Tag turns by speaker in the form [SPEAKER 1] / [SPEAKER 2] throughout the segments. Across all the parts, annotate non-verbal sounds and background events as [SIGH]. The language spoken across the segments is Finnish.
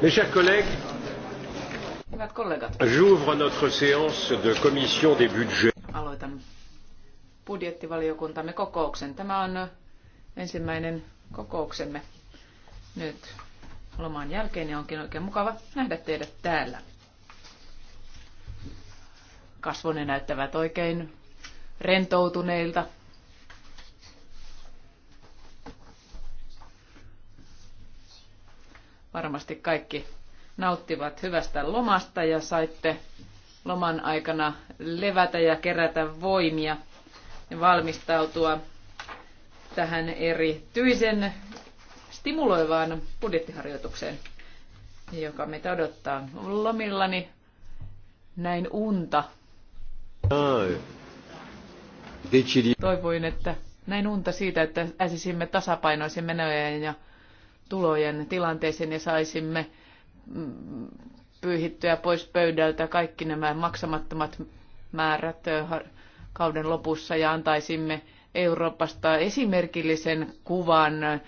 [SPEAKER 1] Mes chers collègues, j'ouvre notre séance de commission des budgets.
[SPEAKER 2] Aloitan budjettivaliokuntamme kokouksen. Tämä on ensimmäinen kokouksemme nyt loman jälkeen ja onkin oikein mukava nähdä teidät täällä kasvonne näyttävät oikein rentoutuneilta. Varmasti kaikki nauttivat hyvästä lomasta ja saitte loman aikana levätä ja kerätä voimia ja valmistautua tähän erityisen stimuloivaan budjettiharjoitukseen, joka meitä odottaa. Lomillani näin unta Toivoin, että näin unta siitä, että äsisimme tasapainoisen menojen ja tulojen tilanteeseen ja saisimme mm, pyyhittyä pois pöydältä kaikki nämä maksamattomat määrät äh, kauden lopussa ja antaisimme Euroopasta esimerkillisen kuvan äh,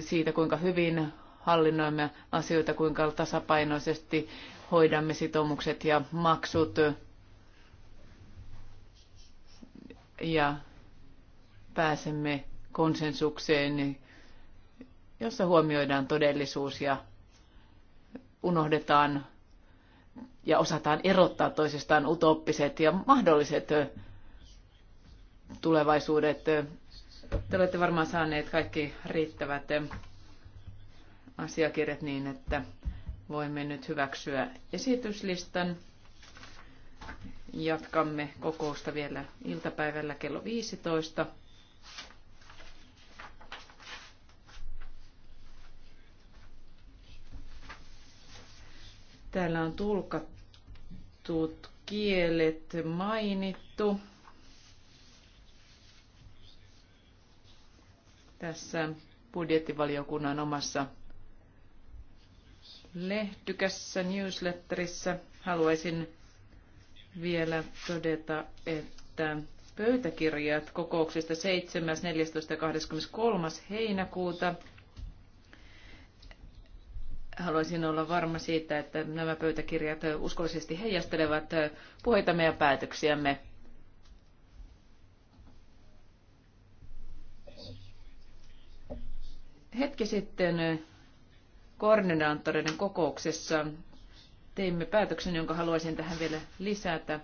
[SPEAKER 2] siitä, kuinka hyvin hallinnoimme asioita, kuinka tasapainoisesti hoidamme sitoumukset ja maksut ja pääsemme konsensukseen, jossa huomioidaan todellisuus ja unohdetaan ja osataan erottaa toisistaan utoppiset ja mahdolliset tulevaisuudet. Te olette varmaan saaneet kaikki riittävät asiakirjat niin, että voimme nyt hyväksyä esityslistan Jatkamme kokousta vielä iltapäivällä kello 15. Täällä on tulkatut kielet mainittu. Tässä budjettivaliokunnan omassa lehtykässä newsletterissä haluaisin vielä todeta, että pöytäkirjat kokouksista 7., 14. ja 23. heinäkuuta. Haluaisin olla varma siitä, että nämä pöytäkirjat uskollisesti heijastelevat puheitamme ja päätöksiämme. Hetki sitten koordinaattoreiden kokouksessa teimme päätöksen, jonka haluaisin tähän vielä lisätä.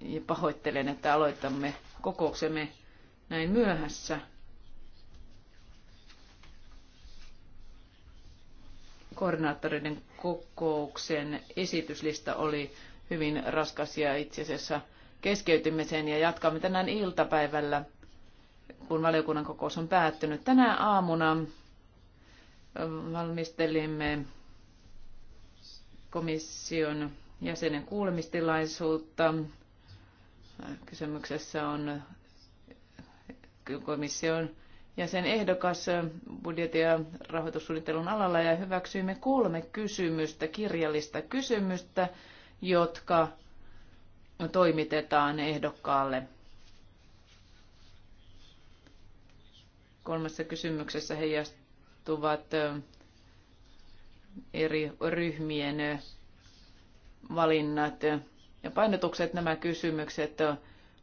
[SPEAKER 2] Ja pahoittelen, että aloitamme kokouksemme näin myöhässä. Koordinaattoreiden kokouksen esityslista oli hyvin raskas ja itse asiassa keskeytimme sen ja jatkamme tänään iltapäivällä, kun valiokunnan kokous on päättynyt. Tänä aamuna valmistelimme komission jäsenen kuulemistilaisuutta. Kysymyksessä on komission jäsen ehdokas budjetin ja rahoitussuunnittelun alalla ja hyväksyimme kolme kysymystä, kirjallista kysymystä, jotka toimitetaan ehdokkaalle. Kolmessa kysymyksessä heijastuvat eri ryhmien valinnat ja painotukset. Nämä kysymykset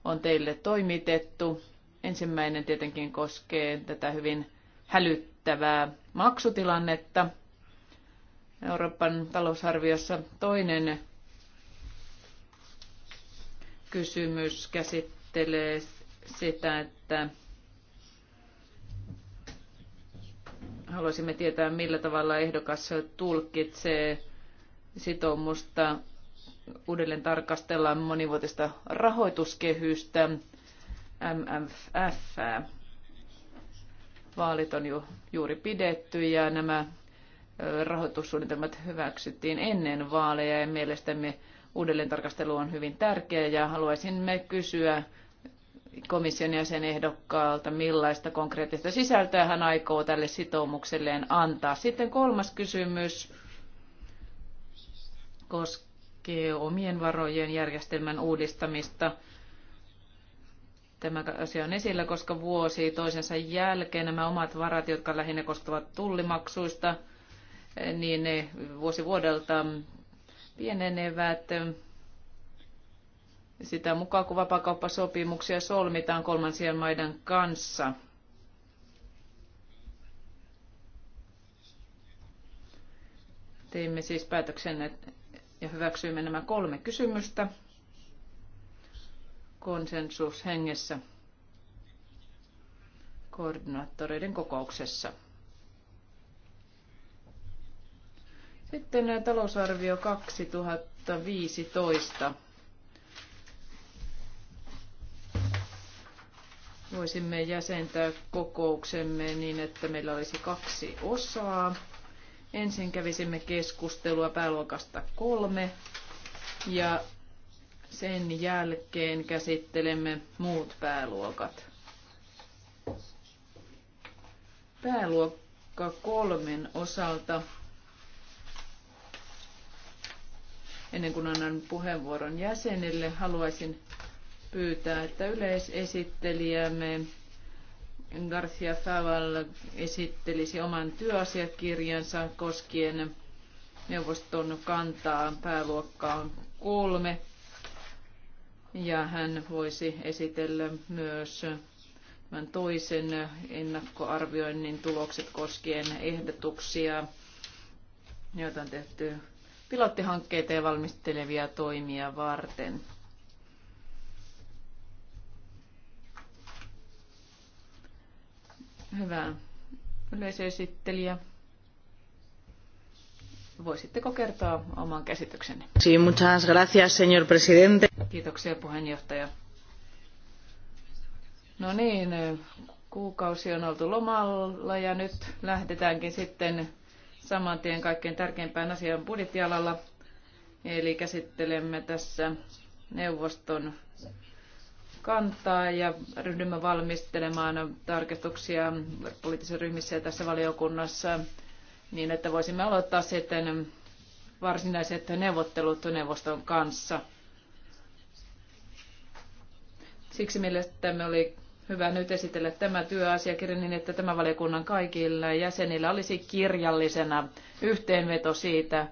[SPEAKER 2] on teille toimitettu. Ensimmäinen tietenkin koskee tätä hyvin hälyttävää maksutilannetta Euroopan talousarviossa. Toinen kysymys käsittelee sitä, että Haluaisimme tietää, millä tavalla ehdokas tulkitsee sitoumusta uudelleen tarkastellaan monivuotista rahoituskehystä, MFF. Vaalit on jo juuri pidetty ja nämä rahoitussuunnitelmat hyväksyttiin ennen vaaleja ja mielestämme uudelleen tarkastelu on hyvin tärkeä ja haluaisimme kysyä komission jäsenehdokkaalta, millaista konkreettista sisältöä hän aikoo tälle sitoumukselleen antaa. Sitten kolmas kysymys koskee omien varojen järjestelmän uudistamista. Tämä asia on esillä, koska vuosi toisensa jälkeen nämä omat varat, jotka lähinnä koskevat tullimaksuista, niin ne vuosi vuodelta pienenevät sitä mukaan, kun vapakauppasopimuksia solmitaan kolmansien maiden kanssa. Teimme siis päätöksen ja hyväksyimme nämä kolme kysymystä konsensushengessä koordinaattoreiden kokouksessa. Sitten talousarvio 2015. voisimme jäsentää kokouksemme niin, että meillä olisi kaksi osaa. Ensin kävisimme keskustelua pääluokasta kolme ja sen jälkeen käsittelemme muut pääluokat. Pääluokka kolmen osalta, ennen kuin annan puheenvuoron jäsenille, haluaisin pyytää, että yleisesittelijämme Garcia Favall esittelisi oman työasiakirjansa koskien neuvoston kantaa pääluokkaan kolme. Ja hän voisi esitellä myös tämän toisen ennakkoarvioinnin tulokset koskien ehdotuksia, joita on tehty pilottihankkeita ja valmistelevia toimia varten. Hyvä yleisöesittelijä. Voisitteko kertoa oman käsityksenne? Sí, muchas gracias, señor presidente. Kiitoksia, puheenjohtaja. No niin, kuukausi on oltu lomalla ja nyt lähdetäänkin sitten saman tien kaikkein tärkeimpään asiaan budjettialalla. Eli käsittelemme tässä neuvoston kantaa ja ryhdymme valmistelemaan tarkistuksia poliittisissa ryhmissä ja tässä valiokunnassa niin, että voisimme aloittaa sitten varsinaiset neuvottelut neuvoston kanssa. Siksi mielestämme oli hyvä nyt esitellä tämä työasiakirja niin, että tämä valiokunnan kaikilla jäsenillä olisi kirjallisena yhteenveto siitä,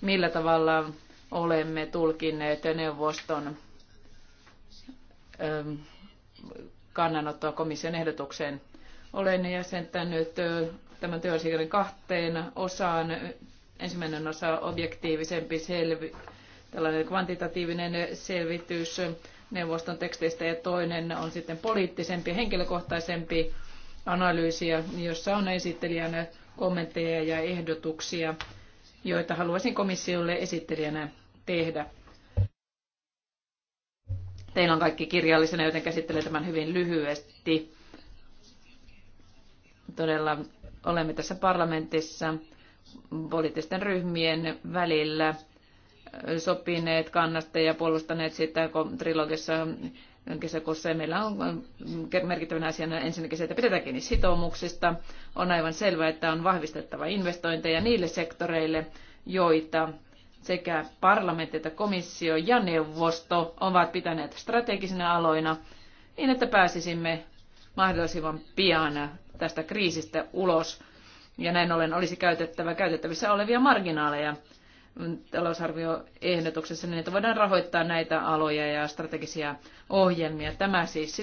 [SPEAKER 2] millä tavalla olemme tulkineet neuvoston Ähm, kannanottoa komission ehdotukseen. Olen jäsentänyt tämän työasiakirjan kahteen osaan. Ensimmäinen osa objektiivisempi selvi, tällainen kvantitatiivinen selvitys neuvoston teksteistä ja toinen on sitten poliittisempi ja henkilökohtaisempi analyysi, jossa on esittelijänä kommentteja ja ehdotuksia, joita haluaisin komissiolle esittelijänä tehdä. Teillä on kaikki kirjallisena, joten käsittelen tämän hyvin lyhyesti. Todella olemme tässä parlamentissa poliittisten ryhmien välillä sopineet kannasta ja puolustaneet sitä trilogissa kesäkuussa. meillä on merkittävänä asiana ensinnäkin se, että pidetään kiinni sitoumuksista. On aivan selvää, että on vahvistettava investointeja niille sektoreille, joita sekä parlamentti että komissio ja neuvosto ovat pitäneet strategisina aloina niin, että pääsisimme mahdollisimman pian tästä kriisistä ulos. Ja näin ollen olisi käytettävä käytettävissä olevia marginaaleja talousarvioehdotuksessa niin, että voidaan rahoittaa näitä aloja ja strategisia ohjelmia. Tämä siis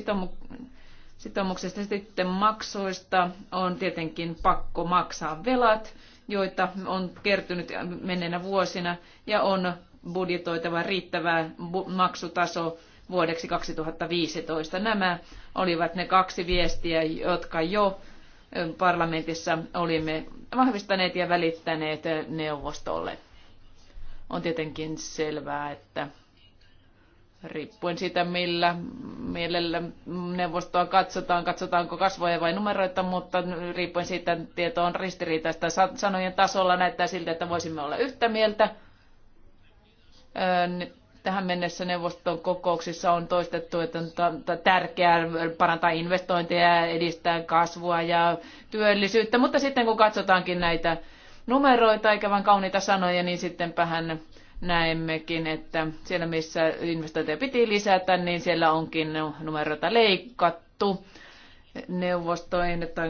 [SPEAKER 2] sitoumuksesta sitten maksuista on tietenkin pakko maksaa velat joita on kertynyt menneenä vuosina ja on budjetoitava riittävä maksutaso vuodeksi 2015. Nämä olivat ne kaksi viestiä, jotka jo parlamentissa olimme vahvistaneet ja välittäneet neuvostolle. On tietenkin selvää, että riippuen siitä, millä mielellä neuvostoa katsotaan, katsotaanko kasvoja vai numeroita, mutta riippuen siitä, tieto on ristiriitaista. Sanojen tasolla näyttää siltä, että voisimme olla yhtä mieltä. Tähän mennessä neuvoston kokouksissa on toistettu, että on tärkeää parantaa investointeja, edistää kasvua ja työllisyyttä, mutta sitten kun katsotaankin näitä numeroita eikä vain kauniita sanoja, niin sittenpähän näemmekin, että siellä missä investointeja piti lisätä, niin siellä onkin numeroita leikattu. Neuvosto että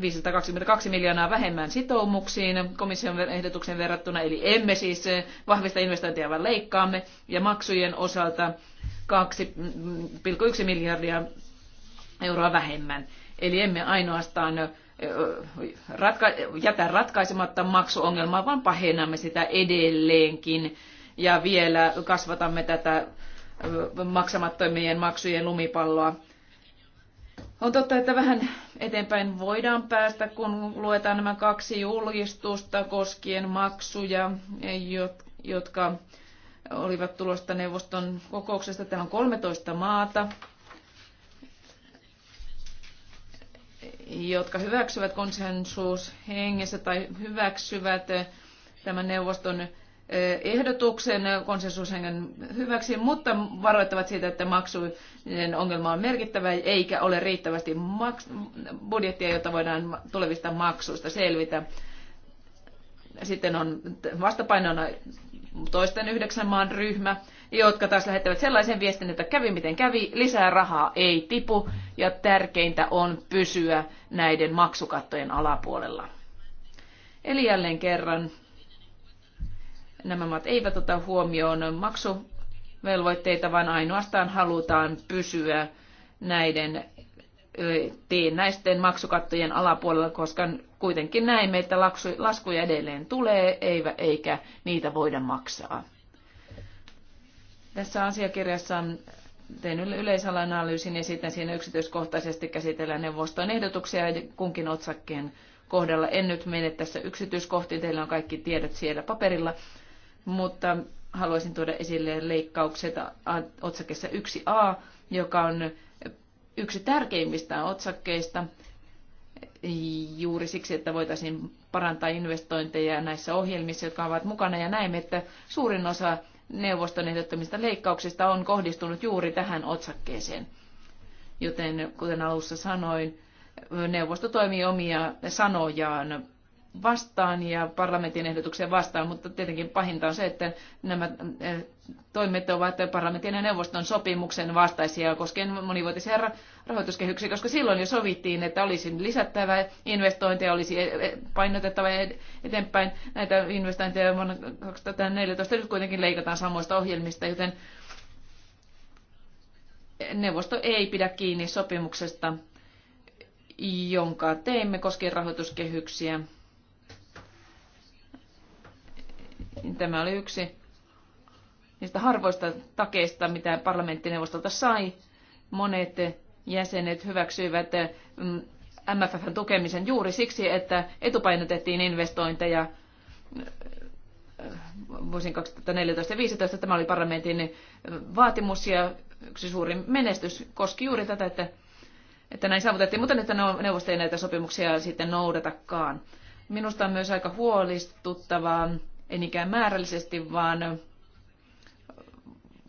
[SPEAKER 2] 522 miljoonaa vähemmän sitoumuksiin komission ehdotuksen verrattuna, eli emme siis vahvista investointeja, vaan leikkaamme, ja maksujen osalta 2,1 mm, mm, miljardia euroa vähemmän. Eli emme ainoastaan ratka- jätä ratkaisematta maksuongelmaa, vaan pahennamme sitä edelleenkin ja vielä kasvatamme tätä maksamattomien maksujen lumipalloa. On totta, että vähän eteenpäin voidaan päästä, kun luetaan nämä kaksi julkistusta koskien maksuja, jotka olivat tulosta neuvoston kokouksesta. Täällä on 13 maata, jotka hyväksyvät konsensushengessä tai hyväksyvät eh, tämän neuvoston eh, ehdotuksen konsensushengen hyväksi, mutta varoittavat siitä, että maksujen ongelma on merkittävä eikä ole riittävästi maks- budjettia, jota voidaan tulevista maksuista selvitä. Sitten on vastapainona toisten yhdeksän maan ryhmä, jotka taas lähettävät sellaisen viestin, että kävi miten kävi, lisää rahaa ei tipu ja tärkeintä on pysyä näiden maksukattojen alapuolella. Eli jälleen kerran nämä maat eivät ota huomioon maksuvelvoitteita, vaan ainoastaan halutaan pysyä näiden teennäisten maksukattojen alapuolella, koska kuitenkin näemme, että laskuja edelleen tulee eikä niitä voida maksaa. Tässä asiakirjassa tein yleisalanalyysin ja sitten siinä yksityiskohtaisesti käsitellään neuvoston ehdotuksia kunkin otsakkeen kohdalla. En nyt mene tässä yksityiskohtiin, teillä on kaikki tiedot siellä paperilla, mutta haluaisin tuoda esille leikkaukset otsakessa 1a, joka on yksi tärkeimmistä otsakkeista juuri siksi, että voitaisiin parantaa investointeja näissä ohjelmissa, jotka ovat mukana. Ja näemme, että suurin osa neuvoston ehdottamista leikkauksista on kohdistunut juuri tähän otsakkeeseen. Joten kuten alussa sanoin, neuvosto toimii omia sanojaan vastaan ja parlamentin ehdotuksia vastaan, mutta tietenkin pahinta on se, että nämä eh, toimet ovat parlamentin ja neuvoston sopimuksen vastaisia koskien monivuotisia rahoituskehyksiä, koska silloin jo sovittiin, että olisi lisättävä investointeja, olisi eh, eh, painotettava eteenpäin näitä investointeja vuonna 2014. Nyt kuitenkin leikataan samoista ohjelmista, joten neuvosto ei pidä kiinni sopimuksesta jonka teimme koskien rahoituskehyksiä. Niin tämä oli yksi niistä harvoista takeista, mitä parlamenttineuvostolta sai. Monet jäsenet hyväksyivät MFFn mm, tukemisen juuri siksi, että etupainotettiin investointeja vuosin 2014-2015. Tämä oli parlamentin vaatimus ja yksi suuri menestys koski juuri tätä, että, että näin saavutettiin, mutta nyt no- neuvosto ei näitä sopimuksia sitten noudatakaan. Minusta on myös aika huolestuttavaa en niinkään määrällisesti, vaan,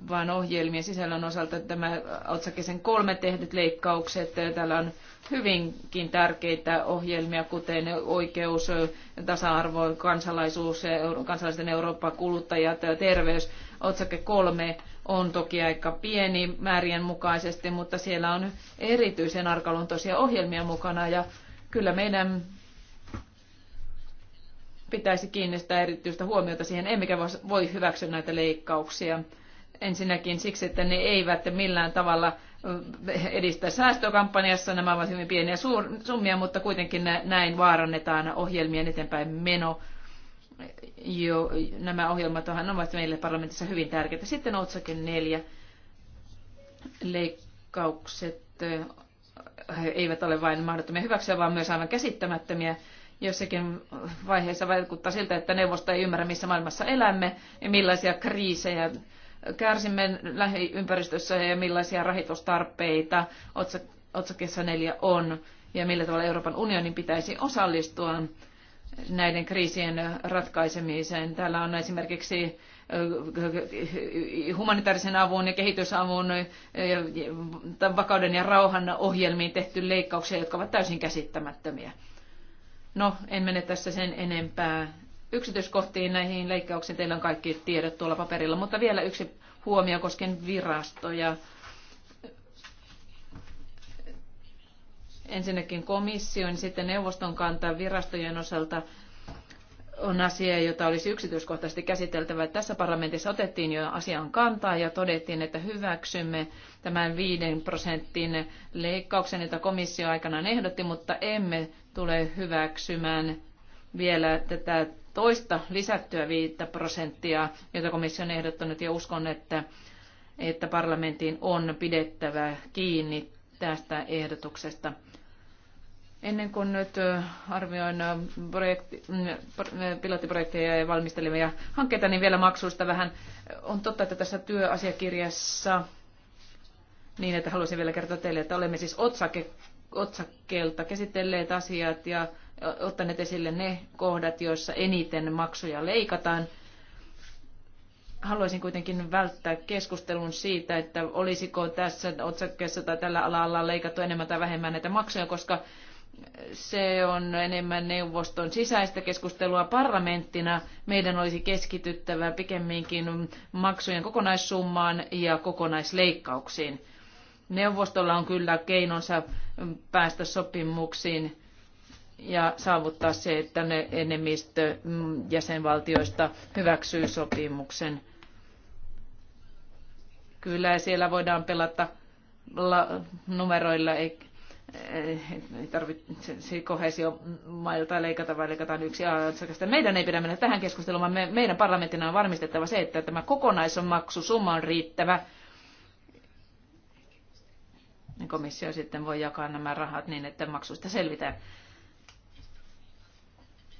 [SPEAKER 2] vaan ohjelmien sisällön osalta tämä otsakesen kolme tehdyt leikkaukset. Täällä on hyvinkin tärkeitä ohjelmia, kuten oikeus, tasa-arvo, kansalaisuus, kansalaisten Eurooppa, kuluttajat, ja terveys. Otsake kolme on toki aika pieni määrien mukaisesti, mutta siellä on erityisen arkaluontoisia ohjelmia mukana ja kyllä meidän pitäisi kiinnittää erityistä huomiota siihen, emmekä voi hyväksyä näitä leikkauksia. Ensinnäkin siksi, että ne eivät millään tavalla edistä säästökampanjassa. Nämä ovat hyvin pieniä summia, mutta kuitenkin näin vaarannetaan ohjelmien eteenpäin meno. Jo, nämä ohjelmathan ovat meille parlamentissa hyvin tärkeitä. Sitten otsake neljä. Leikkaukset eivät ole vain mahdottomia hyväksyä, vaan myös aivan käsittämättömiä jossakin vaiheessa vaikuttaa siltä, että neuvosto ei ymmärrä, missä maailmassa elämme ja millaisia kriisejä kärsimme lähiympäristössä ja millaisia rahoitustarpeita otsakkeessa neljä on ja millä tavalla Euroopan unionin pitäisi osallistua näiden kriisien ratkaisemiseen. Täällä on esimerkiksi eh, humanitaarisen avun ja kehitysavun eh, vakauden ja rauhan ohjelmiin tehty leikkauksia, jotka ovat täysin käsittämättömiä. No, en mene tässä sen enempää yksityiskohtiin näihin leikkauksiin. Teillä on kaikki tiedot tuolla paperilla, mutta vielä yksi huomio koskien virastoja. Ensinnäkin komission, niin sitten neuvoston kantaa virastojen osalta on asia, jota olisi yksityiskohtaisesti käsiteltävä. Tässä parlamentissa otettiin jo asian kantaa ja todettiin, että hyväksymme tämän 5 prosentin leikkauksen, jota komissio aikanaan ehdotti, mutta emme tule hyväksymään vielä tätä toista lisättyä 5 prosenttia, jota komissio on ehdottanut, ja uskon, että, että parlamentin on pidettävä kiinni tästä ehdotuksesta. Ennen kuin nyt arvioin projekti, mm, pilottiprojekteja ja valmistelevia hankkeita, niin vielä maksuista vähän. On totta, että tässä työasiakirjassa, niin että haluaisin vielä kertoa teille, että olemme siis otsake otsakkeelta käsitelleet asiat ja ottaneet esille ne kohdat, joissa eniten maksuja leikataan. Haluaisin kuitenkin välttää keskustelun siitä, että olisiko tässä otsakkeessa tai tällä alalla leikattu enemmän tai vähemmän näitä maksuja, koska se on enemmän neuvoston sisäistä keskustelua parlamenttina. Meidän olisi keskityttävä pikemminkin maksujen kokonaissummaan ja kokonaisleikkauksiin. Neuvostolla on kyllä keinonsa päästä sopimuksiin ja saavuttaa se, että ne enemmistö mm, jäsenvaltioista hyväksyy sopimuksen. Kyllä siellä voidaan pelata numeroilla, ei, ei tarvitse kohesio mailta leikata, vai leikataan yksi otsakasta. Meidän ei pidä mennä tähän keskusteluun, vaan me, meidän parlamenttina on varmistettava se, että tämä kokonaismaksusumma on riittävä niin komissio sitten voi jakaa nämä rahat niin, että maksuista selvitään.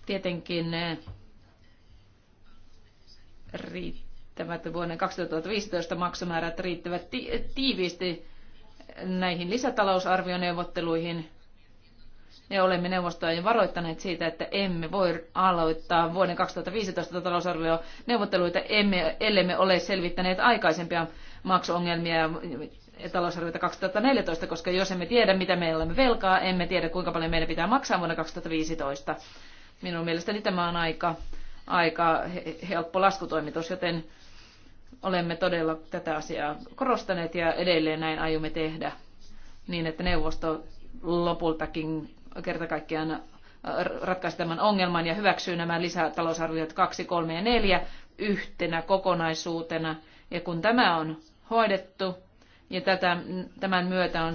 [SPEAKER 2] Tietenkin eh, riittävät vuoden 2015 maksumäärät riittävät tiiviisti näihin lisätalousarvioneuvotteluihin. Ja olemme neuvostoa jo varoittaneet siitä, että emme voi aloittaa vuoden 2015 talousarvioneuvotteluita, emme, me ole selvittäneet aikaisempia maksuongelmia talousarviota 2014, koska jos emme tiedä, mitä me olemme velkaa, emme tiedä, kuinka paljon meidän pitää maksaa vuonna 2015. Minun mielestäni tämä on aika, aika helppo laskutoimitus, joten olemme todella tätä asiaa korostaneet ja edelleen näin aiomme tehdä niin, että neuvosto lopultakin kerta kaikkiaan äh, ratkaisi tämän ongelman ja hyväksyy nämä lisätalousarviot 2, 3 ja 4 yhtenä kokonaisuutena. Ja kun tämä on hoidettu, ja tätä, tämän myötä on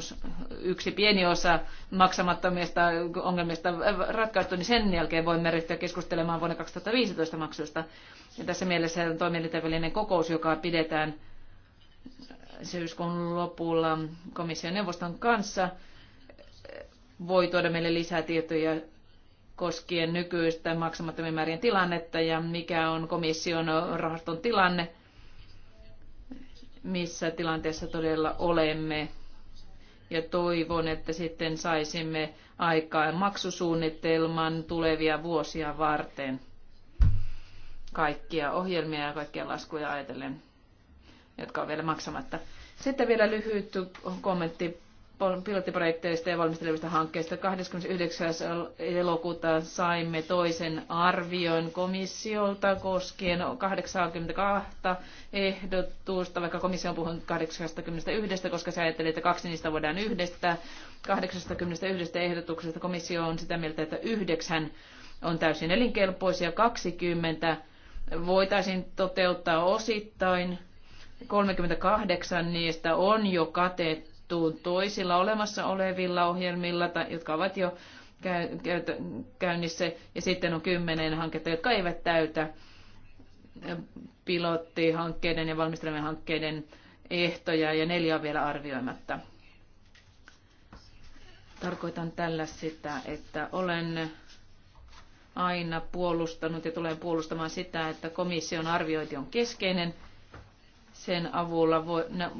[SPEAKER 2] yksi pieni osa maksamattomista ongelmista ratkaistu, niin sen jälkeen voimme ryhtyä keskustelemaan vuonna 2015 maksusta. Ja tässä mielessä on toimielintävälinen kokous, joka pidetään syyskuun lopulla komission neuvoston kanssa, voi tuoda meille lisää tietoja koskien nykyistä maksamattomien määrien tilannetta ja mikä on komission rahaston tilanne – missä tilanteessa todella olemme. Ja toivon, että sitten saisimme aikaan maksusuunnitelman tulevia vuosia varten kaikkia ohjelmia ja kaikkia laskuja ajatellen, jotka on vielä maksamatta. Sitten vielä lyhyt kommentti pilottiprojekteista ja valmistelevista hankkeista. 29. elokuuta saimme toisen arvion komissiolta koskien 82 ehdotusta, vaikka komissio on puhunut 81, koska se ajatteli, että kaksi niistä voidaan yhdestä. 81 ehdotuksesta komissio on sitä mieltä, että yhdeksän on täysin elinkelpoisia, 20 voitaisiin toteuttaa osittain, 38 niistä on jo katettu vastuu toisilla olemassa olevilla ohjelmilla, tai, jotka ovat jo käynnissä, ja sitten on kymmenen hanketta, jotka eivät täytä pilottihankkeiden ja valmistelevien hankkeiden ehtoja, ja neljä on vielä arvioimatta. Tarkoitan tällä sitä, että olen aina puolustanut ja tulen puolustamaan sitä, että komission arviointi on keskeinen – sen avulla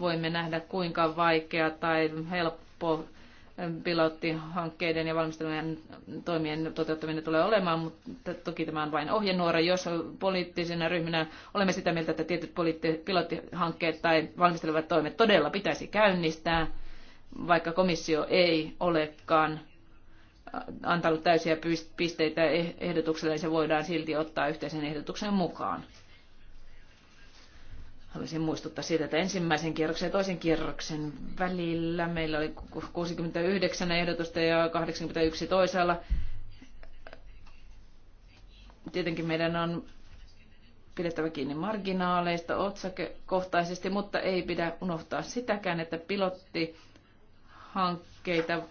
[SPEAKER 2] voimme nähdä, kuinka vaikea tai helppo pilottihankkeiden ja valmistelujen toimien toteuttaminen tulee olemaan, mutta toki tämä on vain ohjenuora. Jos poliittisena ryhmänä olemme sitä mieltä, että tietyt pilottihankkeet tai valmistelevat toimet todella pitäisi käynnistää, vaikka komissio ei olekaan antanut täysiä pisteitä ehdotukselle, niin se voidaan silti ottaa yhteisen ehdotuksen mukaan. Haluaisin muistuttaa siitä, että ensimmäisen kierroksen ja toisen kierroksen välillä meillä oli 69 ehdotusta ja 81 toisaalla. Tietenkin meidän on pidettävä kiinni marginaaleista otsakekohtaisesti, mutta ei pidä unohtaa sitäkään, että pilottihankkeita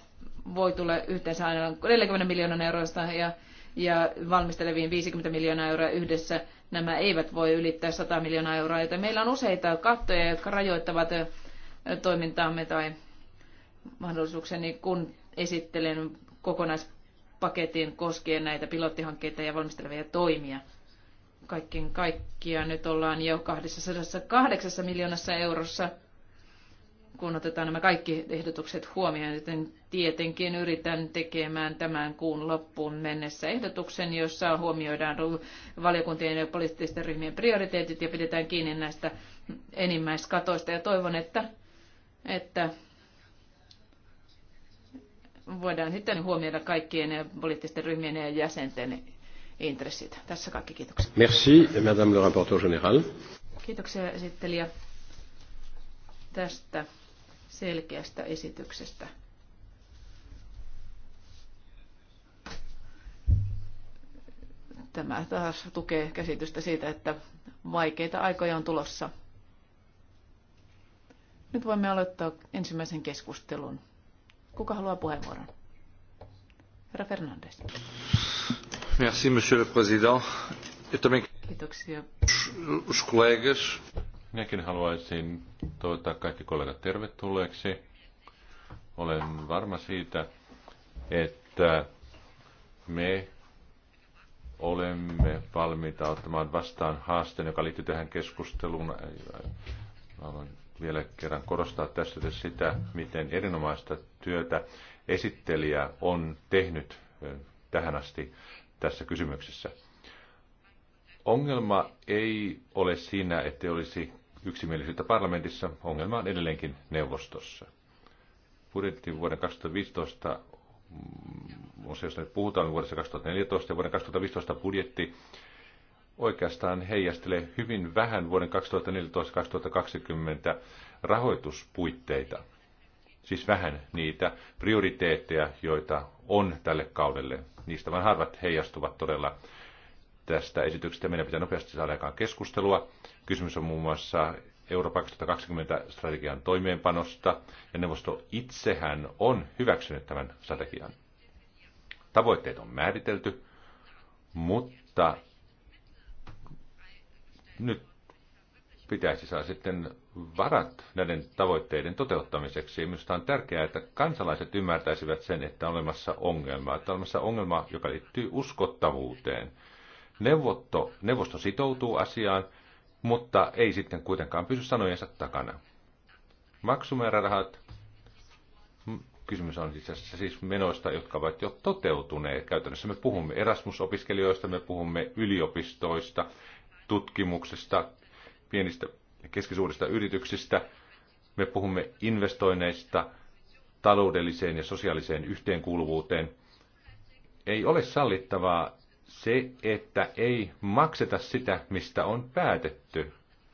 [SPEAKER 2] voi tulla yhteensä aina 40 miljoonan eurosta ja ja valmisteleviin 50 miljoonaa euroa yhdessä. Nämä eivät voi ylittää 100 miljoonaa euroa, joten meillä on useita kattoja, jotka rajoittavat toimintaamme tai mahdollisuukseni, kun esittelen kokonaispaketin koskien näitä pilottihankkeita ja valmistelevia toimia. Kaikkien kaikkiaan nyt ollaan jo 208 miljoonassa eurossa kun otetaan nämä kaikki ehdotukset huomioon, joten tietenkin yritän tekemään tämän kuun loppuun mennessä ehdotuksen, jossa huomioidaan valiokuntien ja poliittisten ryhmien prioriteetit ja pidetään kiinni näistä enimmäiskatoista. Ja toivon, että, että voidaan sitten huomioida kaikkien poliittisten ryhmien ja jäsenten intressit. Tässä kaikki kiitoksia. Merci,
[SPEAKER 1] Madame le rapporteur général.
[SPEAKER 2] Kiitoksia esittelijä tästä selkeästä esityksestä. Tämä taas tukee käsitystä siitä, että vaikeita aikoja on tulossa. Nyt voimme aloittaa ensimmäisen keskustelun. Kuka haluaa puheenvuoron? Herra Fernandes.
[SPEAKER 3] Merci, monsieur le président. Kiitoksia. Os Minäkin haluaisin toivottaa kaikki kollegat tervetulleeksi. Olen varma siitä, että me olemme valmiita ottamaan vastaan haasteen, joka liittyy tähän keskusteluun. Haluan vielä kerran korostaa tässä sitä, miten erinomaista työtä esittelijä on tehnyt tähän asti tässä kysymyksessä. Ongelma ei ole siinä, että olisi yksimielisyyttä parlamentissa, ongelma on edelleenkin neuvostossa. Budjetti vuoden 2015 jos nyt puhutaan vuodesta 2014 ja vuoden 2015 budjetti oikeastaan heijastelee hyvin vähän vuoden 2014-2020 rahoituspuitteita. Siis vähän niitä prioriteetteja, joita on tälle kaudelle. Niistä vain harvat heijastuvat todella tästä esityksestä. Meidän pitää nopeasti saada aikaan keskustelua Kysymys on muun muassa Euroopan 2020 strategian toimeenpanosta, ja neuvosto itsehän on hyväksynyt tämän strategian. Tavoitteet on määritelty, mutta nyt pitäisi saada sitten varat näiden tavoitteiden toteuttamiseksi. Minusta on tärkeää, että kansalaiset ymmärtäisivät sen, että on olemassa ongelma, että on olemassa ongelma, joka liittyy uskottavuuteen. Neuvotto, neuvosto sitoutuu asiaan, mutta ei sitten kuitenkaan pysy sanojensa takana. Maksumäärärahat, kysymys on itse asiassa siis menoista, jotka ovat jo toteutuneet. Käytännössä me puhumme Erasmus-opiskelijoista, me puhumme yliopistoista, tutkimuksesta, pienistä ja keskisuurista yrityksistä. Me puhumme investoinneista taloudelliseen ja sosiaaliseen yhteenkuuluvuuteen. Ei ole sallittavaa, se, että ei makseta sitä, mistä on päätetty.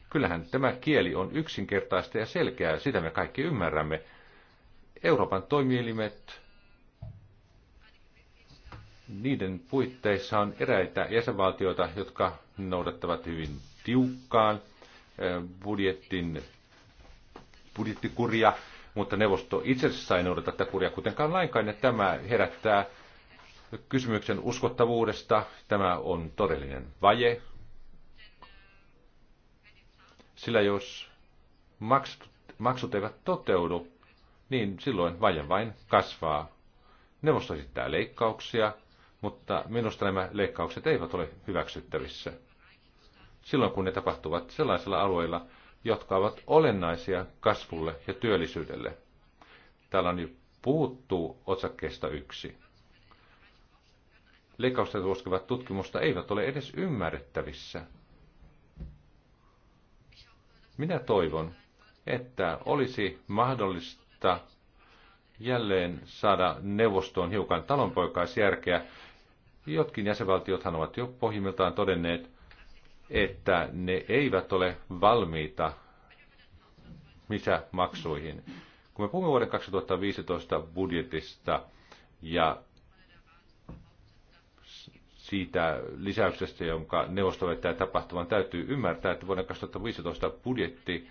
[SPEAKER 3] Kyllähän tämä kieli on yksinkertaista ja selkeää, sitä me kaikki ymmärrämme. Euroopan toimielimet, niiden puitteissa on eräitä jäsenvaltioita, jotka noudattavat hyvin tiukkaan eh, budjettin, budjettikuria, mutta neuvosto itse asiassa ei noudata tätä kuria kuitenkaan lainkaan, ja tämä herättää kysymyksen uskottavuudesta. Tämä on todellinen vaje. Sillä jos maksut, maksut eivät toteudu, niin silloin vaje vain kasvaa. Neuvosto esittää leikkauksia, mutta minusta nämä leikkaukset eivät ole hyväksyttävissä. Silloin kun ne tapahtuvat sellaisilla alueilla, jotka ovat olennaisia kasvulle ja työllisyydelle. Täällä on jo puhuttu otsakkeesta yksi leikkausta koskevat tutkimusta eivät ole edes ymmärrettävissä. Minä toivon, että olisi mahdollista jälleen saada neuvostoon hiukan talonpoikaisjärkeä. Jotkin jäsenvaltiothan ovat jo pohjimmiltaan todenneet, että ne eivät ole valmiita maksuihin. Kun me puhumme vuoden 2015 budjetista ja siitä lisäyksestä, jonka neuvosto vetää tapahtuvan, täytyy ymmärtää, että vuoden 2015 budjetti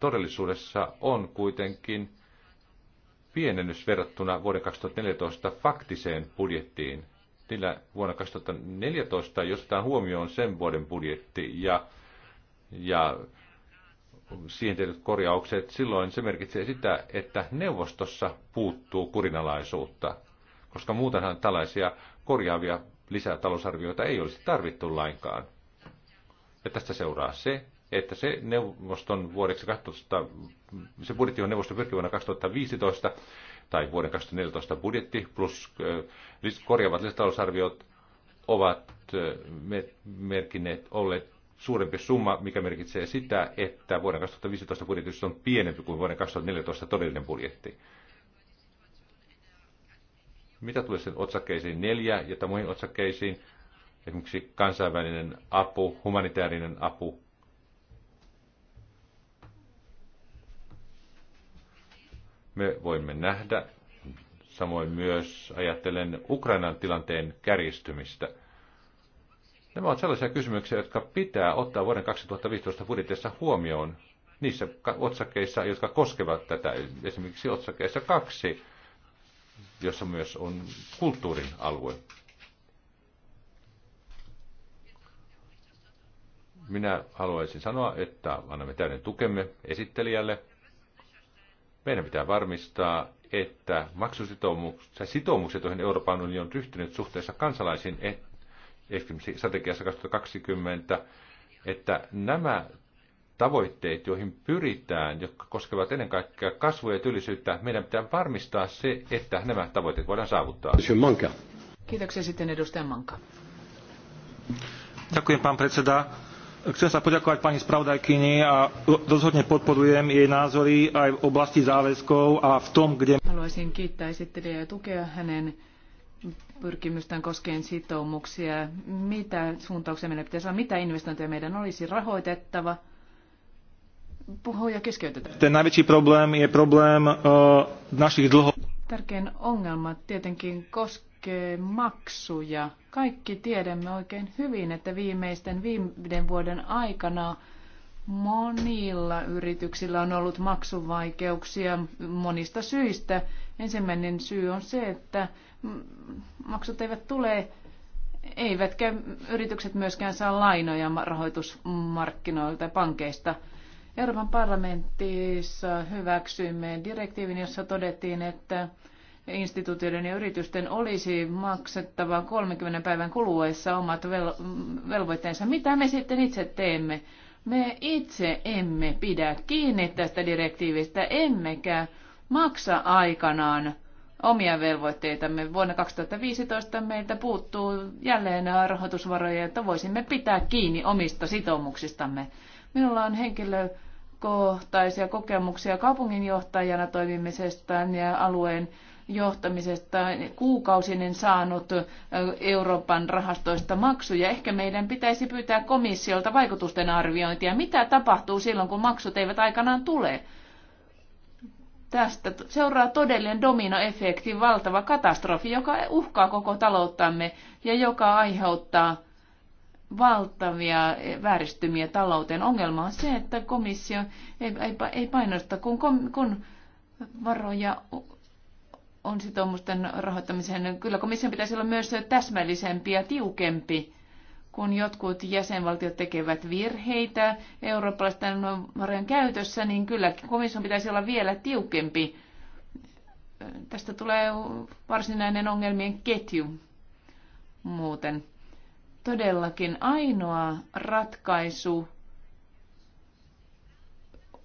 [SPEAKER 3] todellisuudessa on kuitenkin pienennys verrattuna vuoden 2014 faktiseen budjettiin. Sillä vuonna 2014, jos otetaan huomioon sen vuoden budjetti ja, ja siihen tehdyt korjaukset, silloin se merkitsee sitä, että neuvostossa puuttuu kurinalaisuutta, koska muutenhan tällaisia korjaavia lisää talousarvioita ei olisi tarvittu lainkaan. Ja tästä seuraa se, että se neuvoston vuodeksi 12, se budjetti on neuvosto pyrkii vuonna 2015 tai vuoden 2014 budjetti plus äh, korjaavat lisätalousarviot ovat äh, merkineet olleet suurempi summa, mikä merkitsee sitä, että vuoden 2015 budjetti on pienempi kuin vuoden 2014 todellinen budjetti. Mitä tulee sen otsakkeisiin neljä ja muihin otsakkeisiin, esimerkiksi kansainvälinen apu, humanitaarinen apu, me voimme nähdä, samoin myös ajattelen Ukrainan tilanteen kärjistymistä. Nämä ovat sellaisia kysymyksiä, jotka pitää ottaa vuoden 2015 budjetissa huomioon niissä otsakkeissa, jotka koskevat tätä, esimerkiksi otsakkeissa kaksi – jossa myös on kulttuurin alue. Minä haluaisin sanoa, että annamme täyden tukemme esittelijälle. Meidän pitää varmistaa, että maksusitoumukset, sitoumukset, joihin Euroopan unioni on ryhtynyt suhteessa kansalaisiin, esimerkiksi strategiassa 2020, että nämä tavoitteet, joihin pyritään, jotka koskevat ennen kaikkea kasvua ja työllisyyttä, meidän pitää varmistaa se, että nämä tavoitteet voidaan saavuttaa.
[SPEAKER 1] Manka.
[SPEAKER 2] Kiitoksia sitten edustaja Manka.
[SPEAKER 3] Ďakujem, pán predseda.
[SPEAKER 4] Chcem sa poďakovať pani spravodajkyni a rozhodne podporujem jej názory aj v oblasti záväzkov a v tom, kde...
[SPEAKER 2] Haluaisin kiittää esittelijää ja tukea hänen pyrkimystään koskien sitoumuksia. Mitä suuntauksia meidän pitäisi olla, mitä investointeja meidän olisi rahoitettava – Puhuja keskeytetään.
[SPEAKER 4] Ten najväčší problém je problém uh,
[SPEAKER 3] našich dlho...
[SPEAKER 2] Tärkein ongelma tietenkin koskee maksuja. Kaikki tiedämme oikein hyvin, että viimeisten viiden vuoden aikana Monilla yrityksillä on ollut maksuvaikeuksia monista syistä. Ensimmäinen syy on se, että maksut eivät tule, eivätkä yritykset myöskään saa lainoja rahoitusmarkkinoilta ja pankeista. Euroopan parlamentissa hyväksyimme direktiivin, jossa todettiin, että instituutioiden ja yritysten olisi maksettava 30 päivän kuluessa omat vel- velvoitteensa. Mitä me sitten itse teemme? Me itse emme pidä kiinni tästä direktiivistä, emmekä maksa aikanaan omia velvoitteitamme. Vuonna 2015 meiltä puuttuu jälleen rahoitusvaroja, että voisimme pitää kiinni omista sitoumuksistamme. Minulla on henkilö kohtaisia kokemuksia kaupunginjohtajana toimimisesta ja alueen johtamisesta kuukausinen saanut Euroopan rahastoista maksuja. Ehkä meidän pitäisi pyytää komissiolta vaikutusten arviointia. Mitä tapahtuu silloin, kun maksut eivät aikanaan tule? Tästä seuraa todellinen dominoefekti, valtava katastrofi, joka uhkaa koko talouttamme ja joka aiheuttaa valtavia vääristymiä talouteen. Ongelma on se, että komissio ei, ei, ei painosta, kun, kun varoja on sitoumusten rahoittamiseen. Kyllä komission pitäisi olla myös täsmällisempi ja tiukempi, kun jotkut jäsenvaltiot tekevät virheitä eurooppalaisten varojen käytössä, niin kyllä komission pitäisi olla vielä tiukempi. Tästä tulee varsinainen ongelmien ketju muuten todellakin ainoa ratkaisu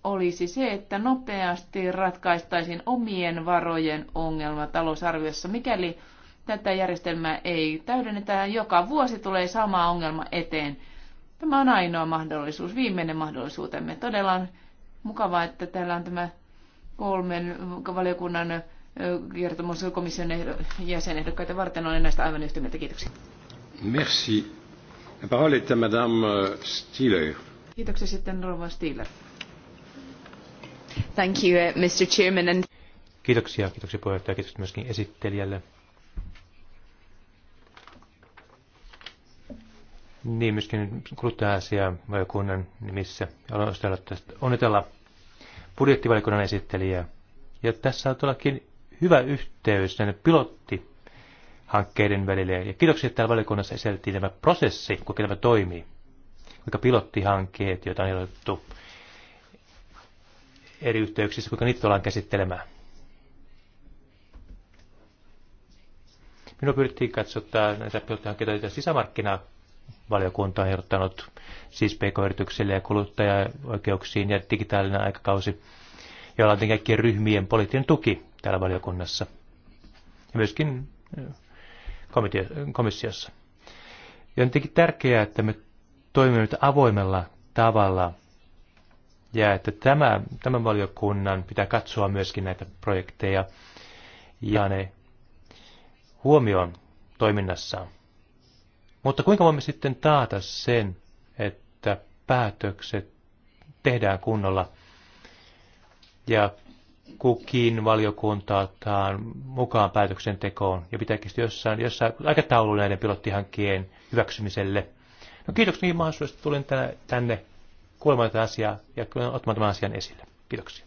[SPEAKER 2] olisi se, että nopeasti ratkaistaisiin omien varojen ongelma talousarviossa, mikäli tätä järjestelmää ei täydennetä. Joka vuosi tulee sama ongelma eteen. Tämä on ainoa mahdollisuus, viimeinen mahdollisuutemme. Todella on mukavaa, että täällä on tämä kolmen valiokunnan kertomus komission jäsenehdokkaita varten. Olen näistä aivan yhtä mieltä. Kiitoksia.
[SPEAKER 1] Merci. La parole est à Madame euh, Stiller.
[SPEAKER 2] Kiitoksia sitten Rova Stiller. Thank you, uh, Mr. Chairman. And...
[SPEAKER 4] Kiitoksia, kiitoksia puheenjohtaja, kiitoksia myöskin esittelijälle. Niin, myöskin kuluttaja-asiavaliokunnan nimissä. Haluan onnitella budjettivalikunnan esittelijää. Ja tässä on todellakin hyvä yhteys näiden pilotti hankkeiden välille. Ja kiitoksia, että täällä valiokunnassa esiteltiin tämä prosessi, kuinka tämä toimii. Kuinka pilottihankkeet, joita on ehdotettu eri yhteyksissä, kuinka niitä ollaan käsittelemään. Minua pyrittiin katsottaa, näitä pilottihankkeita, joita valiokunta on ehdottanut siis pk-yrityksille ja kuluttajaoikeuksiin ja digitaalinen aikakausi, joilla on kaikkien ryhmien poliittinen tuki täällä valiokunnassa. Ja myöskin komissiossa. Ja on tietenkin tärkeää, että me toimimme nyt avoimella tavalla ja että tämä, tämän valiokunnan pitää katsoa myöskin näitä projekteja ja ne huomioon toiminnassaan. Mutta kuinka voimme sitten taata sen, että päätökset tehdään kunnolla ja kukin valiokunta ottaa mukaan päätöksentekoon ja pitääkin sitten jossain, jossain aikataulu näiden pilottihankkeen hyväksymiselle. No kiitoksia niin mahdollisuudesta, tulin tänne kuulemaan tätä asiaa ja ottamaan tämän
[SPEAKER 1] asian esille. Kiitoksia.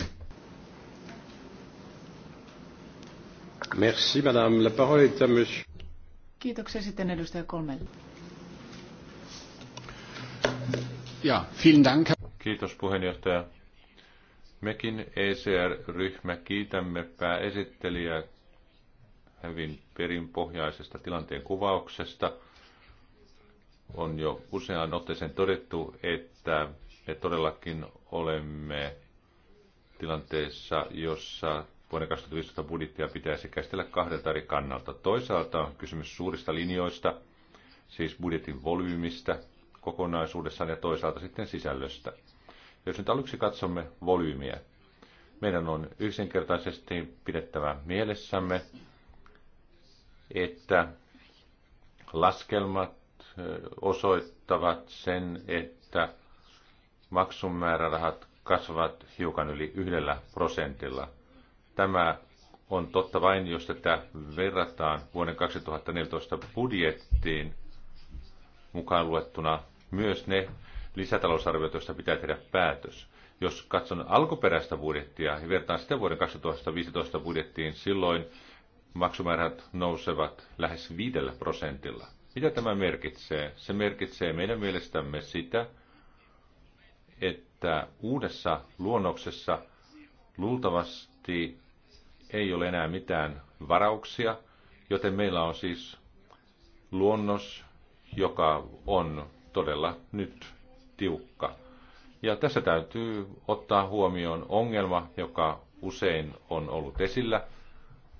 [SPEAKER 1] Merci, madame. La parole est à monsieur.
[SPEAKER 2] Kiitoksia sitten edustaja Kolmelle.
[SPEAKER 1] Ja, vielen dank.
[SPEAKER 3] Kiitos puheenjohtaja. Mekin ECR-ryhmä kiitämme pääesittelijää hyvin perinpohjaisesta tilanteen kuvauksesta. On jo useaan otteeseen todettu, että me todellakin olemme tilanteessa, jossa vuoden 2015 budjettia pitäisi käsitellä kahdelta eri kannalta. Toisaalta on kysymys suurista linjoista, siis budjetin volyymistä kokonaisuudessaan ja toisaalta sitten sisällöstä. Jos nyt aluksi katsomme volyymiä, meidän on yksinkertaisesti pidettävä mielessämme, että laskelmat osoittavat sen, että maksumäärärahat kasvavat hiukan yli yhdellä prosentilla. Tämä on totta vain, jos tätä verrataan vuoden 2014 budjettiin mukaan luettuna myös ne lisätalousarviota, josta pitää tehdä päätös. Jos katson alkuperäistä budjettia ja vertaan sitä vuoden 2015 budjettiin, silloin maksumäärät nousevat lähes viidellä prosentilla. Mitä tämä merkitsee? Se merkitsee meidän mielestämme sitä, että uudessa luonnoksessa luultavasti ei ole enää mitään varauksia, joten meillä on siis luonnos, joka on todella nyt tiukka. Ja tässä täytyy ottaa huomioon ongelma, joka usein on ollut esillä,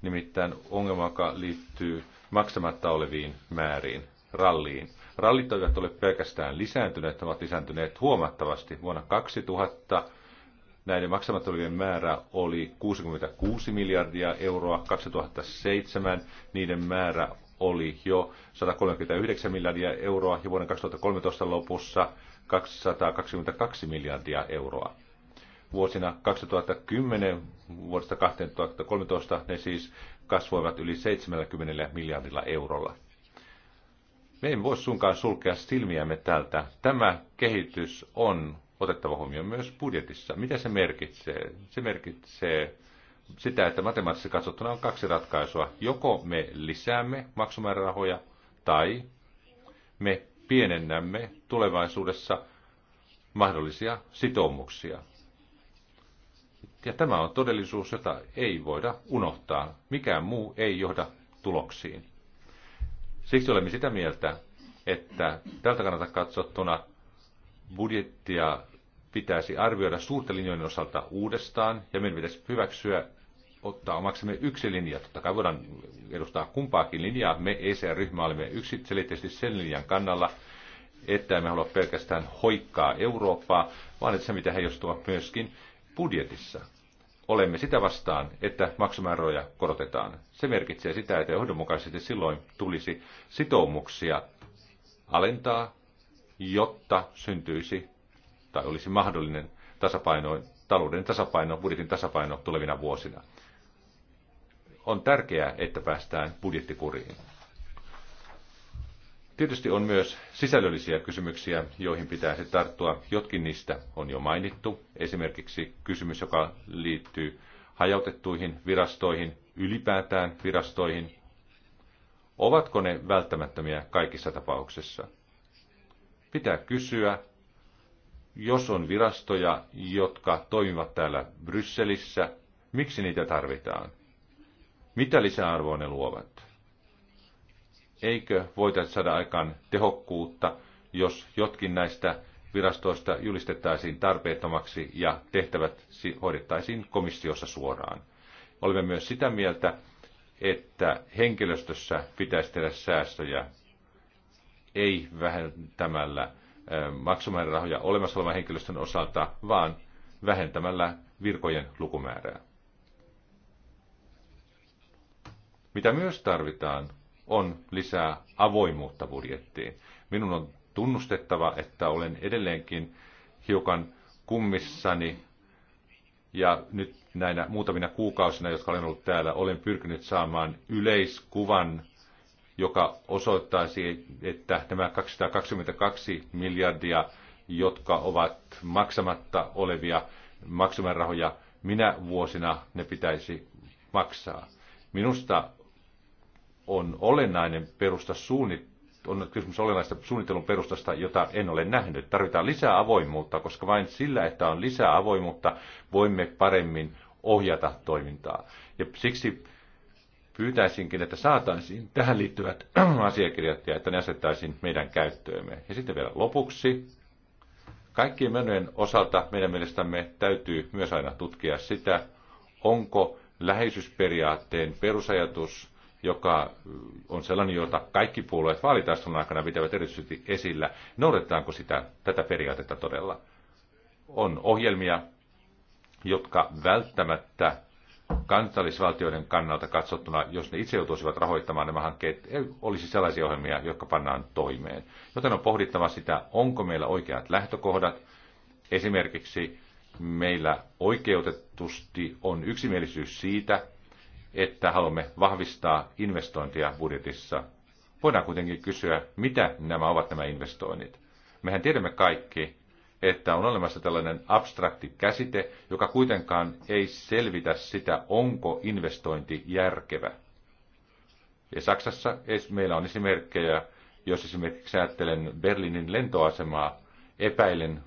[SPEAKER 3] nimittäin ongelma, joka liittyy maksamatta oleviin määriin, ralliin. Rallit eivät ole pelkästään lisääntyneet, ne ovat lisääntyneet huomattavasti. Vuonna 2000 näiden maksamatta olevien määrä oli 66 miljardia euroa, 2007 niiden määrä oli jo 139 miljardia euroa ja vuoden 2013 lopussa 222 miljardia euroa. Vuosina 2010 vuodesta 2013 ne siis kasvoivat yli 70 miljardilla eurolla. Me emme voi suinkaan sulkea silmiämme tältä. Tämä kehitys on otettava huomioon myös budjetissa. Mitä se merkitsee? Se merkitsee sitä, että matemaattisesti katsottuna on kaksi ratkaisua. Joko me lisäämme maksumäärärahoja tai me pienennämme tulevaisuudessa mahdollisia sitoumuksia. Ja tämä on todellisuus, jota ei voida unohtaa. Mikään muu ei johda tuloksiin. Siksi olemme sitä mieltä, että tältä kannalta katsottuna budjettia pitäisi arvioida suurten linjojen osalta uudestaan, ja meidän pitäisi hyväksyä ottaa omaksemme yksi linja. Totta kai voidaan edustaa kumpaakin linjaa. Me ECR-ryhmä olemme yksiselitteisesti sen linjan kannalla, että emme halua pelkästään hoikkaa Eurooppaa, vaan että se mitä heijastuvat myöskin budjetissa. Olemme sitä vastaan, että maksumäärärajoja korotetaan. Se merkitsee sitä, että johdonmukaisesti silloin tulisi sitoumuksia alentaa, jotta syntyisi tai olisi mahdollinen tasapaino, talouden tasapaino, budjetin tasapaino tulevina vuosina. On tärkeää, että päästään budjettikuriin. Tietysti on myös sisällöllisiä kysymyksiä, joihin pitäisi tarttua. Jotkin niistä on jo mainittu. Esimerkiksi kysymys, joka liittyy hajautettuihin virastoihin, ylipäätään virastoihin. Ovatko ne välttämättömiä kaikissa tapauksissa? Pitää kysyä, jos on virastoja, jotka toimivat täällä Brysselissä, miksi niitä tarvitaan? Mitä lisäarvoa ne luovat? Eikö voitaisi saada aikaan tehokkuutta, jos jotkin näistä virastoista julistettaisiin tarpeettomaksi ja tehtävät hoidettaisiin komissiossa suoraan? Olemme myös sitä mieltä, että henkilöstössä pitäisi tehdä säästöjä, ei vähentämällä maksumäärärahoja olemassa olevan henkilöstön osalta, vaan vähentämällä virkojen lukumäärää. Mitä myös tarvitaan, on lisää avoimuutta budjettiin. Minun on tunnustettava, että olen edelleenkin hiukan kummissani ja nyt näinä muutamina kuukausina, jotka olen ollut täällä, olen pyrkinyt saamaan yleiskuvan, joka osoittaisi, että nämä 222 miljardia, jotka ovat maksamatta olevia maksumäärärahoja, minä vuosina ne pitäisi maksaa. Minusta on olennainen perusta suunnitteluun on kysymys olennaista suunnittelun perustasta, jota en ole nähnyt. Tarvitaan lisää avoimuutta, koska vain sillä, että on lisää avoimuutta, voimme paremmin ohjata toimintaa. Ja siksi pyytäisinkin, että saataisiin tähän liittyvät [CLEARS THROAT] asiakirjat ja että ne asettaisiin meidän käyttöömme. Ja sitten vielä lopuksi. Kaikkien menojen osalta meidän mielestämme täytyy myös aina tutkia sitä, onko läheisyysperiaatteen perusajatus – joka on sellainen, jota kaikki puolueet vaalitaistelun aikana pitävät erityisesti esillä. Noudatetaanko sitä, tätä periaatetta todella? On ohjelmia, jotka välttämättä kansallisvaltioiden kannalta katsottuna, jos ne itse joutuisivat rahoittamaan nämä hankkeet, olisi sellaisia ohjelmia, jotka pannaan toimeen. Joten on pohdittava sitä, onko meillä oikeat lähtökohdat. Esimerkiksi meillä oikeutetusti on yksimielisyys siitä, että haluamme vahvistaa investointia budjetissa. Voidaan kuitenkin kysyä, mitä nämä ovat nämä investoinnit. Mehän tiedämme kaikki, että on olemassa tällainen abstrakti käsite, joka kuitenkaan ei selvitä sitä, onko investointi järkevä. Ja Saksassa meillä on esimerkkejä, jos esimerkiksi ajattelen Berliinin lentoasemaa, epäilen,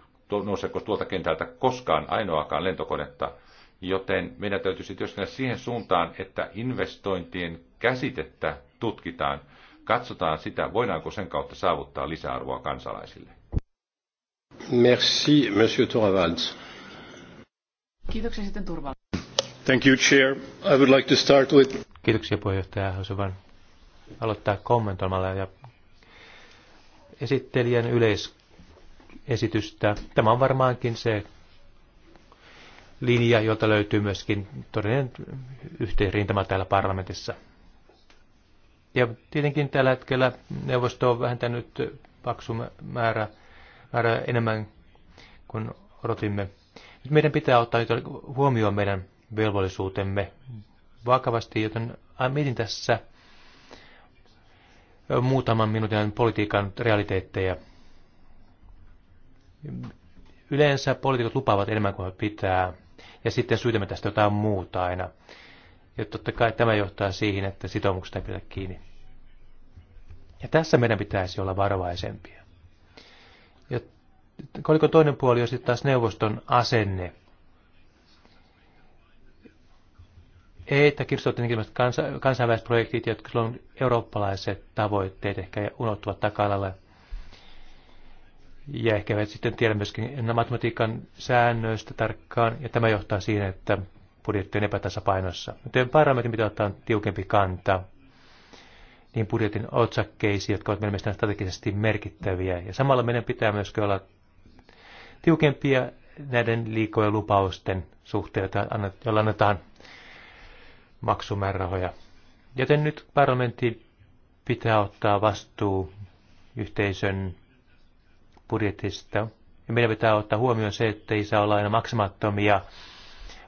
[SPEAKER 3] nouseeko tuolta kentältä koskaan ainoakaan lentokonetta – joten meidän täytyisi työskennellä siihen suuntaan, että investointien käsitettä tutkitaan, katsotaan sitä, voidaanko sen kautta saavuttaa lisäarvoa kansalaisille.
[SPEAKER 1] Merci, Monsieur Torvalds.
[SPEAKER 2] Kiitoksia sitten Turval.
[SPEAKER 1] Thank you, Chair. I would like to start
[SPEAKER 4] with... Kiitoksia puheenjohtaja. Haluaisin vain aloittaa kommentoimalla ja esittelijän yleisesitystä. Tämä on varmaankin se linja, jota löytyy myöskin todellinen yhteenrintama täällä parlamentissa. Ja tietenkin tällä hetkellä neuvosto on vähentänyt paksu määrä, määrä enemmän kuin odotimme. Nyt meidän pitää ottaa nyt huomioon meidän velvollisuutemme vakavasti, joten mietin tässä muutaman minuutin politiikan realiteetteja. Yleensä poliitikot lupaavat enemmän kuin pitää, ja sitten syytämme tästä jotain muuta aina. Ja totta kai tämä johtaa siihen, että sitoumuksesta ei pidä kiinni. Ja tässä meidän pitäisi olla varovaisempia. Ja koliko toinen puoli on sitten taas neuvoston asenne. Ei, että kirjoitettu tietenkin kansainväliset projektit, jotka on eurooppalaiset tavoitteet ehkä unohtuvat taka-alalle – ja ehkä me sitten tiedä myöskin matematiikan säännöistä tarkkaan, ja tämä johtaa siihen, että budjetti on epätasapainossa. Joten parametri pitää ottaa tiukempi kanta niin budjetin otsakkeisiin, jotka ovat mielestäni strategisesti merkittäviä. Ja samalla meidän pitää myöskin olla tiukempia näiden liikojen lupausten suhteen, joilla annetaan maksumäärärahoja. Joten nyt parlamentti pitää ottaa vastuu yhteisön budjetista. Ja meidän pitää ottaa huomioon se, että ei saa olla aina maksamattomia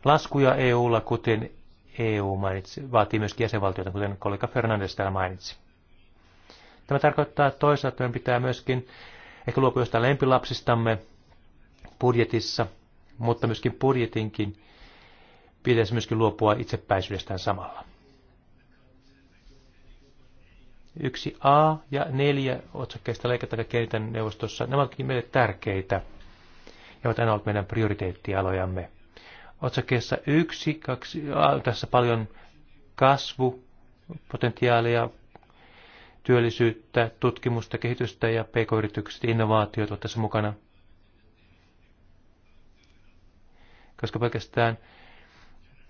[SPEAKER 4] laskuja EUlla, kuten EU mainitsi, vaatii myöskin jäsenvaltioita, kuten kollega Fernandes täällä mainitsi. Tämä tarkoittaa että toisaalta, että meidän pitää myöskin ehkä luopua jostain lempilapsistamme budjetissa, mutta myöskin budjetinkin pitäisi myöskin luopua itsepäisyydestään samalla yksi a ja neljä otsakkeesta leikataan kentän neuvostossa. Nämä ovatkin meille tärkeitä ja ovat aina olleet meidän prioriteettialojamme. Otsakkeessa 1, 2, a, tässä paljon kasvu-potentiaalia, työllisyyttä, tutkimusta, kehitystä ja pk-yritykset, innovaatiot ovat tässä mukana. Koska pelkästään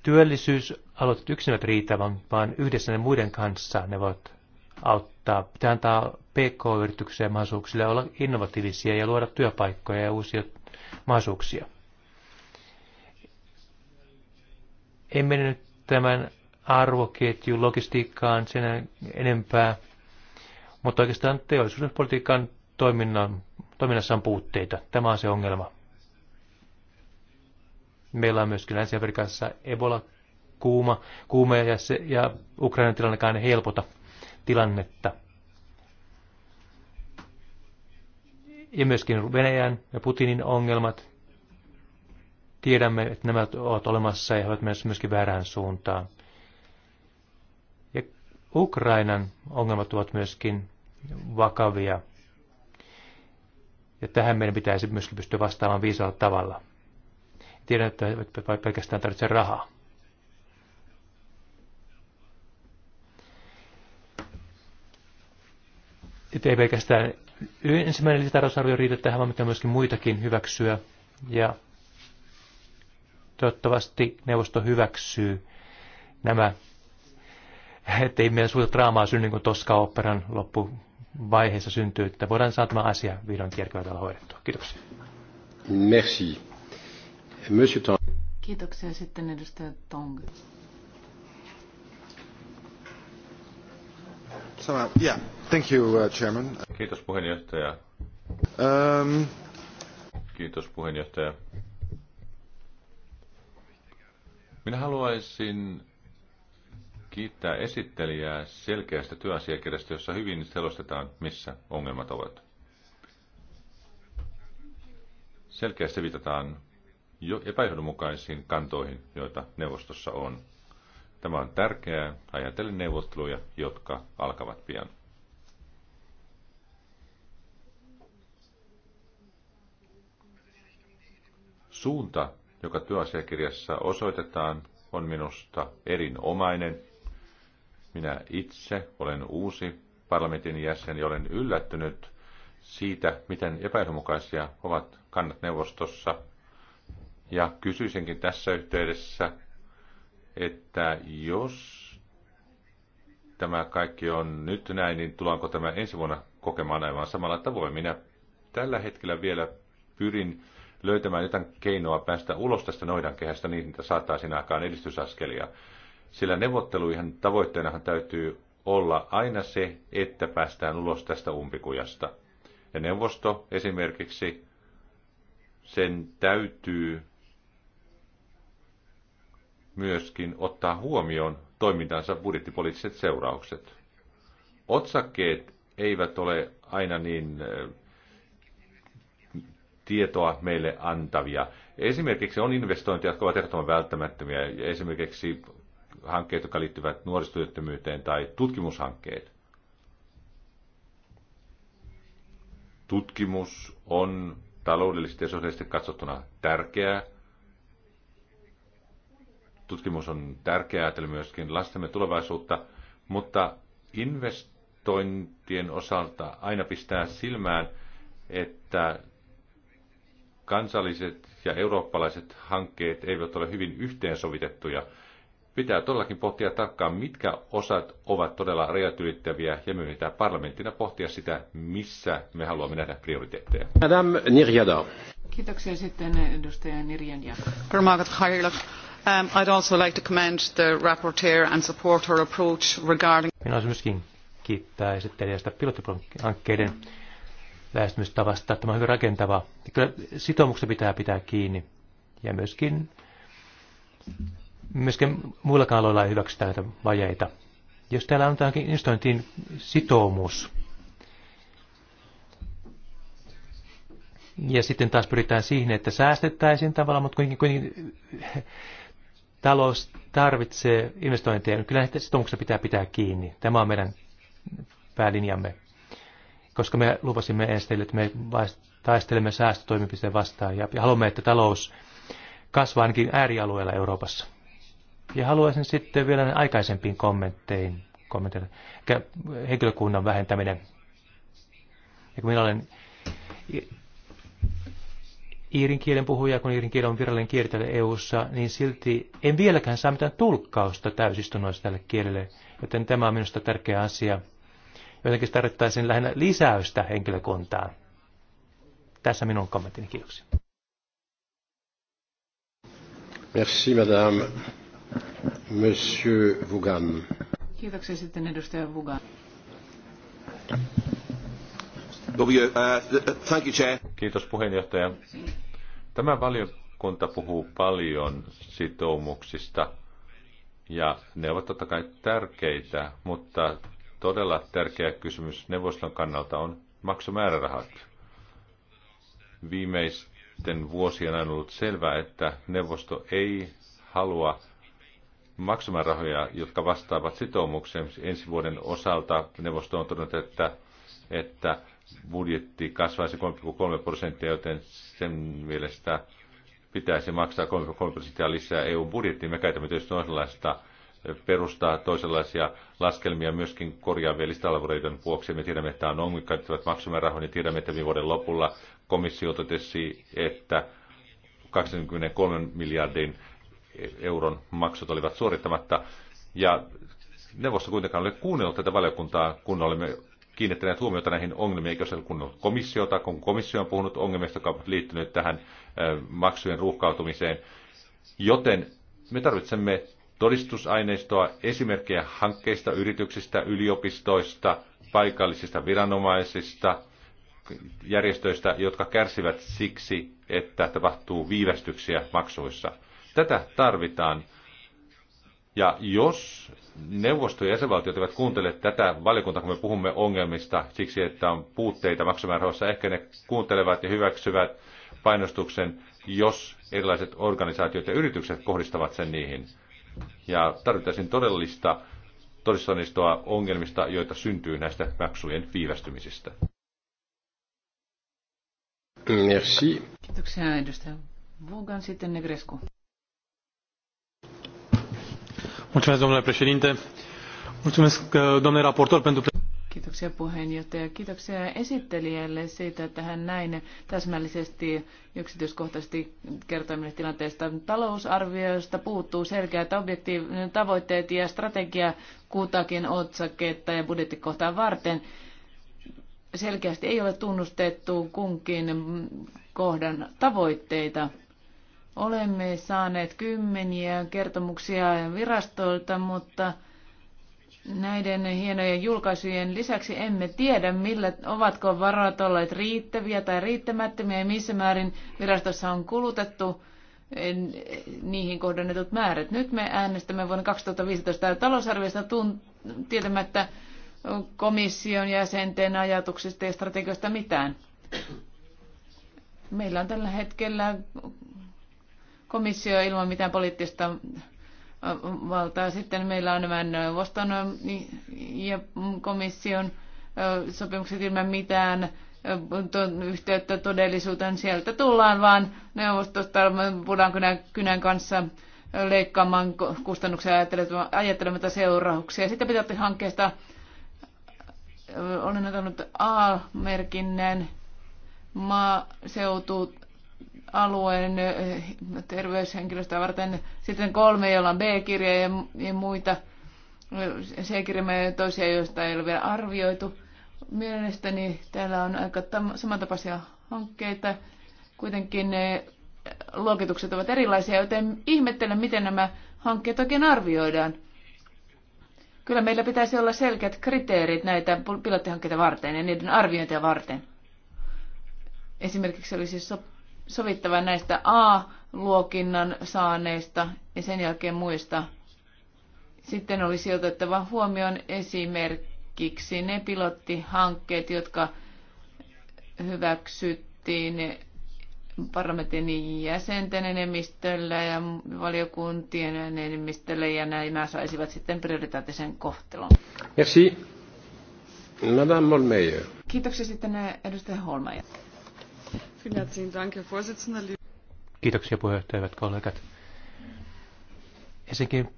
[SPEAKER 4] työllisyysaloitet yksin eivät riitä, vaan, vaan yhdessä ne muiden kanssa ne voivat auttaa, pitää antaa PK-yrityksille mahdollisuuksille olla innovatiivisia ja luoda työpaikkoja ja uusia mahdollisuuksia. En mene nyt tämän arvoketjun logistiikkaan sen enempää, mutta oikeastaan teollisuuspolitiikan toiminnan, toiminnassa on puutteita. Tämä on se ongelma. Meillä on myöskin Länsi-Afrikassa Ebola kuuma, kuuma ja, se, ja Ukrainan tilannekaan ei helpota tilannetta. Ja myöskin Venäjän ja Putinin ongelmat. Tiedämme, että nämä ovat olemassa ja ovat menossa myöskin väärään suuntaan. Ja Ukrainan ongelmat ovat myöskin vakavia. Ja tähän meidän pitäisi myöskin pystyä vastaamaan viisaalla tavalla. Tiedän, että pelkästään tarvitsee rahaa. ei pelkästään ensimmäinen lisätalousarvio riitä tähän, vaan pitää myöskin muitakin hyväksyä. Ja toivottavasti neuvosto hyväksyy nämä, ettei meillä suurta draamaa synny, kun Toska operan loppuvaiheessa syntyy, että voidaan saada tämä asia vihdoin kierkevätällä hoidettua. Kiitoksia.
[SPEAKER 1] Merci. Monsieur Tong.
[SPEAKER 2] Kiitoksia sitten edustaja Tong.
[SPEAKER 3] Sama, yeah. Uh, Kiitos puheenjohtaja. Um... Kiitos puheenjohtaja. Minä haluaisin kiittää esittelijää selkeästä työasiakirjasta, jossa hyvin selostetaan, missä ongelmat ovat. Selkeästi viitataan jo epäjohdonmukaisiin kantoihin, joita neuvostossa on. Tämä on tärkeää ajatellen neuvotteluja, jotka alkavat pian. Suunta, joka työasiakirjassa osoitetaan, on minusta erinomainen. Minä itse olen uusi parlamentin jäsen ja olen yllättynyt siitä, miten epäjohdonmukaisia ovat kannat neuvostossa. Ja kysyisinkin tässä yhteydessä, että jos tämä kaikki on nyt näin, niin tullaanko tämä ensi vuonna kokemaan aivan samalla tavoin? Minä tällä hetkellä vielä pyrin löytämään jotain keinoa päästä ulos tästä noidankehästä niin, että saataisiin aikaan edistysaskelia. Sillä neuvotteluihin tavoitteenahan täytyy olla aina se, että päästään ulos tästä umpikujasta. Ja neuvosto esimerkiksi, sen täytyy myöskin ottaa huomioon toimintansa budjettipoliittiset seuraukset. Otsakkeet eivät ole aina niin tietoa meille antavia. Esimerkiksi on investointeja, jotka ovat ehdottoman välttämättömiä, esimerkiksi hankkeet, jotka liittyvät nuorisotyöttömyyteen tai tutkimushankkeet. Tutkimus on taloudellisesti ja sosiaalisesti katsottuna tärkeää. Tutkimus on tärkeää ajatella myöskin lastemme tulevaisuutta, mutta investointien osalta aina pistää silmään, että kansalliset ja eurooppalaiset hankkeet eivät ole hyvin yhteensovitettuja. Pitää todellakin pohtia tarkkaan, mitkä osat ovat todella rajat ylittäviä ja me pitää parlamenttina pohtia sitä, missä me haluamme nähdä prioriteetteja. Madame Nirjada.
[SPEAKER 2] Kiitoksia sitten edustaja Nirjanda. Um, I'd also like to commend the rapporteur and support
[SPEAKER 1] her approach regarding...
[SPEAKER 4] Minä olisin myöskin kiittää esittelijästä pilottihankkeiden mm lähestymistavasta. Tämä on hyvin rakentava. Kyllä sitoumuksesta pitää pitää kiinni. Ja myöskin, myöskin muillakaan aloilla ei hyväksytä näitä vajeita. Jos täällä tähänkin investointiin sitoumus, ja sitten taas pyritään siihen, että säästettäisiin tavallaan, mutta kuitenkin, kuitenkin talous tarvitsee investointeja. Niin kyllä näistä sitoumuksista pitää pitää kiinni. Tämä on meidän päälinjamme koska me lupasimme esteille, että me taistelemme säästötoimipisteen vastaan ja haluamme, että talous kasvaa ainakin äärialueilla Euroopassa. Ja haluaisin sitten vielä aikaisempiin kommentteihin kommentoida. Henkilökunnan vähentäminen. Ja kun minä olen iirin kielen puhuja, kun iirin kieli on virallinen kieli täällä EU-ssa, niin silti en vieläkään saa mitään tulkkausta täysistunnoissa tälle kielelle, joten tämä on minusta tärkeä asia jotenkin tarvittaisiin lähinnä lisäystä henkilökuntaan. Tässä minun kommenttini. Kiitoksia.
[SPEAKER 1] Merci, madame. Monsieur Vugan.
[SPEAKER 2] Kiitoksia sitten edustaja Vugan.
[SPEAKER 3] Uh, Kiitos puheenjohtaja. Tämä valiokunta puhuu paljon sitoumuksista ja ne ovat totta kai tärkeitä, mutta todella tärkeä kysymys neuvoston kannalta on maksumäärärahat. Viimeisten vuosien on ollut selvää, että neuvosto ei halua maksumäärärahoja, jotka vastaavat sitoumukseen ensi vuoden osalta. Neuvosto on todennut, että, että budjetti kasvaisi 3,3 prosenttia, joten sen mielestä pitäisi maksaa 3,3 prosenttia lisää EU-budjettiin. Me käytämme tietysti toisenlaista perustaa toisenlaisia laskelmia myöskin korjaavien listavalvoreiden vuoksi. Me tiedämme, että on ongelmia maksumäärärahoihin niin tiedämme, että viime vuoden lopulla komissio totesi, että 23 miljardin euron maksut olivat suorittamatta. Ja neuvosto kuitenkaan ole kuunnellut tätä valiokuntaa, kun olemme kiinnittäneet huomiota näihin ongelmiin, eikä ole kuunnellut komissiota, kun komissio on puhunut ongelmista, jotka ovat liittyneet tähän maksujen ruuhkautumiseen. Joten me tarvitsemme todistusaineistoa, esimerkkejä hankkeista, yrityksistä, yliopistoista, paikallisista viranomaisista, järjestöistä, jotka kärsivät siksi, että tapahtuu viivästyksiä maksuissa. Tätä tarvitaan. Ja jos neuvosto ja jäsenvaltiot eivät kuuntele tätä valiokuntaa, kun me puhumme ongelmista siksi, että on puutteita maksumäärärahoissa, ehkä ne kuuntelevat ja hyväksyvät painostuksen, jos erilaiset organisaatiot ja yritykset kohdistavat sen niihin ja tarvittaisiin todellista todistanistoa ongelmista, joita syntyy näistä maksujen viivästymisistä.
[SPEAKER 1] Merci.
[SPEAKER 2] Kiitoksia edustaja Vogan, sitten Negresku.
[SPEAKER 1] Mulțumesc, domnule președinte.
[SPEAKER 4] Mulțumesc, domnule raportor, pentru...
[SPEAKER 2] Kiitoksia puheenjohtaja. Kiitoksia esittelijälle siitä, että hän näin täsmällisesti yksityiskohtaisesti kertoi tilanteesta. Talousarviosta puuttuu selkeät objektiivinen tavoitteet ja strategia kutakin otsaketta ja budjettikohtaa varten. Selkeästi ei ole tunnustettu kunkin kohdan tavoitteita. Olemme saaneet kymmeniä kertomuksia virastoilta, mutta Näiden hienojen julkaisujen lisäksi emme tiedä, millä, ovatko varat olleet riittäviä tai riittämättömiä ja missä määrin virastossa on kulutettu niihin kohdennetut määrät. Nyt me äänestämme vuonna 2015 talousarviosta tietämättä komission jäsenten ajatuksista ja strategioista mitään. Meillä on tällä hetkellä komissio ilman mitään poliittista valtaa. Sitten meillä on nämä neuvoston ja komission sopimukset ilman mitään yhteyttä todellisuuteen. Sieltä tullaan vaan neuvostosta pudankynän kynän kanssa leikkaamaan kustannuksia ajattelematta seurauksia. Sitten pitää hankkeesta olen ottanut A-merkinnän maaseutu alueen terveyshenkilöstöä varten. Sitten kolme, joilla on B-kirja ja, ja muita C-kirjoja ja toisia, joista ei ole vielä arvioitu. Mielestäni täällä on aika tam- samantapaisia hankkeita. Kuitenkin ne luokitukset ovat erilaisia, joten ihmettelen, miten nämä hankkeet oikein arvioidaan. Kyllä meillä pitäisi olla selkeät kriteerit näitä pilottihankkeita varten ja niiden arviointia varten. Esimerkiksi olisi sop- sovittava näistä A-luokinnan saaneista ja sen jälkeen muista. Sitten olisi otettava huomioon esimerkiksi ne pilottihankkeet, jotka hyväksyttiin parlamentin jäsenten enemmistöllä ja valiokuntien enemmistöllä ja nämä saisivat sitten prioriteettisen kohtelun.
[SPEAKER 1] Merci. Madame
[SPEAKER 2] Kiitoksia sitten eh, edustaja Holmeyer.
[SPEAKER 1] Kiitoksia puheenjohtaja,
[SPEAKER 4] hyvät kollegat. Ensinnäkin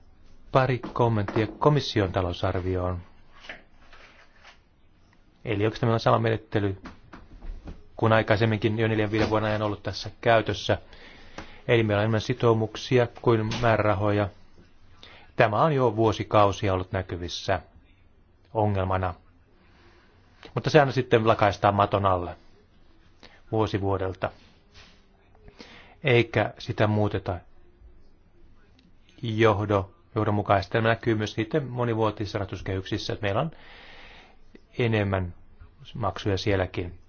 [SPEAKER 4] pari kommenttia komission talousarvioon. Eli onko tämä sama menettely kuin aikaisemminkin jo neljän viiden vuoden ajan ollut tässä käytössä. Eli meillä on enemmän sitoumuksia kuin määrärahoja. Tämä on jo vuosikausia ollut näkyvissä ongelmana. Mutta se aina sitten lakaistaan maton alle vuosi vuodelta, eikä sitä muuteta johdo, johdonmukaisesti. Tämä näkyy myös sitten monivuotisissa rahoituskehyksissä, että meillä on enemmän maksuja sielläkin.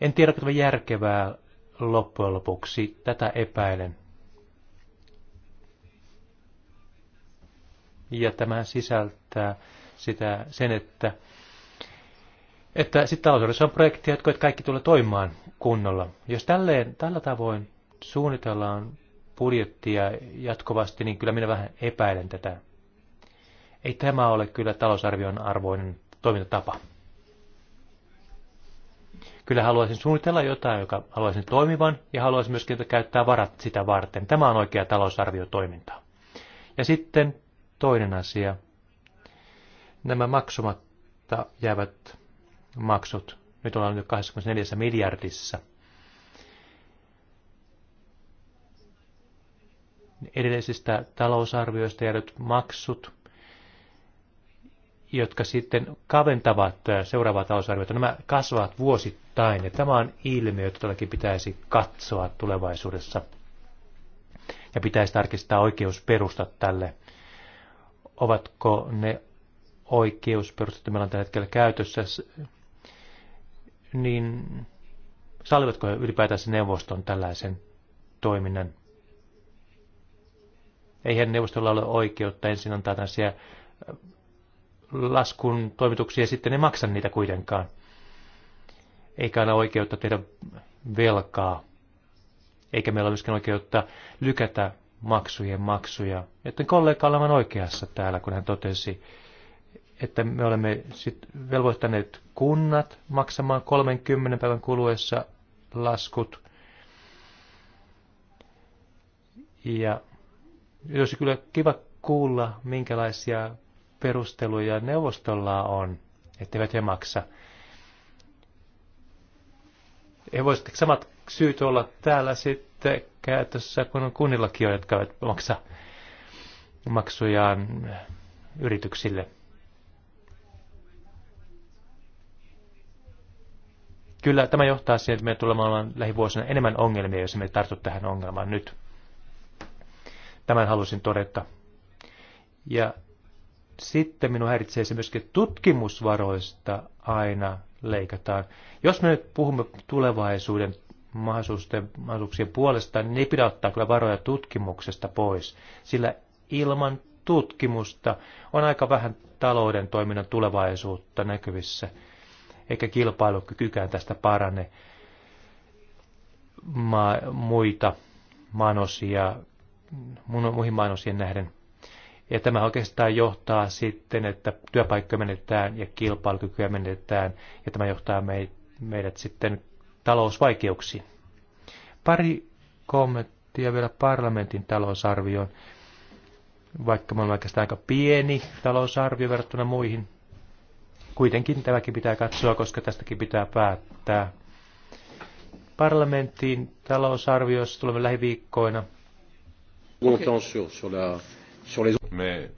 [SPEAKER 4] En tiedä, onko järkevää loppujen lopuksi. Tätä epäilen. Ja tämä sisältää sitä, sen, että että sitten talousarviossa on projekteja, jotka kaikki tulee toimimaan kunnolla. Jos tälleen, tällä tavoin suunnitellaan budjettia jatkuvasti, niin kyllä minä vähän epäilen tätä. Ei tämä ole kyllä talousarvion arvoinen toimintatapa. Kyllä haluaisin suunnitella jotain, joka haluaisin toimivan, ja haluaisin myöskin käyttää varat sitä varten. Tämä on oikea talousarviotoiminta. Ja sitten toinen asia. Nämä maksumatta jäävät maksut. Nyt ollaan nyt 24 miljardissa. Edellisistä talousarvioista jäädyt maksut, jotka sitten kaventavat äh, seuraavaa talousarviota, nämä kasvavat vuosittain. Ja tämä on ilmiö, jota todellakin pitäisi katsoa tulevaisuudessa. Ja pitäisi tarkistaa oikeusperusta tälle. Ovatko ne oikeusperustat, meillä on tällä hetkellä käytössä niin sallivatko he ylipäätänsä neuvoston tällaisen toiminnan? Eihän neuvostolla ole oikeutta ensin antaa tällaisia äh, laskun toimituksia ja sitten ne maksa niitä kuitenkaan. Eikä aina oikeutta tehdä velkaa. Eikä meillä ole myöskään oikeutta lykätä maksujen maksuja. Joten kollega on oikeassa täällä, kun hän totesi, että me olemme sit velvoittaneet kunnat maksamaan 30 päivän kuluessa laskut. Ja olisi kyllä kiva kuulla, minkälaisia perusteluja neuvostolla on, etteivät he maksa. He voisivat samat syyt olla täällä sitten käytössä, kun on kunnillakin jotka eivät maksa maksujaan yrityksille. Kyllä tämä johtaa siihen, että me tulemme olemaan lähivuosina enemmän ongelmia, jos me tartu tähän ongelmaan nyt. Tämän halusin todeta. Ja sitten minun häiritsee se myöskin tutkimusvaroista aina leikataan. Jos me nyt puhumme tulevaisuuden mahdollisuuksien, mahdollisuuksien puolesta, niin ei pidä ottaa kyllä varoja tutkimuksesta pois, sillä ilman tutkimusta on aika vähän talouden toiminnan tulevaisuutta näkyvissä eikä kilpailukykykään tästä parane Ma, muita maanosia, muihin manosien nähden. Ja tämä oikeastaan johtaa sitten, että työpaikka menetetään ja kilpailukykyä menetetään, ja tämä johtaa meidät sitten talousvaikeuksiin. Pari kommenttia vielä parlamentin talousarvioon. Vaikka me olemme oikeastaan aika pieni talousarvio verrattuna muihin, kuitenkin tämäkin pitää katsoa, koska tästäkin pitää päättää. Parlamenttiin talousarviossa tulemme lähiviikkoina.
[SPEAKER 3] Okay. Me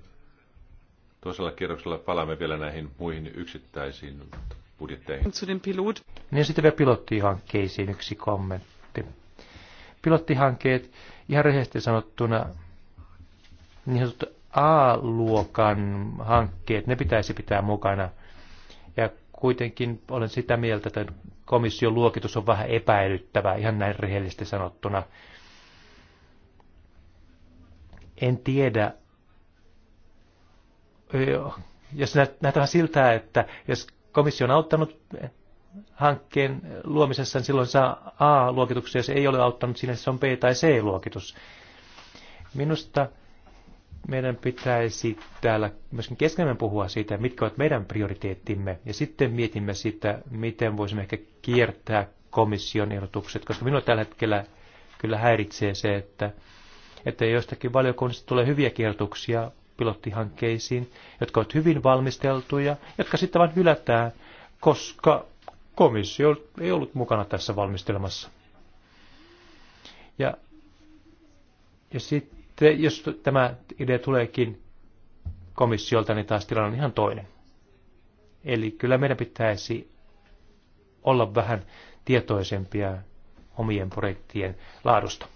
[SPEAKER 3] toisella kierroksella palaamme vielä näihin muihin yksittäisiin budjetteihin.
[SPEAKER 4] Niin sitten vielä pilottihankkeisiin yksi kommentti. Pilottihankkeet, ihan rehellisesti sanottuna, niin sanotut A-luokan hankkeet, ne pitäisi pitää mukana kuitenkin olen sitä mieltä, että komission luokitus on vähän epäilyttävä, ihan näin rehellisesti sanottuna. En tiedä, jos näyttää siltä, että jos komissio on auttanut hankkeen luomisessa, niin silloin saa A-luokituksia, jos ei ole auttanut siinä, se on B- tai C-luokitus. Minusta meidän pitäisi täällä myöskin keskenämme puhua siitä, mitkä ovat meidän prioriteettimme, ja sitten mietimme sitä, miten voisimme ehkä kiertää komission ehdotukset, koska minua tällä hetkellä kyllä häiritsee se, että, että jostakin valiokunnasta tulee hyviä kiertuksia pilottihankkeisiin, jotka ovat hyvin valmisteltuja, jotka sitten vain hylätään, koska komissio ei ollut mukana tässä valmistelmassa. Ja, ja sitten te, jos tämä idea tuleekin komissiolta, niin taas tilanne on ihan toinen. Eli kyllä meidän pitäisi olla vähän tietoisempia omien projektien laadusta.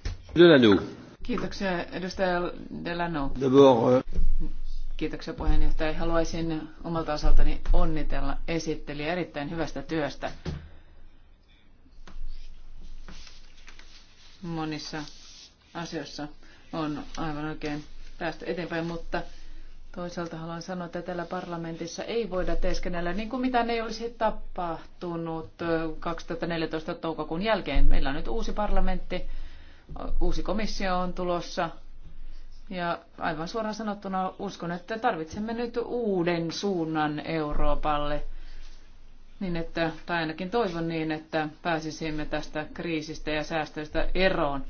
[SPEAKER 2] Kiitoksia edustaja Delano. Euh, Kiitoksia puheenjohtaja. Haluaisin omalta osaltani onnitella esittelijä erittäin hyvästä työstä. Monissa asioissa on aivan oikein päästy eteenpäin, mutta toisaalta haluan sanoa, että täällä parlamentissa ei voida teeskennellä niin kuin mitään ei olisi tapahtunut 2014 toukokuun jälkeen. Meillä on nyt uusi parlamentti, uusi komissio on tulossa ja aivan suoraan sanottuna uskon, että tarvitsemme nyt uuden suunnan Euroopalle. Niin että, tai ainakin toivon niin, että pääsisimme tästä kriisistä ja säästöistä eroon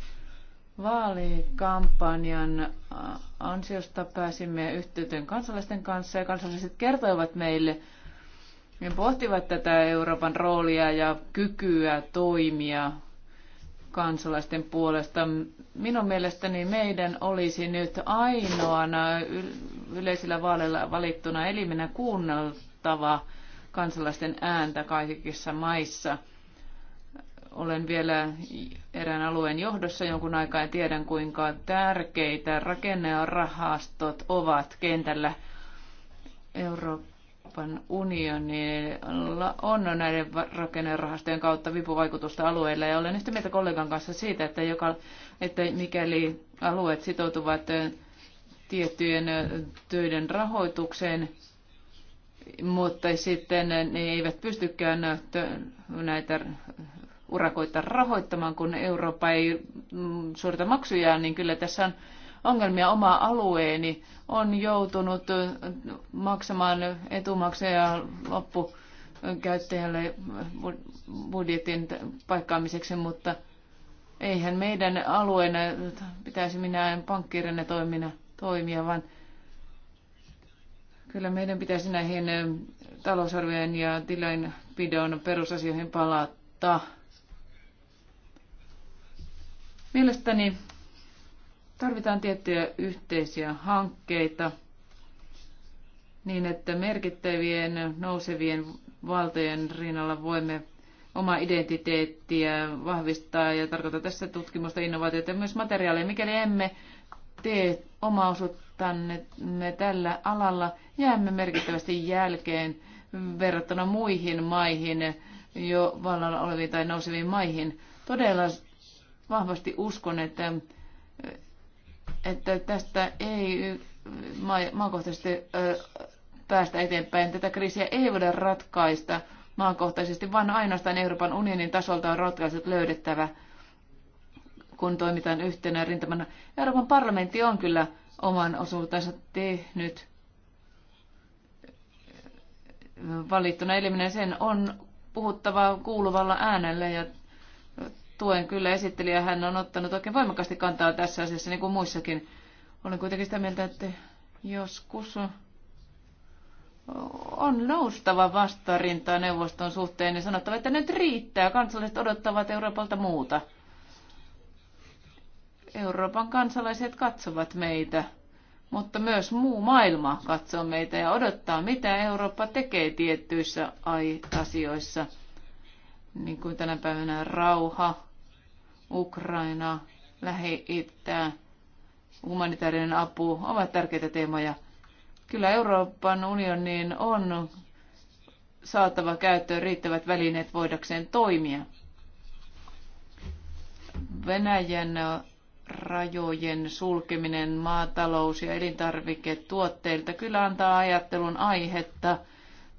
[SPEAKER 2] vaalikampanjan ansiosta pääsimme yhteyteen kansalaisten kanssa ja kansalaiset kertoivat meille ja pohtivat tätä Euroopan roolia ja kykyä toimia kansalaisten puolesta. Minun mielestäni meidän olisi nyt ainoana yleisillä vaaleilla valittuna elimenä kuunneltava kansalaisten ääntä kaikissa maissa – olen vielä erään alueen johdossa jonkun aikaa ja tiedän, kuinka tärkeitä rakennerahastot ovat kentällä Euroopan unionilla on näiden rakennerahastojen kautta vipuvaikutusta alueilla ja olen yhtä mieltä kollegan kanssa siitä, että, joka, että mikäli alueet sitoutuvat tiettyjen töiden rahoitukseen, mutta sitten ne eivät pystykään näitä urakoita rahoittamaan, kun Eurooppa ei mm, suorita maksujaan, niin kyllä tässä on ongelmia. Oma alueeni on joutunut maksamaan etumaksuja, loppu käyttäjälle budjetin paikkaamiseksi, mutta eihän meidän alueena pitäisi minä pankkirina toimina toimia, vaan kyllä meidän pitäisi näihin talousarvojen ja tilinpidon perusasioihin palata. Mielestäni tarvitaan tiettyjä yhteisiä hankkeita niin, että merkittävien nousevien valtojen rinnalla voimme oma identiteettiä vahvistaa ja tarkoittaa tässä tutkimusta, innovaatiota ja myös materiaaleja. Mikäli emme tee omaa osuuttamme tällä alalla, jäämme merkittävästi jälkeen verrattuna muihin maihin, jo vallalla oleviin tai nouseviin maihin. Todella vahvasti uskon, että, että tästä ei maakohtaisesti päästä eteenpäin. Tätä kriisiä ei voida ratkaista maakohtaisesti, vaan ainoastaan Euroopan unionin tasolta on ratkaisut löydettävä, kun toimitaan yhtenä rintamana. Euroopan parlamentti on kyllä oman osuutensa tehnyt valittuna eliminen. Sen on puhuttava kuuluvalla äänellä ja tuen kyllä esittelijä. Hän on ottanut oikein voimakkaasti kantaa tässä asiassa, niin kuin muissakin. Olen kuitenkin sitä mieltä, että joskus on noustava vastarintaa neuvoston suhteen ja sanottava, että nyt riittää. Kansalaiset odottavat Euroopalta muuta. Euroopan kansalaiset katsovat meitä, mutta myös muu maailma katsoo meitä ja odottaa, mitä Eurooppa tekee tiettyissä asioissa. Niin kuin tänä päivänä rauha, Ukraina, Lähi-Itä, humanitaarinen apu ovat tärkeitä teemoja. Kyllä Euroopan unionin on saatava käyttöön riittävät välineet voidakseen toimia. Venäjän rajojen sulkeminen maatalous- ja elintarviketuotteilta kyllä antaa ajattelun aihetta.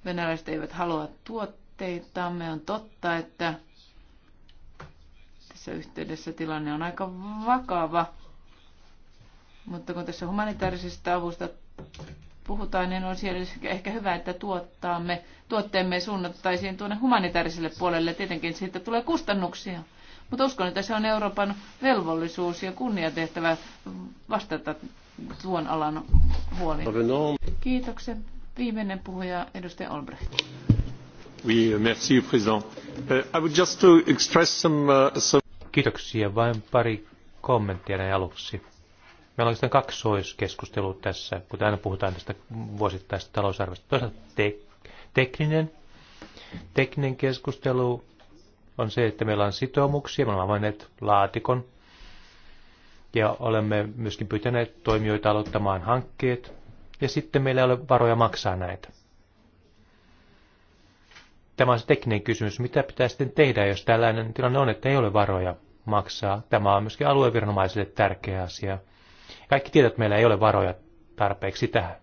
[SPEAKER 2] Venäläiset eivät halua tuotteita. Me on totta, että tässä yhteydessä tilanne on aika vakava. Mutta kun tässä humanitaarisesta avusta puhutaan, niin on siellä ehkä hyvä, että tuottaamme, tuotteemme suunnattaisiin tuonne humanitaariselle puolelle. Tietenkin siitä tulee kustannuksia. Mutta uskon, että se on Euroopan velvollisuus ja kunniatehtävä vastata tuon alan huoliin. Kiitoksen Viimeinen puhuja, edustaja Olbrecht.
[SPEAKER 1] Oui, merci, président. Uh, I would
[SPEAKER 4] just to express some, uh, some Kiitoksia. Vain pari kommenttia näin aluksi. Meillä on oikeastaan kaksoiskeskustelu tässä, kun aina puhutaan tästä vuosittaisesta talousarvosta. Toisaalta te- tekninen, tekninen keskustelu on se, että meillä on sitoumuksia, me olemme avanneet laatikon ja olemme myöskin pyytäneet toimijoita aloittamaan hankkeet ja sitten meillä ei ole varoja maksaa näitä tämä on se tekninen kysymys. Mitä pitää sitten tehdä, jos tällainen tilanne on, että ei ole varoja maksaa? Tämä on myöskin alueviranomaisille tärkeä asia. Kaikki tietävät, että meillä ei ole varoja tarpeeksi tähän.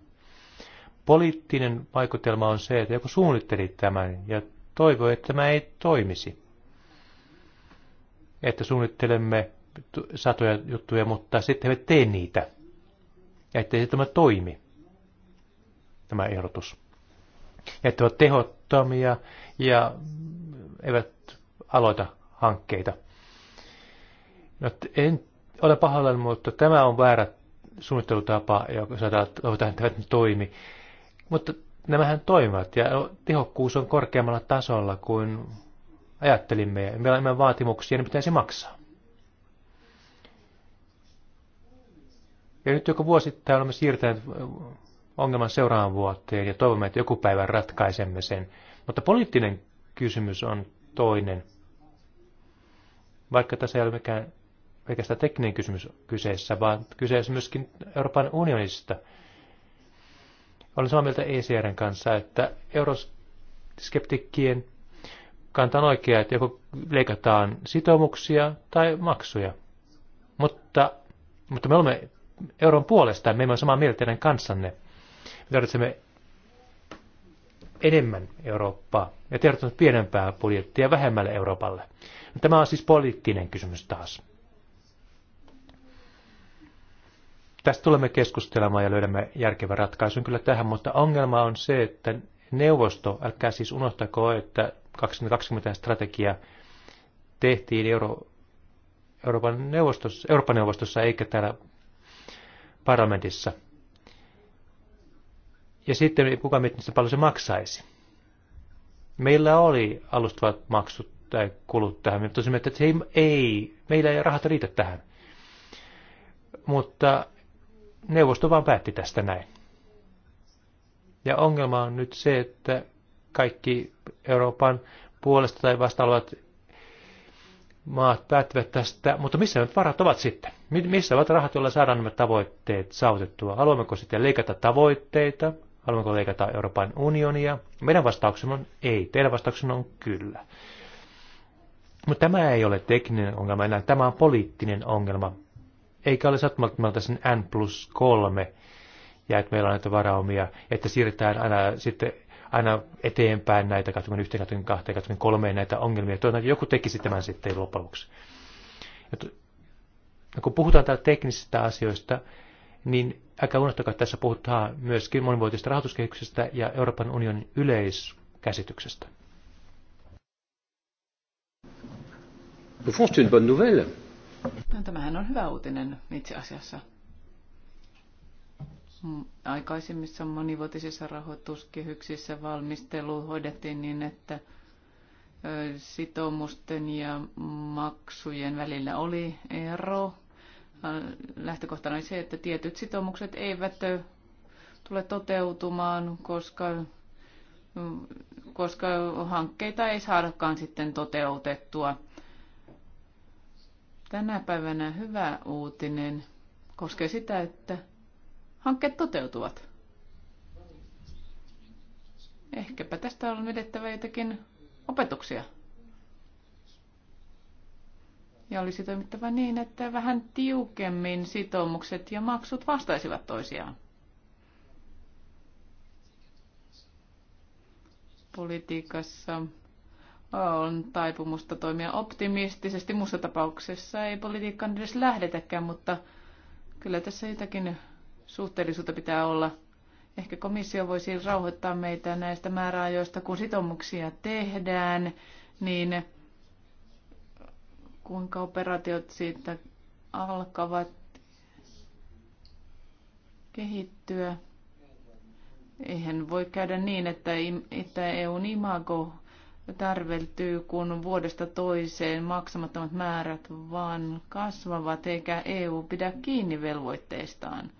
[SPEAKER 4] Poliittinen vaikutelma on se, että joku suunnitteli tämän ja toivoi, että tämä ei toimisi. Että suunnittelemme satoja juttuja, mutta sitten me tee niitä. Ja ettei se tämä toimi, tämä ehdotus ja että ovat tehottomia ja eivät aloita hankkeita. No, en ole pahalla, mutta tämä on väärä suunnittelutapa, joka saadaan, että eivät toimi. Mutta nämähän toimivat ja tehokkuus on korkeammalla tasolla kuin ajattelimme. Ja meillä on enemmän vaatimuksia, niin pitäisi maksaa. Ja nyt joka vuosittain olemme siirtäneet ongelman seuraavan vuoteen ja toivomme, että joku päivä ratkaisemme sen. Mutta poliittinen kysymys on toinen. Vaikka tässä ei ole mikään pelkästään tekninen kysymys kyseessä, vaan kyseessä myöskin Euroopan unionista. Olen samaa mieltä ECRn kanssa, että euroskeptikkien kanta on oikea, että joko leikataan sitoumuksia tai maksuja. Mutta, mutta me olemme euron puolesta, me emme ole samaa mieltä teidän kanssanne. Me tarvitsemme enemmän Eurooppaa ja tarvitsemme pienempää budjettia vähemmälle Euroopalle. No, tämä on siis poliittinen kysymys taas. Tästä tulemme keskustelemaan ja löydämme järkevän ratkaisun kyllä tähän, mutta ongelma on se, että neuvosto, älkää siis unohtako, että 2020 strategia tehtiin Euro, Euroopan, neuvostossa, Euroopan neuvostossa eikä täällä parlamentissa. Ja sitten ei kukaan miettinyt, paljon se maksaisi. Meillä oli alustavat maksut tai kulut tähän, mutta tosiaan, että ei, ei, meillä ei rahat riitä tähän. Mutta neuvosto vaan päätti tästä näin. Ja ongelma on nyt se, että kaikki Euroopan puolesta tai vasta maat päättävät tästä, mutta missä nyt varat ovat sitten? Missä ovat rahat, joilla saadaan nämä tavoitteet saavutettua? Haluammeko sitten leikata tavoitteita haluanko leikata Euroopan unionia? Meidän vastauksemme on ei. Teidän vastauksemme on kyllä. Mutta tämä ei ole tekninen ongelma enää. Tämä on poliittinen ongelma. Eikä ole sattumalta sen N plus 3 ja että meillä on näitä varaumia, että siirretään aina sitten aina eteenpäin näitä 21, 22, 23 näitä ongelmia. Toivottavasti joku tekisi tämän sitten lopuksi. Ja no, kun puhutaan täällä teknisistä asioista, niin älkää unohtakaa, että tässä puhutaan myöskin monivuotisesta rahoituskehyksestä ja Euroopan unionin yleiskäsityksestä.
[SPEAKER 2] No, tämähän on hyvä uutinen itse asiassa. Mm, aikaisemmissa monivuotisissa rahoituskehyksissä valmistelu hoidettiin niin, että sitoumusten ja maksujen välillä oli ero lähtökohtana oli se, että tietyt sitoumukset eivät tule toteutumaan, koska, koska hankkeita ei saadakaan sitten toteutettua. Tänä päivänä hyvä uutinen koskee sitä, että hankkeet toteutuvat. Ehkäpä tästä on vedettävä jotakin opetuksia. Ja olisi toimittava niin, että vähän tiukemmin sitoumukset ja maksut vastaisivat toisiaan. Politiikassa on taipumusta toimia optimistisesti. Muussa tapauksessa ei politiikkaan edes lähdetäkään, mutta kyllä tässä jotakin suhteellisuutta pitää olla. Ehkä komissio voisi rauhoittaa meitä näistä määräajoista, kun sitoumuksia tehdään, niin kuinka operaatiot siitä alkavat kehittyä. Eihän voi käydä niin, että, että EUn imago tarveltyy, kun vuodesta toiseen maksamattomat määrät vaan kasvavat, eikä EU pidä kiinni velvoitteistaan.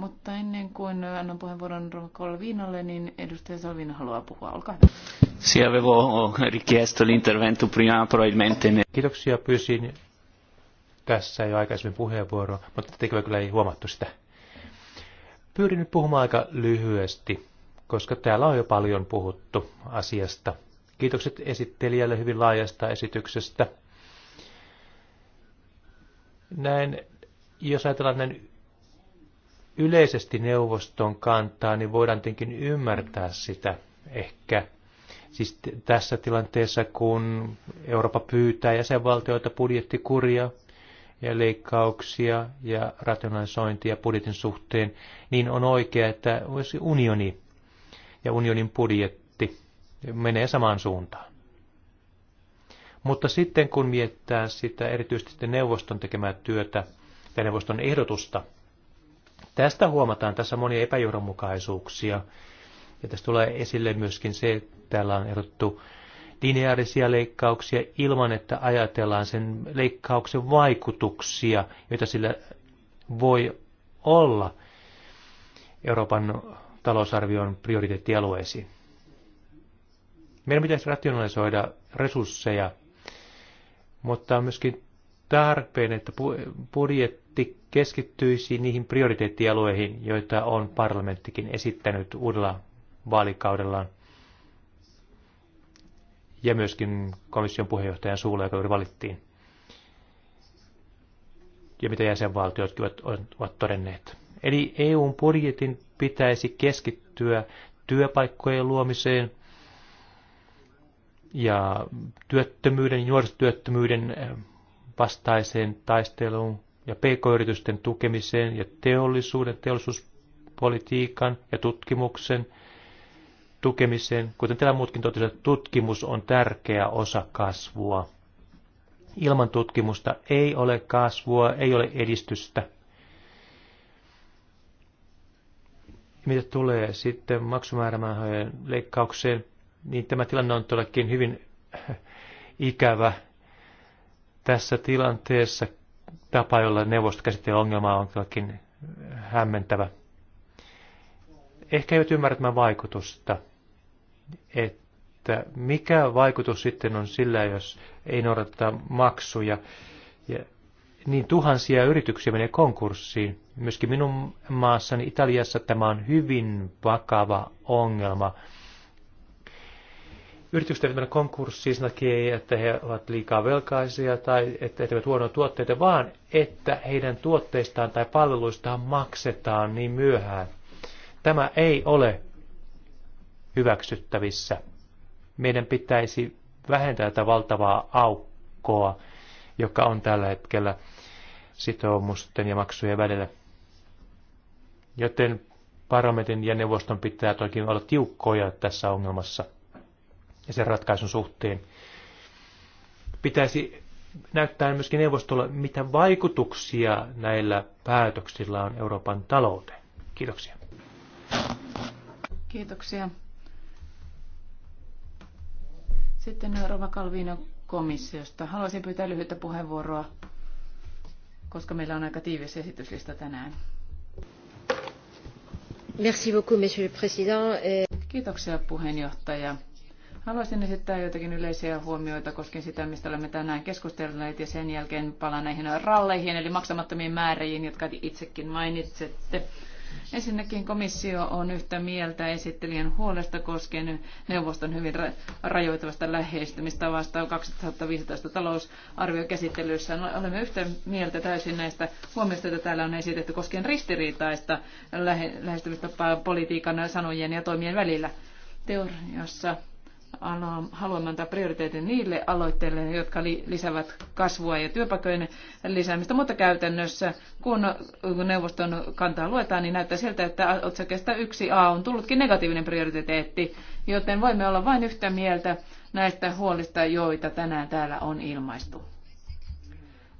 [SPEAKER 2] Mutta ennen kuin annan puheenvuoron Viinalle, niin edustaja Salvin haluaa puhua. Olkaa hyvä.
[SPEAKER 4] Sì, avevo richiesto l'intervento prima, probabilmente... Kiitoksia, pyysin tässä jo aikaisemmin puheenvuoroa, mutta tekevä kyllä ei huomattu sitä. Pyydin nyt puhumaan aika lyhyesti, koska täällä on jo paljon puhuttu asiasta. Kiitokset esittelijälle hyvin laajasta esityksestä. Näin, jos ajatellaan näin yleisesti neuvoston kantaa, niin voidaan tietenkin ymmärtää sitä ehkä. Siis tässä tilanteessa, kun Eurooppa pyytää jäsenvaltioita budjettikuria ja leikkauksia ja rationalisointia budjetin suhteen, niin on oikea, että olisi unioni ja unionin budjetti menee samaan suuntaan. Mutta sitten kun miettää sitä erityisesti neuvoston tekemää työtä ja neuvoston ehdotusta, Tästä huomataan tässä monia epäjohdonmukaisuuksia. Ja tässä tulee esille myöskin se, että täällä on erottu lineaarisia leikkauksia ilman, että ajatellaan sen leikkauksen vaikutuksia, joita sillä voi olla Euroopan talousarvion prioriteettialueisiin. Meidän pitäisi rationalisoida resursseja, mutta on myöskin tarpeen, että budjet parlamentti keskittyisi niihin prioriteettialueihin, joita on parlamenttikin esittänyt uudella vaalikaudellaan. Ja myöskin komission puheenjohtajan suulla, joka juuri valittiin. Ja mitä jäsenvaltiotkin ovat todenneet. Eli EUn budjetin pitäisi keskittyä työpaikkojen luomiseen ja työttömyyden, nuorisotyöttömyyden eh, vastaiseen taisteluun ja pk-yritysten tukemiseen ja teollisuuden, teollisuuspolitiikan ja tutkimuksen tukemiseen. Kuten täällä muutkin totesivat, tutkimus on tärkeä osa kasvua. Ilman tutkimusta ei ole kasvua, ei ole edistystä. Mitä tulee sitten maksumäärämähän leikkaukseen, niin tämä tilanne on todellakin hyvin ikävä tässä tilanteessa, tapa, jolla neuvosto käsittelee ongelmaa, on kylläkin hämmentävä. Ehkä eivät ymmärrä tämän vaikutusta, että mikä vaikutus sitten on sillä, jos ei noudateta maksuja. Ja niin tuhansia yrityksiä menee konkurssiin. Myöskin minun maassani Italiassa tämä on hyvin vakava ongelma yritykset eivät mennä konkurssiin sen takia, että he ovat liikaa velkaisia tai että he eivät huonoja tuotteita, vaan että heidän tuotteistaan tai palveluistaan maksetaan niin myöhään. Tämä ei ole hyväksyttävissä. Meidän pitäisi vähentää tätä valtavaa aukkoa, joka on tällä hetkellä sitoumusten ja maksujen välillä. Joten parlamentin ja neuvoston pitää toki olla tiukkoja tässä ongelmassa – ja sen ratkaisun suhteen. Pitäisi näyttää myöskin neuvostolle, mitä vaikutuksia näillä päätöksillä on Euroopan talouteen. Kiitoksia.
[SPEAKER 2] Kiitoksia. Sitten Rova Kalvino komissiosta. Haluaisin pyytää lyhyttä puheenvuoroa, koska meillä on aika tiivis esityslista tänään.
[SPEAKER 1] Merci beaucoup, monsieur le
[SPEAKER 2] président. Kiitoksia puheenjohtaja. Haluaisin esittää joitakin yleisiä huomioita koskien sitä, mistä olemme tänään keskustelleet ja sen jälkeen palaan näihin ralleihin eli maksamattomiin määriin, jotka itsekin mainitsette. Ensinnäkin komissio on yhtä mieltä esittelijän huolesta koskien neuvoston hyvin rajoittavasta vastaan 2015 talousarviokäsittelyssä. No, olemme yhtä mieltä täysin näistä huomioista, joita täällä on esitetty koskien ristiriitaista lähestymistapaa politiikan sanojen ja toimien välillä. Teoriassa haluamme antaa prioriteetin niille aloitteille, jotka lisäävät kasvua ja työpaikojen lisäämistä, mutta käytännössä kun neuvoston kantaa luetaan, niin näyttää siltä, että otsakesta 1a on tullutkin negatiivinen prioriteetti, joten voimme olla vain yhtä mieltä näistä huolista, joita tänään täällä on ilmaistu.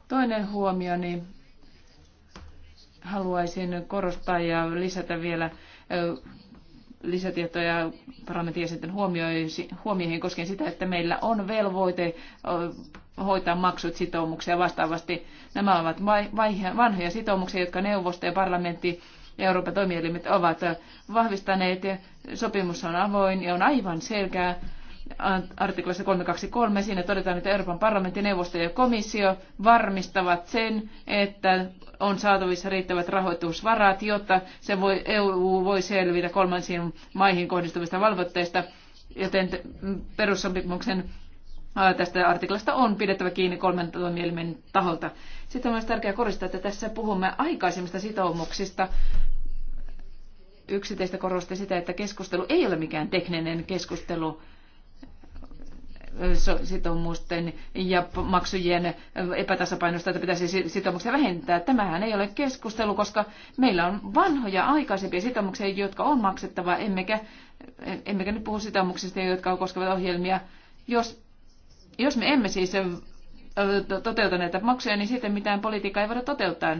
[SPEAKER 2] Toinen huomioni haluaisin korostaa ja lisätä vielä lisätietoja parlamentin jäsenten huomioihin koskien sitä, että meillä on velvoite hoitaa maksut sitoumuksia vastaavasti. Nämä ovat vanhoja sitoumuksia, jotka neuvosto ja parlamentti ja Euroopan toimielimet ovat vahvistaneet. Sopimus on avoin ja on aivan selkeä artiklassa 323. Siinä todetaan, että Euroopan parlamentti, neuvosto ja komissio varmistavat sen, että on saatavissa riittävät rahoitusvarat, jotta se voi, EU voi selvitä kolmansiin maihin kohdistuvista valvotteista, joten perussopimuksen tästä artiklasta on pidettävä kiinni kolmen toimielimen taholta. Sitten on myös tärkeää korostaa, että tässä puhumme aikaisemmista sitoumuksista. Yksi teistä korosti sitä, että keskustelu ei ole mikään tekninen keskustelu, sitoumusten ja maksujen epätasapainosta, että pitäisi sitoumuksia vähentää. Tämähän ei ole keskustelu, koska meillä on vanhoja aikaisempia sitoumuksia, jotka on maksettava, emmekä, emmekä nyt puhu sitoumuksista, jotka koskevat ohjelmia. Jos, jos me emme siis toteuta näitä maksuja, niin sitten mitään politiikkaa ei voida toteuttaa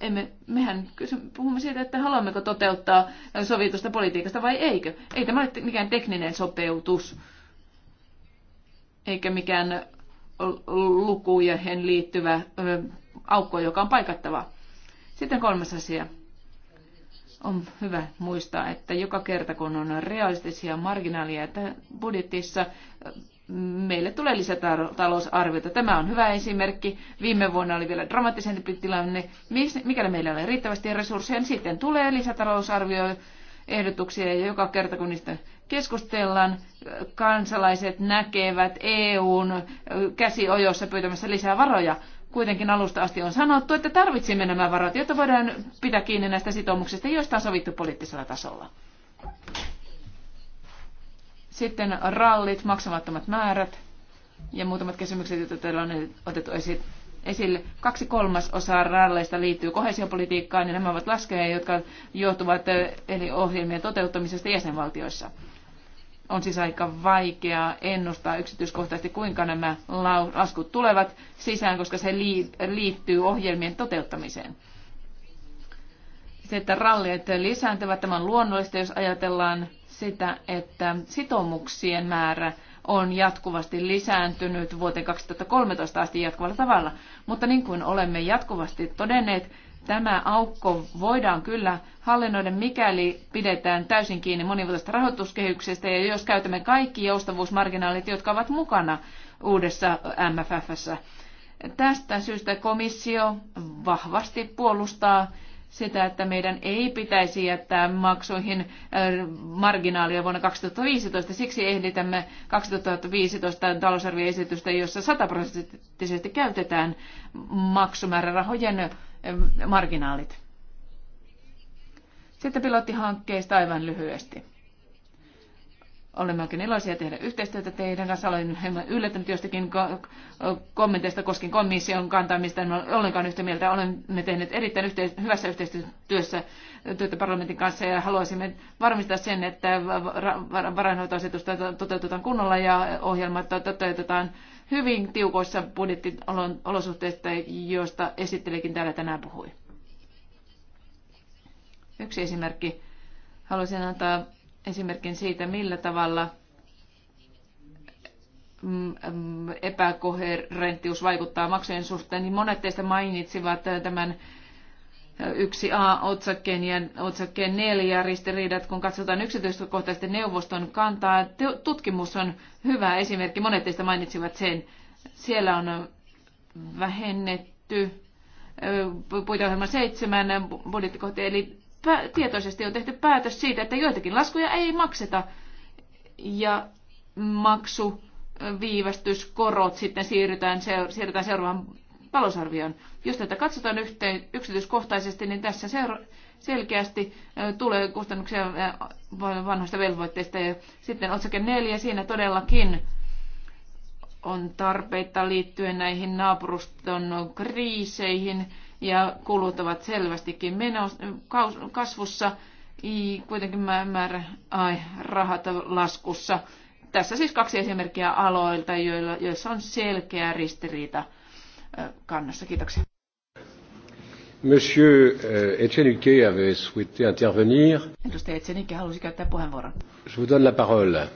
[SPEAKER 2] emme, mehän puhumme siitä, että haluammeko toteuttaa sovitusta politiikasta vai eikö. Ei tämä ole mikään tekninen sopeutus eikä mikään lukujen liittyvä aukko, joka on paikattava. Sitten kolmas asia. On hyvä muistaa, että joka kerta kun on realistisia marginaaleja budjetissa, meille tulee lisätalousarviota. Tämä on hyvä esimerkki. Viime vuonna oli vielä dramaattisempi tilanne. Mikäli meillä ei riittävästi resursseja, niin sitten tulee lisätalousarvio ehdotuksia ja joka kerta kun niistä keskustellaan, kansalaiset näkevät EUn käsiojossa pyytämässä lisää varoja. Kuitenkin alusta asti on sanottu, että tarvitsimme nämä varat, jotta voidaan pitää kiinni näistä sitoumuksista, joista on sovittu poliittisella tasolla. Sitten rallit, maksamattomat määrät ja muutamat kysymykset, joita täällä on otettu esille. Kaksi kolmasosaa ralleista liittyy kohesiopolitiikkaan ja nämä ovat laskeja, jotka johtuvat eli ohjelmien toteuttamisesta jäsenvaltioissa. On siis aika vaikeaa ennustaa yksityiskohtaisesti, kuinka nämä laskut tulevat sisään, koska se liittyy ohjelmien toteuttamiseen. Se, että rallit lisääntyvät, tämä on luonnollista, jos ajatellaan sitä, että sitoumuksien määrä on jatkuvasti lisääntynyt vuoteen 2013 asti jatkuvalla tavalla. Mutta niin kuin olemme jatkuvasti todenneet, Tämä aukko voidaan kyllä hallinnoida, mikäli pidetään täysin kiinni monivuotisesta rahoituskehyksestä ja jos käytämme kaikki joustavuusmarginaalit, jotka ovat mukana uudessa MFFssä. Tästä syystä komissio vahvasti puolustaa sitä, että meidän ei pitäisi jättää maksuihin marginaalia vuonna 2015. Siksi ehditämme 2015 talousarvioesitystä, jossa sataprosenttisesti käytetään maksumäärärahojen marginaalit. Sitten pilottihankkeista aivan lyhyesti. Olemme oikein iloisia tehdä yhteistyötä teidän kanssa. Olen hieman yllättynyt jostakin kommenteista koskien komission kantaa, mistä en ole ollenkaan yhtä mieltä. Olemme tehneet erittäin yhteis- hyvässä yhteistyössä työtä parlamentin kanssa ja haluaisimme varmistaa sen, että varainhoitoasetusta toteutetaan kunnolla ja ohjelmat toteutetaan hyvin tiukoissa budjettiolosuhteissa, joista esittelikin täällä tänään puhui. Yksi esimerkki. Haluaisin antaa esimerkin siitä, millä tavalla mm, mm, epäkoherenttius vaikuttaa maksujen suhteen, niin monet teistä mainitsivat tämän yksi a otsakkeen ja otsakkeen neljä ristiriidat, kun katsotaan yksityiskohtaisesti neuvoston kantaa. Tutkimus on hyvä esimerkki, monet teistä mainitsivat sen. Siellä on vähennetty puiteohjelma seitsemän budjettikohtia, eli tietoisesti on tehty päätös siitä, että joitakin laskuja ei makseta ja maksu viivästyskorot sitten siirrytään, seura- siirrytään seuraavaan talousarvioon. Jos tätä katsotaan yhteen, yksityiskohtaisesti, niin tässä seura- selkeästi tulee kustannuksia vanhoista velvoitteista. Ja sitten otsake neljä, siinä todellakin on tarpeita liittyen näihin naapuruston kriiseihin ja kulut ovat selvästikin menos, kasvussa, kuitenkin määrä ai, rahat laskussa. Tässä siis kaksi esimerkkiä aloilta, joilla, joissa on selkeä ristiriita kannassa. Kiitoksia.
[SPEAKER 1] Monsieur euh, Etchenique avait souhaité intervenir.
[SPEAKER 2] Edustaja Etchenique halusi käyttää puheenvuoron.
[SPEAKER 1] Je vous donne la parole.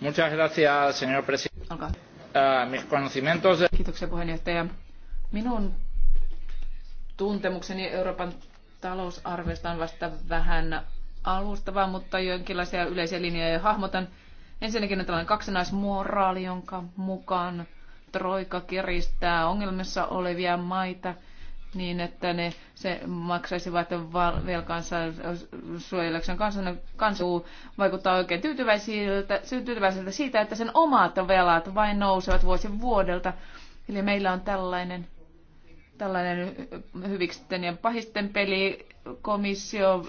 [SPEAKER 1] Muchas gracias, señor
[SPEAKER 2] presidente. Olkaa. Uh, mis conocimientos... Kiitoksia puheenjohtaja Minun tuntemukseni Euroopan talousarviosta on vasta vähän alustavaa, mutta jonkinlaisia yleisiä linjoja jo hahmotan. Ensinnäkin on tällainen kaksinaismoraali, jonka mukaan Troika kiristää ongelmissa olevia maita niin, että ne se maksaisivat velkansa suojellakseen kansan, kansu vaikuttaa oikein tyytyväisiltä, tyytyväisiltä siitä, että sen omat velat vain nousevat vuosi vuodelta. Eli meillä on tällainen tällainen hyviksten ja pahisten peli. Komissio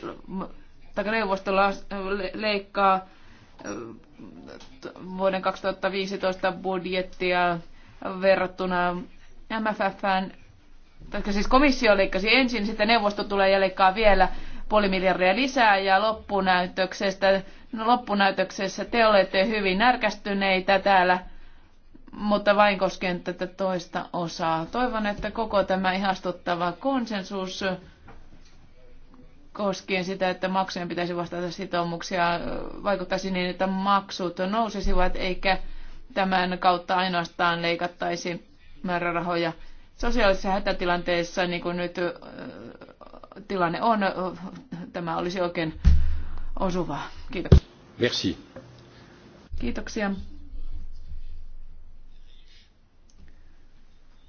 [SPEAKER 2] tai neuvosto leikkaa äh, vuoden 2015 budjettia verrattuna MFFään. Tai siis komissio leikkasi ensin, sitten neuvosto tulee ja leikkaa vielä puoli miljardia lisää ja loppunäytöksestä, no loppunäytöksessä te olette hyvin närkästyneitä täällä mutta vain koskien tätä toista osaa. Toivon, että koko tämä ihastuttava konsensus koskien sitä, että maksujen pitäisi vastata sitoumuksia, vaikuttaisi niin, että maksut nousisivat eikä tämän kautta ainoastaan leikattaisi määrärahoja. Sosiaalisessa hätätilanteessa, niin kuin nyt tilanne on, tämä olisi oikein osuvaa. Kiitoksia. Merci. Kiitoksia.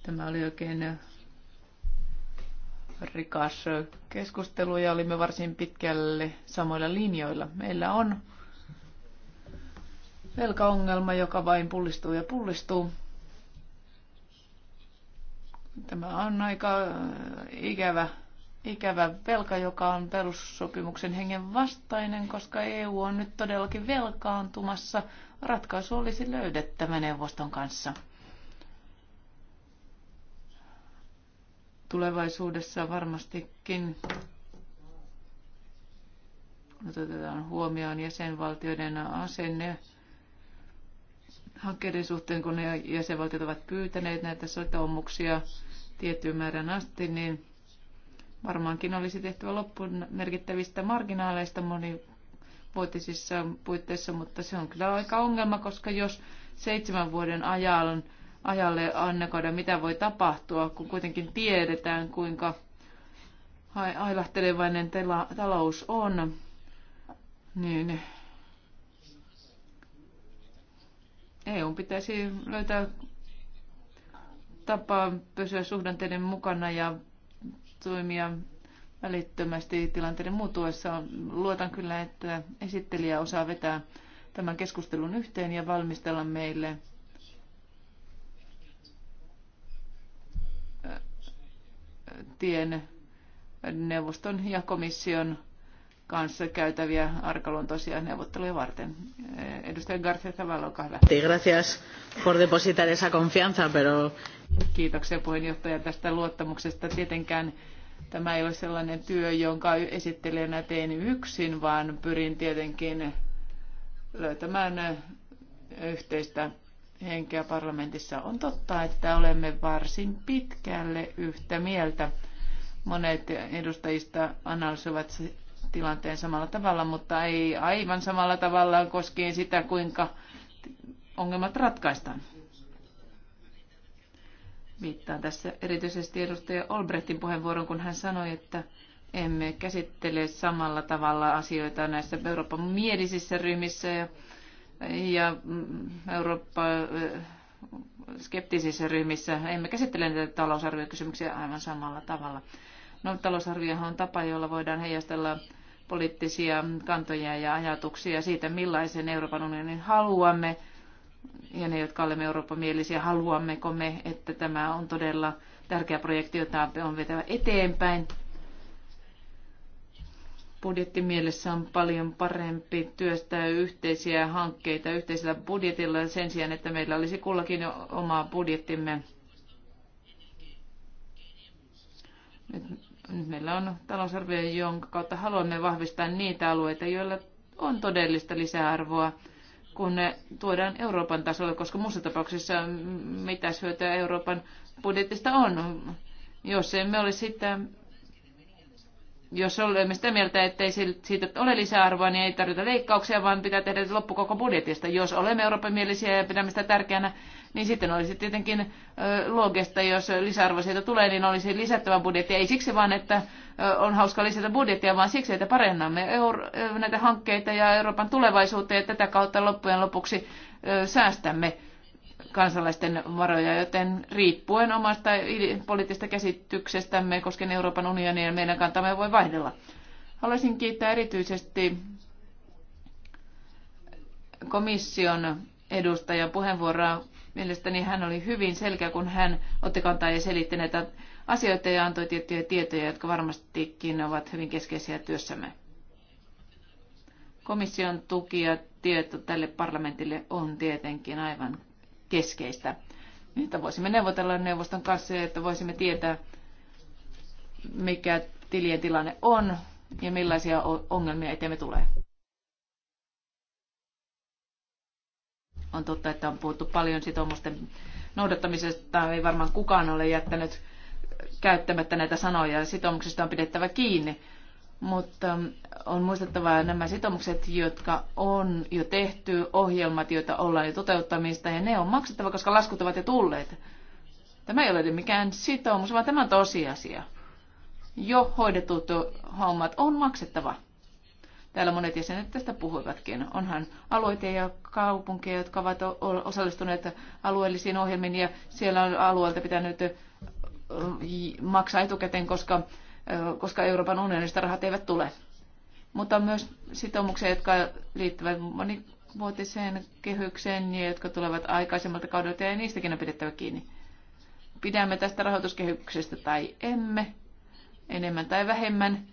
[SPEAKER 2] Tämä oli oikein äh, rikas äh, keskustelu ja olimme varsin pitkälle samoilla linjoilla. Meillä on velkaongelma, joka vain pullistuu ja pullistuu. Tämä on aika äh, ikävä, ikävä velka, joka on perussopimuksen hengen vastainen, koska EU on nyt todellakin velkaantumassa. Ratkaisu olisi löydettävä neuvoston kanssa. tulevaisuudessa varmastikin otetaan huomioon jäsenvaltioiden asenne hankkeiden suhteen, kun ne jäsenvaltiot ovat pyytäneet näitä sitoumuksia tiettyyn määrän asti, niin varmaankin olisi tehtävä loppuun merkittävistä marginaaleista monivuotisissa puitteissa, mutta se on kyllä aika ongelma, koska jos seitsemän vuoden ajan ajalle annakoida, mitä voi tapahtua, kun kuitenkin tiedetään, kuinka ailahtelevainen tela, talous on, niin EU pitäisi löytää tapa pysyä suhdanteiden mukana ja toimia välittömästi tilanteiden muutuessa. Luotan kyllä, että esittelijä osaa vetää tämän keskustelun yhteen ja valmistella meille tien neuvoston ja komission kanssa käytäviä arkaluontoisia neuvotteluja varten. Edustaja García Zavala, olkaa hyvä. Gracias por depositar esa confianza, pero... Kiitoksia puheenjohtaja tästä luottamuksesta. Tietenkään tämä ei ole sellainen työ, jonka esittelijänä teen yksin, vaan pyrin tietenkin löytämään yhteistä henkeä parlamentissa. On totta, että olemme varsin pitkälle yhtä mieltä. Monet edustajista analysoivat tilanteen samalla tavalla, mutta ei aivan samalla tavalla koskien sitä, kuinka ongelmat ratkaistaan. Viittaan tässä erityisesti edustaja Olbrechtin puheenvuoron, kun hän sanoi, että emme käsittele samalla tavalla asioita näissä Euroopan mielisissä ryhmissä ja ja mm, Eurooppa eh, skeptisissä ryhmissä emme käsittele näitä talousarviokysymyksiä aivan samalla tavalla. No, talousarviohan on tapa, jolla voidaan heijastella poliittisia kantoja ja ajatuksia siitä, millaisen Euroopan unionin haluamme. Ja ne, jotka olemme eurooppamielisiä, haluammeko me, että tämä on todella tärkeä projekti, jota on vetävä eteenpäin budjettimielessä on paljon parempi työstää yhteisiä hankkeita yhteisellä budjetilla sen sijaan, että meillä olisi kullakin oma budjettimme. Nyt, nyt meillä on talousarvio, jonka kautta haluamme vahvistaa niitä alueita, joilla on todellista lisäarvoa, kun ne tuodaan Euroopan tasolle, koska muussa tapauksessa mitä hyötyä Euroopan budjetista on, jos emme ole sitä jos olemme sitä mieltä, ettei siitä ole lisäarvoa, niin ei tarvita leikkauksia, vaan pitää tehdä loppu koko budjetista. Jos olemme Euroopan mielisiä ja pidämme sitä tärkeänä, niin sitten olisi tietenkin loogista, jos lisäarvo siitä tulee, niin olisi lisättävä budjetti. Ei siksi vaan, että on hauska lisätä budjettia, vaan siksi, että parannamme näitä hankkeita ja Euroopan tulevaisuutta ja tätä kautta loppujen lopuksi säästämme kansalaisten varoja, joten riippuen omasta poliittisesta käsityksestämme koskien Euroopan unionia, meidän kantamme voi vaihdella. Haluaisin kiittää erityisesti komission edustajan puheenvuoroa. Mielestäni hän oli hyvin selkeä, kun hän otti kantaa ja selitti näitä asioita ja antoi tiettyjä tietoja, jotka varmastikin ovat hyvin keskeisiä työssämme. Komission tuki ja tieto tälle parlamentille on tietenkin aivan keskeistä. Että voisimme neuvotella neuvoston kanssa ja että voisimme tietää, mikä tilien tilanne on ja millaisia ongelmia eteemme tulee. On totta, että on puhuttu paljon sitoumusten noudattamisesta. Ei varmaan kukaan ole jättänyt käyttämättä näitä sanoja. Sitoumuksista on pidettävä kiinni mutta on muistettava nämä sitoumukset, jotka on jo tehty, ohjelmat, joita ollaan jo toteuttamista, ja ne on maksettava, koska laskut ovat jo tulleet. Tämä ei ole mikään sitoumus, vaan tämä on tosiasia. Jo hoidetut hommat on maksettava. Täällä monet jäsenet tästä puhuivatkin. Onhan alueita ja kaupunkeja, jotka ovat osallistuneet alueellisiin ohjelmiin ja siellä on alueelta pitänyt maksaa etukäteen, koska koska Euroopan unionista rahat eivät tule. Mutta on myös sitoumuksia, jotka liittyvät monivuotiseen kehykseen ja jotka tulevat aikaisemmalta kaudelta ja niistäkin on pidettävä kiinni. Pidämme tästä rahoituskehyksestä tai emme, enemmän tai vähemmän,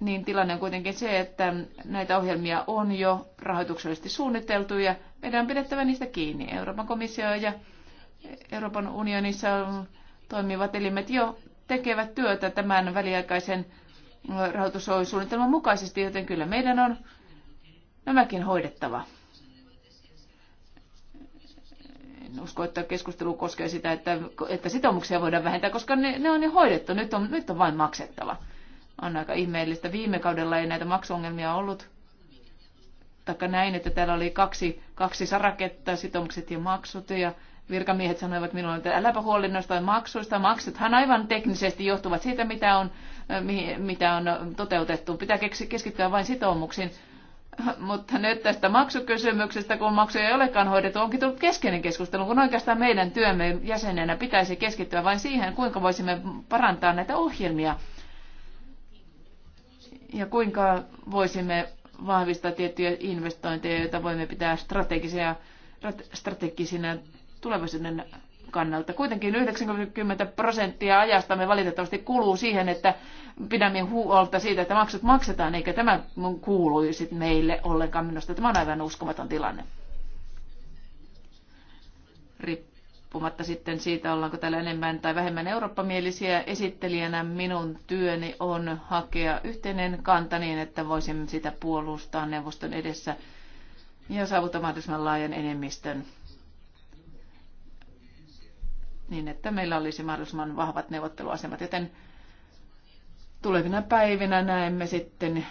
[SPEAKER 2] niin tilanne on kuitenkin se, että näitä ohjelmia on jo rahoituksellisesti suunniteltu ja meidän on pidettävä niistä kiinni. Euroopan komissio ja Euroopan unionissa toimivat elimet jo tekevät työtä tämän väliaikaisen rahoitussuunnitelman mukaisesti, joten kyllä meidän on nämäkin hoidettava. En usko, että keskustelu koskee sitä, että, että sitoumuksia voidaan vähentää, koska ne, ne on jo hoidettu. Nyt on, nyt on vain maksettava. On aika ihmeellistä. Viime kaudella ei näitä maksuongelmia ollut. Taikka näin, että täällä oli kaksi, kaksi saraketta, sitoumukset ja maksut. Ja Virkamiehet sanoivat minulle, että äläpä huoli noista maksuista. Maksuthan aivan teknisesti johtuvat siitä, mitä on, mitä on toteutettu. Pitää keskittyä vain sitoumuksiin. [LAUGHS] Mutta nyt tästä maksukysymyksestä, kun maksuja ei olekaan hoidettu, onkin tullut keskeinen keskustelu, kun oikeastaan meidän työmme jäsenenä pitäisi keskittyä vain siihen, kuinka voisimme parantaa näitä ohjelmia ja kuinka voisimme vahvistaa tiettyjä investointeja, joita voimme pitää strategisina, tulevaisuuden kannalta. Kuitenkin 90 prosenttia ajasta me valitettavasti kuluu siihen, että pidämme huolta siitä, että maksut maksetaan, eikä tämä kuuluisi meille ollenkaan. Minusta tämä on aivan uskomaton tilanne. Riippumatta sitten siitä, ollaanko täällä enemmän tai vähemmän eurooppamielisiä esittelijänä, minun työni on hakea yhteinen kanta niin, että voisimme sitä puolustaa neuvoston edessä ja saavuttaa mahdollisimman laajan enemmistön niin, että meillä olisi mahdollisimman vahvat neuvotteluasemat. Joten tulevina päivinä näemme sitten,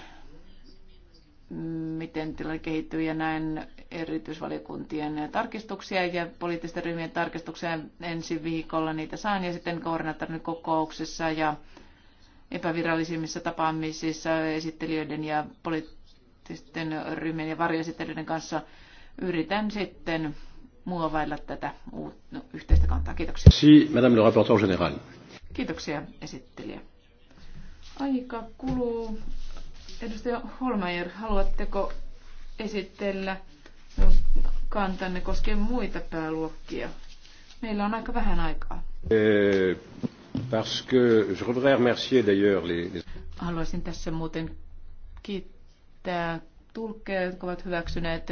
[SPEAKER 2] miten tilanne kehittyy ja näen erityisvaliokuntien tarkistuksia ja poliittisten ryhmien tarkistuksia ensi viikolla niitä saan ja sitten koordinaattorin kokouksessa ja epävirallisimmissa tapaamisissa esittelijöiden ja poliittisten ryhmien ja varjoesittelijöiden kanssa yritän sitten muovailla tätä no, yhteistä kantaa. Kiitoksia.
[SPEAKER 1] Si, madame le rapporteur général.
[SPEAKER 2] Kiitoksia esittelijä. Aika kuluu. Edustaja Holmeier, haluatteko esitellä kantanne koskien muita pääluokkia? Meillä on aika vähän aikaa.
[SPEAKER 3] Eh,
[SPEAKER 1] que je voudrais remercier d'ailleurs les...
[SPEAKER 2] Haluaisin tässä muuten kiittää tulkkeja, jotka ovat hyväksyneet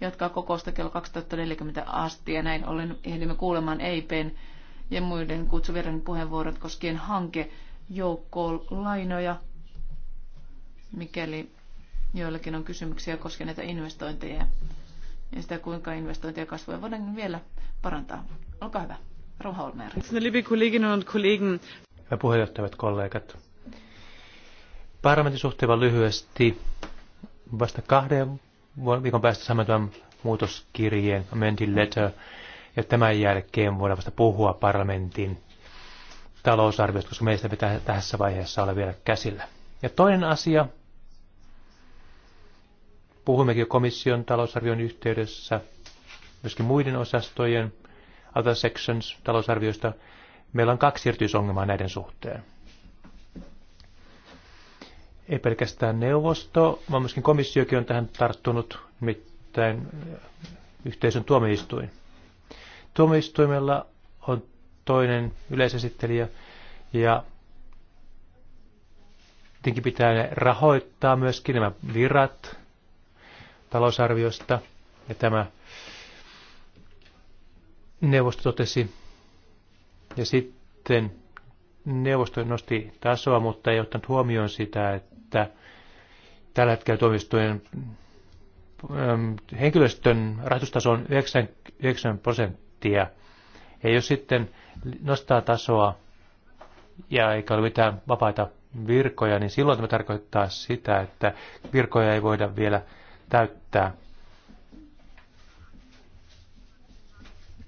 [SPEAKER 2] jatkaa kokousta kello 2040 asti ja näin ollen ehdimme kuulemaan EIPn ja muiden kutsuvirran puheenvuorot koskien hanke lainoja, mikäli joillakin on kysymyksiä koskien näitä investointeja ja sitä, kuinka investointia kasvoja voidaan vielä parantaa. Olkaa hyvä. Rauha Olmeer.
[SPEAKER 1] Liebe Kolleginnen und Kollegen.
[SPEAKER 4] Hyvä puheenjohtajat kollegat. Parlamentin suhteen lyhyesti vasta kahden viikon päästä saamme tämän muutoskirjeen, amending letter, ja tämän jälkeen voidaan vasta puhua parlamentin talousarviosta, koska meistä pitää tässä vaiheessa olla vielä käsillä. Ja toinen asia, puhuimmekin jo komission talousarvion yhteydessä, myöskin muiden osastojen, other sections talousarviosta, meillä on kaksi erityisongelmaa näiden suhteen ei pelkästään neuvosto, vaan myöskin komissiokin on tähän tarttunut, nimittäin äh, yhteisön tuomioistuin. Tuomioistuimella on toinen yleisesittelijä ja tietenkin pitää ne rahoittaa myöskin nämä virat talousarviosta. Ja tämä neuvosto totesi. Ja sitten neuvosto nosti tasoa, mutta ei ottanut huomioon sitä, että että tällä hetkellä tuomistojen ähm, henkilöstön rahoitustaso on 99 prosenttia. Ja jos sitten nostaa tasoa ja eikä ole mitään vapaita virkoja, niin silloin tämä tarkoittaa sitä, että virkoja ei voida vielä täyttää.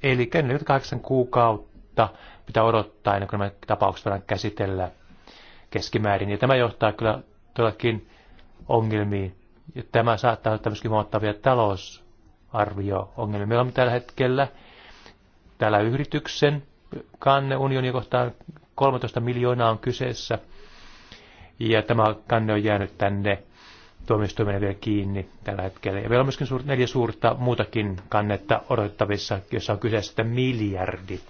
[SPEAKER 4] Eli 48 kuukautta pitää odottaa ennen kuin nämä tapaukset voidaan käsitellä keskimäärin. Ja tämä johtaa kyllä todellakin ongelmiin. Ja tämä saattaa olla myöskin huomattavia talousarvio-ongelmia. Meillä on tällä hetkellä täällä yrityksen kanne unionia kohtaan 13 miljoonaa on kyseessä. Ja tämä kanne on jäänyt tänne tuomioistuimeen vielä kiinni tällä hetkellä. Ja vielä on myöskin neljä suurta muutakin kannetta odotettavissa, jossa on kyseessä miljardit.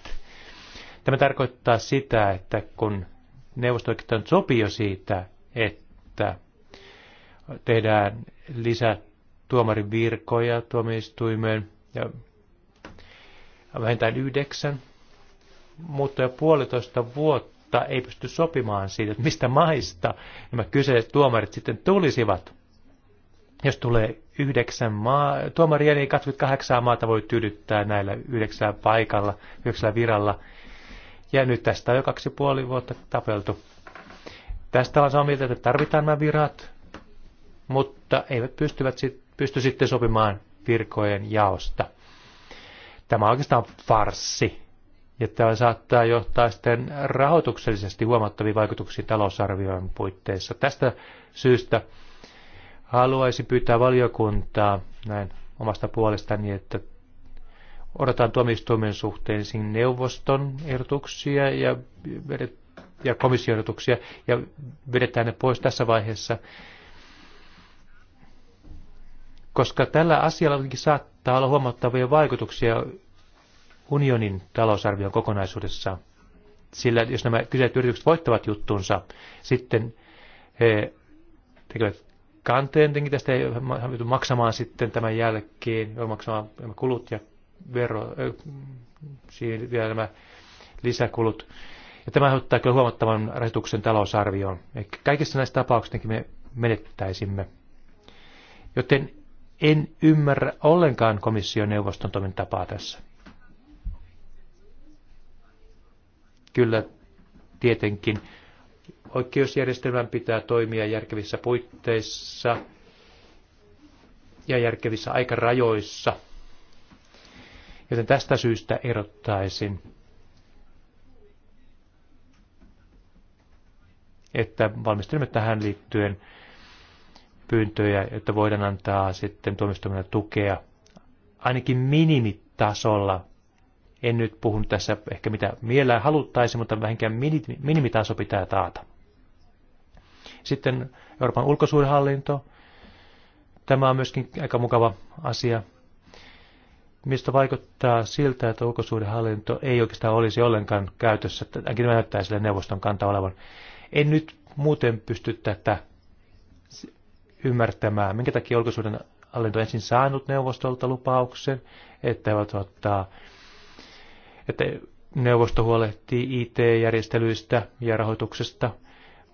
[SPEAKER 4] Tämä tarkoittaa sitä, että kun neuvosto sopii jo siitä, että että tehdään lisää tuomarin virkoja tuomioistuimeen ja vähintään yhdeksän, mutta jo puolitoista vuotta ei pysty sopimaan siitä, että mistä maista nämä kyseiset tuomarit sitten tulisivat. Jos tulee yhdeksän maa, tuomaria, niin 28 maata voi tyydyttää näillä yhdeksällä paikalla, yhdeksällä viralla. Ja nyt tästä on jo kaksi puoli vuotta tapeltu. Tästä ollaan samaa mieltä, että tarvitaan nämä virat, mutta eivät pystyvät sit, pysty sitten sopimaan virkojen jaosta. Tämä on oikeastaan farsi, ja tämä saattaa johtaa sitten rahoituksellisesti huomattaviin vaikutuksiin talousarvioon puitteissa. Tästä syystä haluaisin pyytää valiokuntaa näin omasta puolestani, että odotan tuomioistuimen suhteen neuvoston ehdotuksia ja ja komissioidotuksia ja vedetään ne pois tässä vaiheessa. Koska tällä asialla saattaa olla huomattavia vaikutuksia unionin talousarvion kokonaisuudessa, Sillä jos nämä kyseiset yritykset voittavat juttuunsa, sitten he tekevät kanteen tietenkin tästä ei ole maksamaan sitten tämän jälkeen, joutu maksamaan kulut ja vero, äh, siihen vielä nämä lisäkulut. Ja tämä aiheuttaa kyllä huomattavan rasituksen talousarvioon. Eli kaikissa näissä tapauksissa me menettäisimme. Joten en ymmärrä ollenkaan komission neuvoston toimintatapaa tässä. Kyllä tietenkin oikeusjärjestelmän pitää toimia järkevissä puitteissa ja järkevissä aikarajoissa. Joten tästä syystä erottaisin että valmistelemme tähän liittyen pyyntöjä, että voidaan antaa sitten tuomistuminen tukea ainakin minimitasolla. En nyt puhu tässä ehkä mitä mielellään haluttaisiin, mutta vähänkään minimitaso pitää taata. Sitten Euroopan ulkosuudenhallinto. Tämä on myöskin aika mukava asia. Mistä vaikuttaa siltä, että ulkosuudenhallinto ei oikeastaan olisi ollenkaan käytössä, ainakin näyttää sille neuvoston kanta olevan. En nyt muuten pysty tätä ymmärtämään, minkä takia ulkosuuden hallinto ensin saanut neuvostolta lupauksen, että, voivat ottaa, että neuvosto huolehtii IT-järjestelyistä ja rahoituksesta,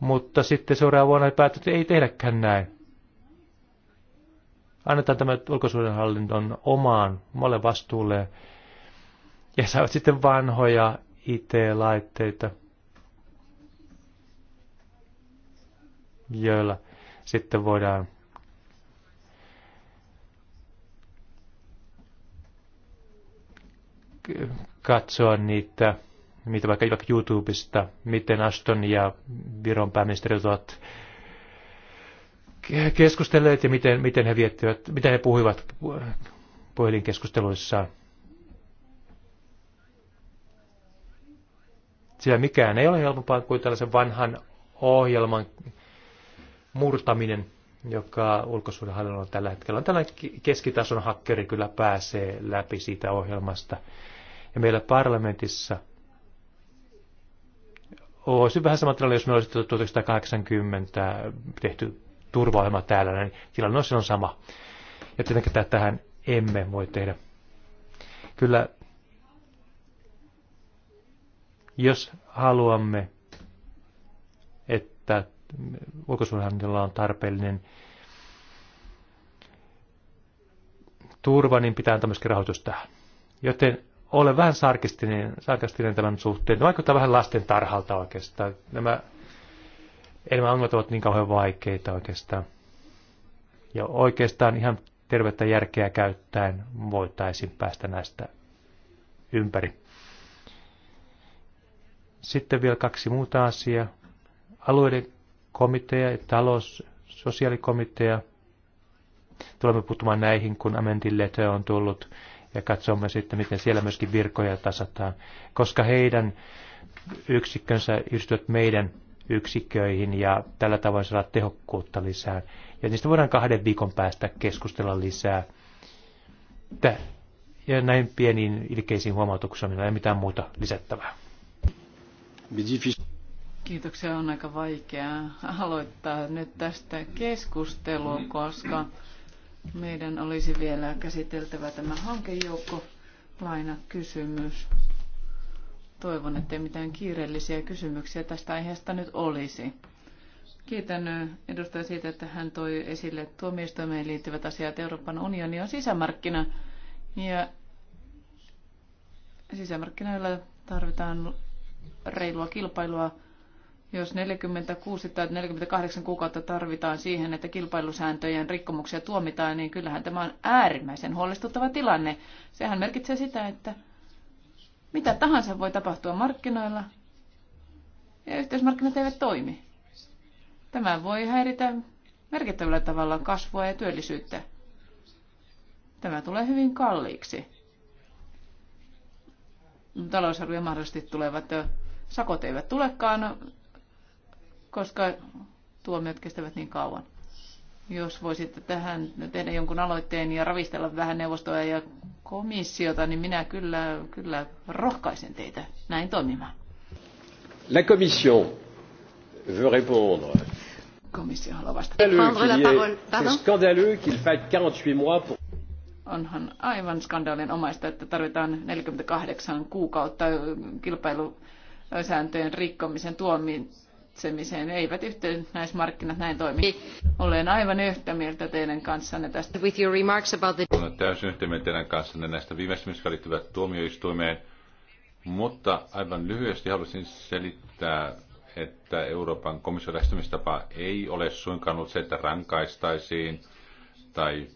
[SPEAKER 4] mutta sitten seuraavana vuonna päätetty, että ei tehdäkään näin. Annetaan tämä ulkosuudenhallinnon omaan omalle vastuulle ja saavat sitten vanhoja IT-laitteita – joilla sitten voidaan katsoa niitä, mitä vaikka, vaikka YouTubesta, miten Aston ja Viron pääministerit ovat keskustelleet ja miten, miten he viettivät, miten he puhuivat puhelinkeskusteluissaan. Sillä mikään ei ole helpompaa kuin tällaisen vanhan ohjelman murtaminen, joka ulkosuudenhallinnolla tällä hetkellä on. Tällainen keskitason hakkeri kyllä pääsee läpi siitä ohjelmasta. Ja meillä parlamentissa olisi vähän sama tilanne, jos me olisi 1980 tuota tehty turvaohjelma täällä, niin tilanne olisi on sama. Ja tietenkin tähän emme voi tehdä. Kyllä, jos haluamme, että ulkosuhdehallinnolla on tarpeellinen turva, niin pitää antaa myöskin rahoitus tähän. Joten olen vähän sarkistinen, sarkastinen tämän suhteen. Ne vaikuttaa vähän lasten tarhalta oikeastaan. Nämä elämän ongelmat ovat niin kauhean vaikeita oikeastaan. Ja oikeastaan ihan tervettä järkeä käyttäen voitaisiin päästä näistä ympäri. Sitten vielä kaksi muuta asiaa. Alueiden komitea, talous, sosiaalikomitea. Tulemme puuttumaan näihin, kun Amendille on tullut ja katsomme sitten, miten siellä myöskin virkoja tasataan, koska heidän yksikkönsä yhdistyvät meidän yksiköihin ja tällä tavoin saada tehokkuutta lisää. Ja niistä voidaan kahden viikon päästä keskustella lisää. Tää. Ja näin pieniin ilkeisiin huomautuksiin minulla ei mitään muuta lisättävää.
[SPEAKER 2] Kiitoksia. On aika vaikeaa aloittaa nyt tästä keskustelua, koska meidän olisi vielä käsiteltävä tämä hankejoukko kysymys. Toivon, ettei mitään kiireellisiä kysymyksiä tästä aiheesta nyt olisi. Kiitän edustaja siitä, että hän toi esille tuomioistuimeen liittyvät asiat. Euroopan unionin on sisämarkkina ja sisämarkkinoilla tarvitaan reilua kilpailua jos 46 tai 48 kuukautta tarvitaan siihen, että kilpailusääntöjen rikkomuksia tuomitaan, niin kyllähän tämä on äärimmäisen huolestuttava tilanne. Sehän merkitsee sitä, että mitä tahansa voi tapahtua markkinoilla ja yhteismarkkinat eivät toimi. Tämä voi häiritä merkittävällä tavalla kasvua ja työllisyyttä. Tämä tulee hyvin kalliiksi. Talousarvio mahdollisesti tulevat sakot eivät tulekaan koska tuomiot kestävät niin kauan. Jos voisitte tähän tehdä jonkun aloitteen ja ravistella vähän neuvostoa ja komissiota, niin minä kyllä, kyllä rohkaisen teitä näin toimimaan.
[SPEAKER 1] La commission veut répondre. Komissio haluaa vastata. C'est scandaleux qu'il faille 48 mois pour
[SPEAKER 2] onhan aivan skandaalin omaista, että tarvitaan 48 kuukautta kilpailusääntöjen rikkomisen tuomi, suvaitsemiseen. Eivät yhtenäismarkkinat näin toimi. Olen aivan yhtä mieltä teidän kanssanne tästä. With your remarks about the... Olen
[SPEAKER 3] täysin yhtä mieltä teidän kanssanne näistä viimeisimmistä liittyvät tuomioistuimeen. Mutta aivan lyhyesti haluaisin selittää, että Euroopan komission lähestymistapa ei ole suinkaan ollut se, että rankaistaisiin tai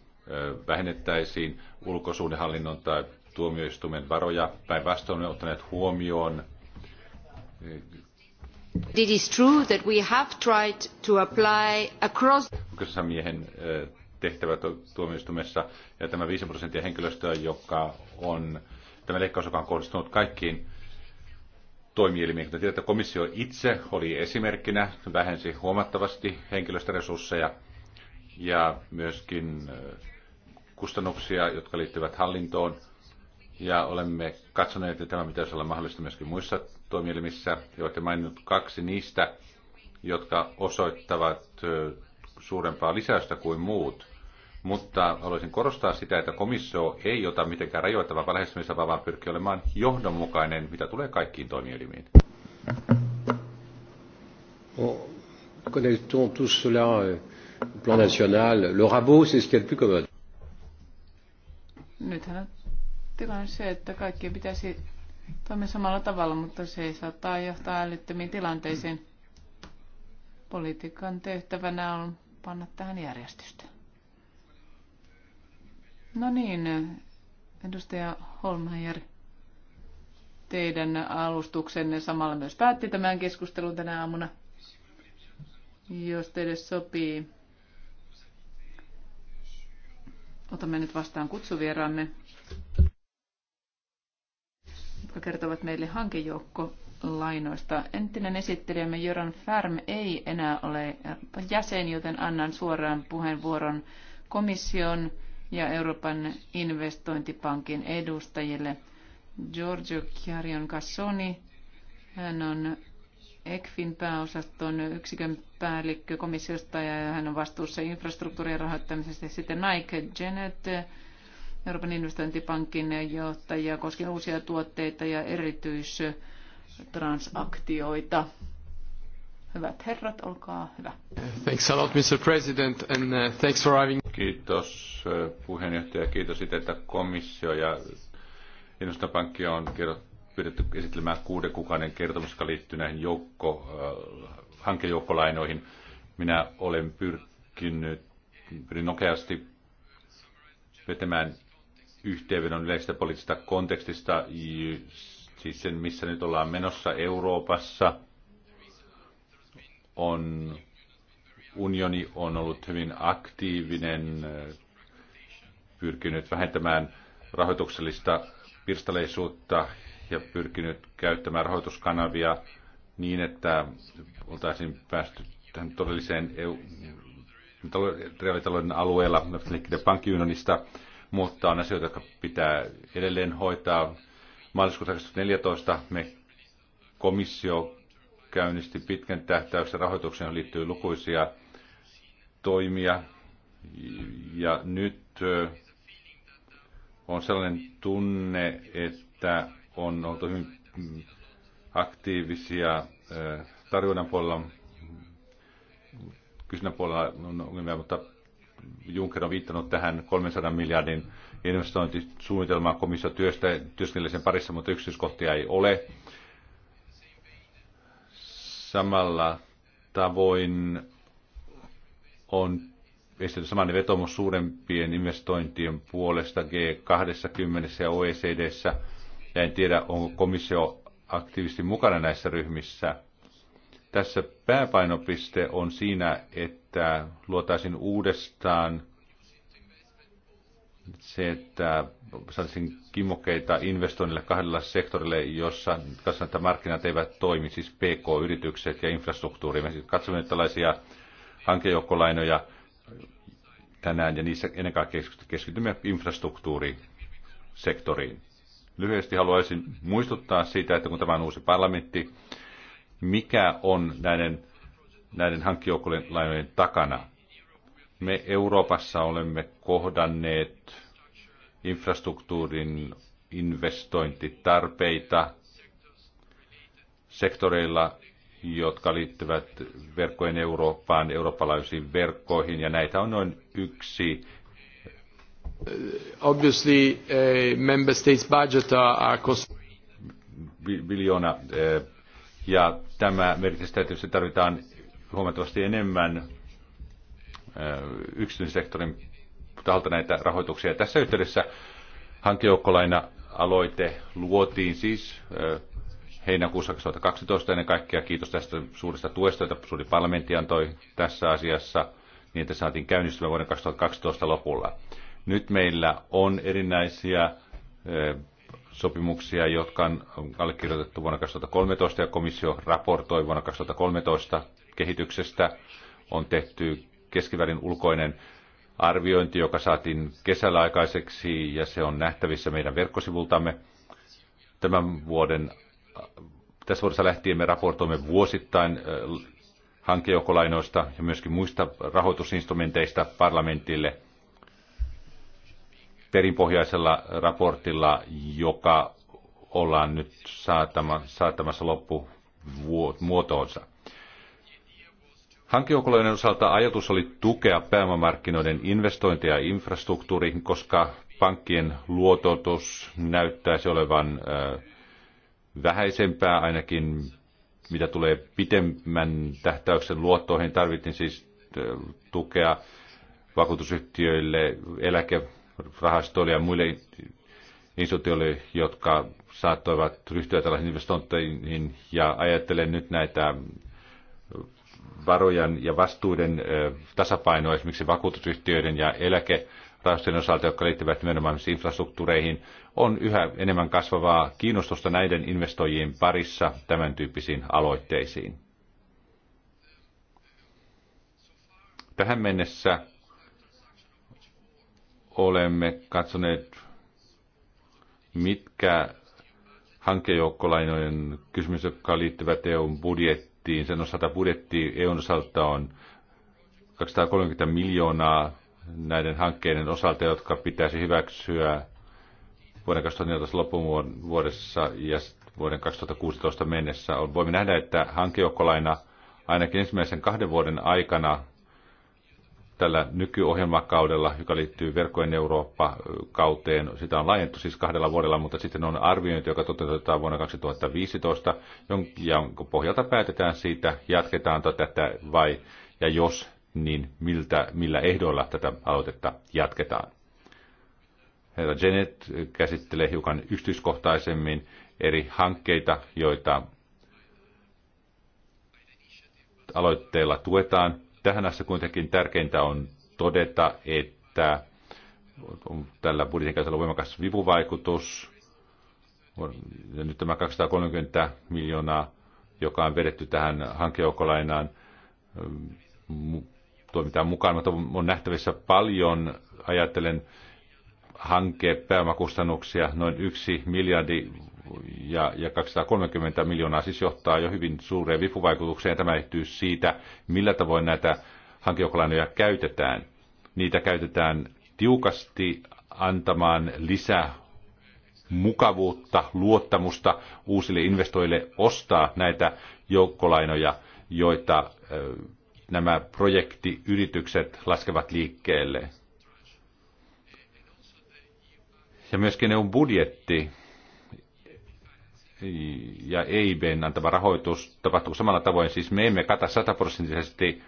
[SPEAKER 3] vähennettäisiin ulkosuhdehallinnon tai tuomioistuimen varoja. Päinvastoin olemme ottaneet huomioon
[SPEAKER 2] It is true that we have tried to apply across...
[SPEAKER 3] miehen tehtävät tuomioistumessa ja tämä 5 prosenttia henkilöstöä, joka on, tämä leikkaus, joka on kohdistunut kaikkiin toimielimiin. Kuten tiedätte, komissio itse oli esimerkkinä, vähensi huomattavasti henkilöstöresursseja ja myöskin kustannuksia, jotka liittyvät hallintoon. Ja olemme katsoneet, että tämä pitäisi olla mahdollista myöskin muissa toimielimissä, joita maininnut kaksi niistä, jotka osoittavat suurempaa lisäystä kuin muut. Mutta haluaisin korostaa sitä, että komissio ei ota mitenkään rajoittavaa lähestymistapaa, vaan pyrkii olemaan johdonmukainen, mitä tulee kaikkiin toimielimiin.
[SPEAKER 1] Connaissons cela euh, au plan national. Le rabot, c'est ce qu'il y a de plus
[SPEAKER 2] Nythän on tilanne se, että kaikkien pitäisi toimi samalla tavalla, mutta se ei saattaa johtaa älyttömiin tilanteisiin. Politiikan tehtävänä on panna tähän järjestystä. No niin, edustaja Holmeier, teidän alustuksenne samalla myös päätti tämän keskustelun tänä aamuna. Jos teille sopii, otamme nyt vastaan kutsuvieraamme jotka kertovat meille hankejoukko lainoista. Entinen esittelijämme Jöran Färm ei enää ole jäsen, joten annan suoraan puheenvuoron komission ja Euroopan investointipankin edustajille. Giorgio Chiarion Cassoni, hän on ECFin pääosaston yksikön päällikkö komissiosta ja hän on vastuussa infrastruktuurin rahoittamisesta. Sitten Nike Janet, Euroopan investointipankin johtajia koskien uusia tuotteita ja erityistransaktioita. Hyvät herrat, olkaa hyvä.
[SPEAKER 3] Thanks a lot, Mr. President, and uh, thanks for having... Kiitos uh, puheenjohtaja, kiitos siitä, että komissio ja investointipankki on pyydetty esittelemään kuuden kuukauden kertomus, joka liittyy näihin joukko, uh, hankejoukkolainoihin. Minä olen pyrkinyt pyrin nopeasti vetämään yhteenvedon yleisestä poliittisesta kontekstista, siis sen missä nyt ollaan menossa Euroopassa, on unioni on ollut hyvin aktiivinen, pyrkinyt vähentämään rahoituksellista pirstaleisuutta ja pyrkinyt käyttämään rahoituskanavia niin, että oltaisiin päästy tähän todelliseen EU, reaalitalouden alueella, liikkeelle pankkiunionista, mutta on asioita, jotka pitää edelleen hoitaa. Maaliskuussa 2014 me komissio käynnisti pitkän tähtäyksen rahoitukseen liittyy lukuisia toimia. Ja nyt on sellainen tunne, että on oltu hyvin aktiivisia tarjonnan puolella, kysynnän puolella on ongelmia, mutta Juncker on viittanut tähän 300 miljardin investointisuunnitelmaan komissio työstä, työskennellä sen parissa, mutta yksityiskohtia ei ole. Samalla tavoin on esitetty samanlainen vetomus suurempien investointien puolesta G20 ja OECD. Ja en tiedä, onko komissio aktiivisesti mukana näissä ryhmissä. Tässä pääpainopiste on siinä, että että luotaisin uudestaan se, että saisin kimmokkeita investoinnille kahdella sektorille, jossa että markkinat eivät toimi, siis PK-yritykset ja infrastruktuuri. Me siis katsomme tällaisia hankejoukkolainoja tänään ja niissä ennen kaikkea keskitymme infrastruktuurisektoriin. Lyhyesti haluaisin muistuttaa siitä, että kun tämä on uusi parlamentti, mikä on näiden näiden hankkijoukkolainojen takana. Me Euroopassa olemme kohdanneet infrastruktuurin investointitarpeita sektoreilla, jotka liittyvät verkkojen Eurooppaan, eurooppalaisiin verkkoihin, ja näitä on noin yksi. Uh, obviously, uh, member states budget are biljoona, uh, ja tämä merkitsee että tietysti tarvitaan huomattavasti enemmän yksityissektorin taholta näitä rahoituksia. Tässä yhteydessä hankejoukkolaina-aloite luotiin siis heinäkuussa 2012 ennen kaikkea. Kiitos tästä suuresta tuesta, jota suuri parlamentti antoi tässä asiassa, niin että saatiin käynnistymään vuoden 2012 lopulla. Nyt meillä on erinäisiä sopimuksia, jotka on allekirjoitettu vuonna 2013 ja komissio raportoi vuonna 2013 kehityksestä. On tehty keskivälin ulkoinen arviointi, joka saatiin kesällä aikaiseksi ja se on nähtävissä meidän verkkosivultamme. Tämän vuoden, tässä vuodessa lähtien me raportoimme vuosittain hankejoukolainoista ja myöskin muista rahoitusinstrumenteista parlamentille perinpohjaisella raportilla, joka ollaan nyt saatama, saattamassa loppuvuotoonsa. Hankijoukkoloiden osalta ajatus oli tukea pääomamarkkinoiden investointeja infrastruktuuriin, koska pankkien luototus näyttäisi olevan vähäisempää ainakin mitä tulee pitemmän tähtäyksen luottoihin. Tarvittiin siis tukea vakuutusyhtiöille, eläkerahastoille ja muille instituutioille, jotka saattoivat ryhtyä tällaisiin investointeihin. Ja ajattelen nyt näitä varojen ja vastuuden tasapainoa esimerkiksi vakuutusyhtiöiden ja eläkerahastojen osalta, jotka liittyvät nimenomaan siis infrastruktuureihin, on yhä enemmän kasvavaa kiinnostusta näiden investoijien parissa tämän tyyppisiin aloitteisiin. Tähän mennessä olemme katsoneet, mitkä hankejoukkolainojen kysymykset jotka liittyvät eu budjettiin, budjettiin. Sen osalta budjetti EUn osalta on 230 miljoonaa näiden hankkeiden osalta, jotka pitäisi hyväksyä vuoden 2014 loppuvuodessa ja vuoden 2016 mennessä. Voimme nähdä, että hankejoukkolaina ainakin ensimmäisen kahden vuoden aikana tällä nykyohjelmakaudella, joka liittyy verkkojen Eurooppa-kauteen. Sitä on laajentu siis kahdella vuodella, mutta sitten on arviointi, joka toteutetaan vuonna 2015, jonka pohjalta päätetään siitä, jatketaanko tätä vai, ja jos, niin miltä, millä ehdoilla tätä aloitetta jatketaan. Herra Janet käsittelee hiukan yksityiskohtaisemmin eri hankkeita, joita aloitteella tuetaan – Tähän asti kuitenkin tärkeintä on todeta, että tällä budjetin kanssa on voimakas vipuvaikutus. Ja nyt tämä 230 miljoonaa, joka on vedetty tähän hankejoukkolainaan, mm, toimitaan mukaan, mutta on nähtävissä paljon, ajattelen hankepääomakustannuksia, noin yksi miljardi ja, ja 230 miljoonaa siis johtaa jo hyvin suureen vipuvaikutukseen. Tämä ehtyy siitä, millä tavoin näitä hankejoukkolainoja käytetään. Niitä käytetään tiukasti antamaan lisää mukavuutta, luottamusta uusille investoille ostaa näitä joukkolainoja, joita nämä projektiyritykset laskevat liikkeelle. Ja myöskin on budjetti ja EIBn antava rahoitus tapahtuu samalla tavoin. Siis me emme kata sataprosenttisesti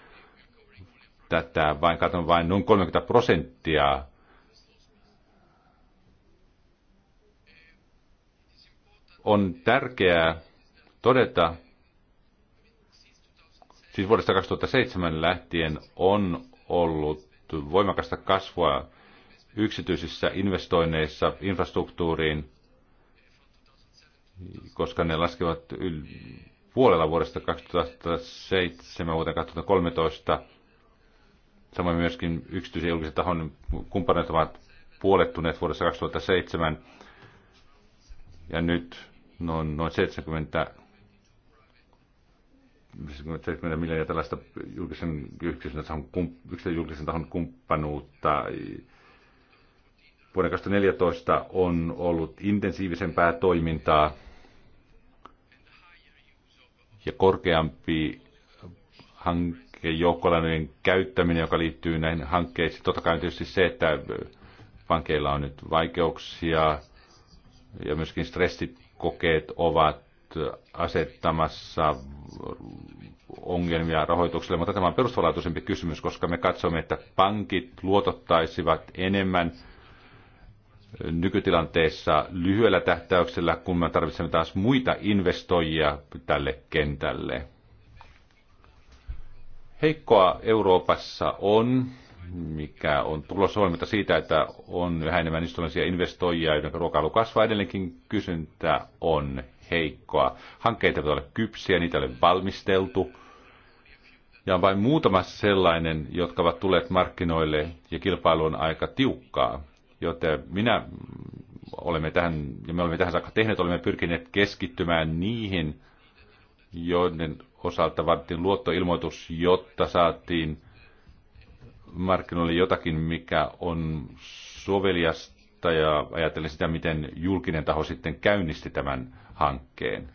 [SPEAKER 3] tätä, vaan katon vain noin 30 prosenttia on tärkeää todeta, siis vuodesta 2007 lähtien on ollut voimakasta kasvua yksityisissä investoinneissa infrastruktuuriin koska ne laskevat yl- puolella vuodesta 2007 vuoteen 2013. Samoin myöskin yksityisen ja julkisen tahon kumppaneet ovat puolettuneet vuodessa 2007. Ja nyt noin, noin 70 70 miljoonaa tällaista julkisen, yksityisen, tahon, yksityisen julkisen tahon kumppanuutta. Vuoden 2014 on ollut intensiivisempää toimintaa ja korkeampi hanke käyttäminen, joka liittyy näihin hankkeisiin. Totta kai tietysti se, että äh, pankeilla on nyt vaikeuksia ja myöskin stressikokeet ovat asettamassa ongelmia rahoitukselle, mutta tämä on perustavanlaatuisempi kysymys, koska me katsomme, että pankit luotottaisivat enemmän – nykytilanteessa lyhyellä tähtäyksellä, kun me tarvitsemme taas muita investoijia tälle kentälle. Heikkoa Euroopassa on, mikä on tulossa huolimatta siitä, että on yhä enemmän istunnallisia investoijia, joiden ruokailu kasvaa edelleenkin, kysyntä on heikkoa. Hankkeita pitää ole kypsiä, niitä ei ole valmisteltu. Ja on vain muutama sellainen, jotka ovat tulleet markkinoille ja kilpailu on aika tiukkaa joten minä olemme tähän, ja me olemme tähän saakka tehneet, olemme pyrkineet keskittymään niihin, joiden osalta vartin luottoilmoitus, jotta saatiin markkinoille jotakin, mikä on soveliasta ja ajatellen sitä, miten julkinen taho sitten käynnisti tämän hankkeen.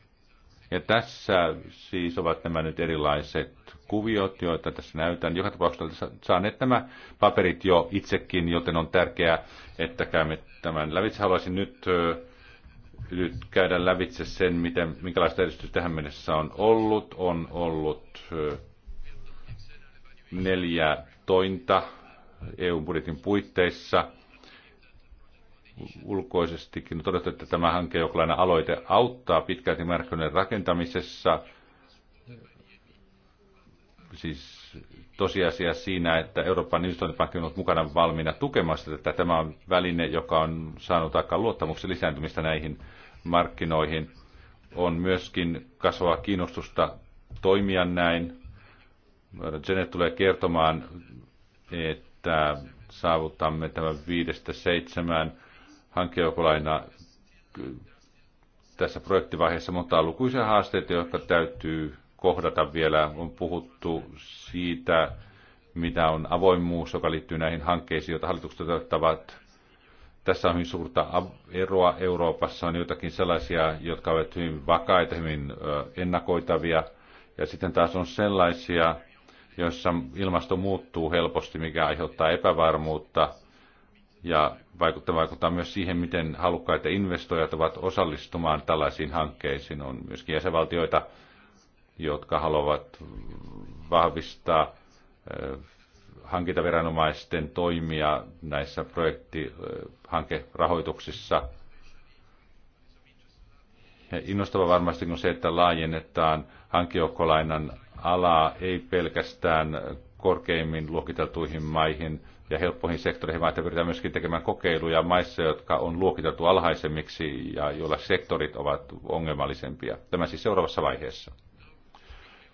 [SPEAKER 3] Ja tässä siis ovat nämä nyt erilaiset kuviot, joita tässä näytän. Joka tapauksessa saaneet nämä paperit jo itsekin, joten on tärkeää, että käymme tämän lävitse. Haluaisin nyt, nyt käydä lävitse sen, miten, minkälaista edistystä tähän mennessä on ollut. On ollut neljä tointa EU-budjetin puitteissa ulkoisestikin on todettu, että tämä hanke, joka aloite auttaa pitkälti markkinoiden rakentamisessa – siis tosiasia siinä, että Euroopan investointipankki on ollut mukana valmiina tukemassa että Tämä on väline, joka on saanut aika luottamuksen lisääntymistä näihin markkinoihin. On myöskin kasvaa kiinnostusta toimia näin. Janet tulee kertomaan, että saavutamme tämän viidestä seitsemään hankejoukolaina tässä projektivaiheessa, mutta on lukuisia haasteita, jotka täytyy kohdata vielä. On puhuttu siitä, mitä on avoimuus, joka liittyy näihin hankkeisiin, joita hallitukset toteuttavat. Tässä on hyvin suurta eroa Euroopassa. On jotakin sellaisia, jotka ovat hyvin vakaita, hyvin ennakoitavia. Ja sitten taas on sellaisia, joissa ilmasto muuttuu helposti, mikä aiheuttaa epävarmuutta ja vaikuttaa, vaikuttaa myös siihen, miten halukkaita investoijat ovat osallistumaan tällaisiin hankkeisiin. On myöskin jäsenvaltioita, jotka haluavat vahvistaa hankintaviranomaisten toimia näissä projektihankerahoituksissa. Innostava varmasti on se, että laajennetaan hankijoukkolainan alaa ei pelkästään korkeimmin luokiteltuihin maihin ja helppoihin sektoreihin, vaan että pyritään myöskin tekemään kokeiluja maissa, jotka on luokiteltu alhaisemmiksi ja joilla sektorit ovat ongelmallisempia. Tämä siis seuraavassa vaiheessa.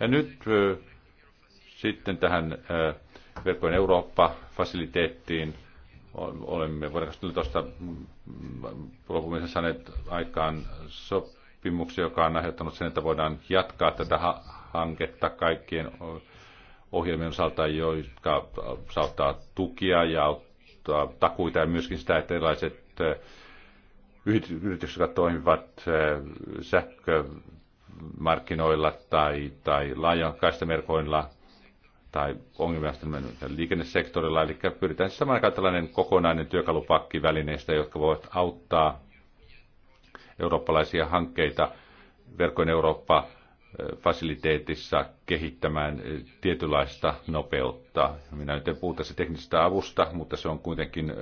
[SPEAKER 3] Ja nyt sitten tähän verkkojen Eurooppa-fasiliteettiin olemme vuoden 2014 mm, lopumisen saaneet aikaan sopimuksen, joka on aiheuttanut sen, että voidaan jatkaa tätä hanketta kaikkien ohjelmien osalta, jotka saattaa tukia ja auttaa takuita ja myöskin sitä, että erilaiset yritykset, jotka toimivat sähkö markkinoilla tai, tai kaistamerkoilla tai ongelmien liikennesektorilla. Eli pyritään samaan siis aikaan tällainen kokonainen työkalupakki välineistä, jotka voivat auttaa eurooppalaisia hankkeita verkon Eurooppa eh, fasiliteetissa kehittämään eh, tietynlaista nopeutta. Minä nyt en puhu tässä teknisestä avusta, mutta se on kuitenkin eh,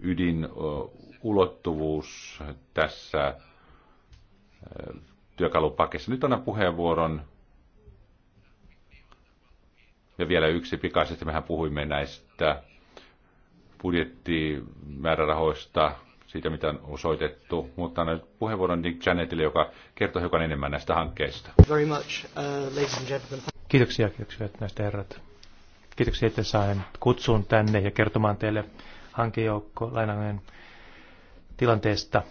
[SPEAKER 3] ydinulottuvuus tässä työkalupakissa. Nyt annan puheenvuoron. Ja vielä yksi pikaisesti. Mehän puhuimme näistä budjettimäärärahoista, siitä mitä on osoitettu, mutta annan nyt puheenvuoron Nick Janetille, joka kertoo hiukan enemmän näistä hankkeista. Very much, uh, ladies and gentlemen.
[SPEAKER 4] Kiitoksia, kiitoksia näistä herrat. Kiitoksia, että sain kutsun tänne ja kertomaan teille hankejoukko lainanjojen tilanteesta.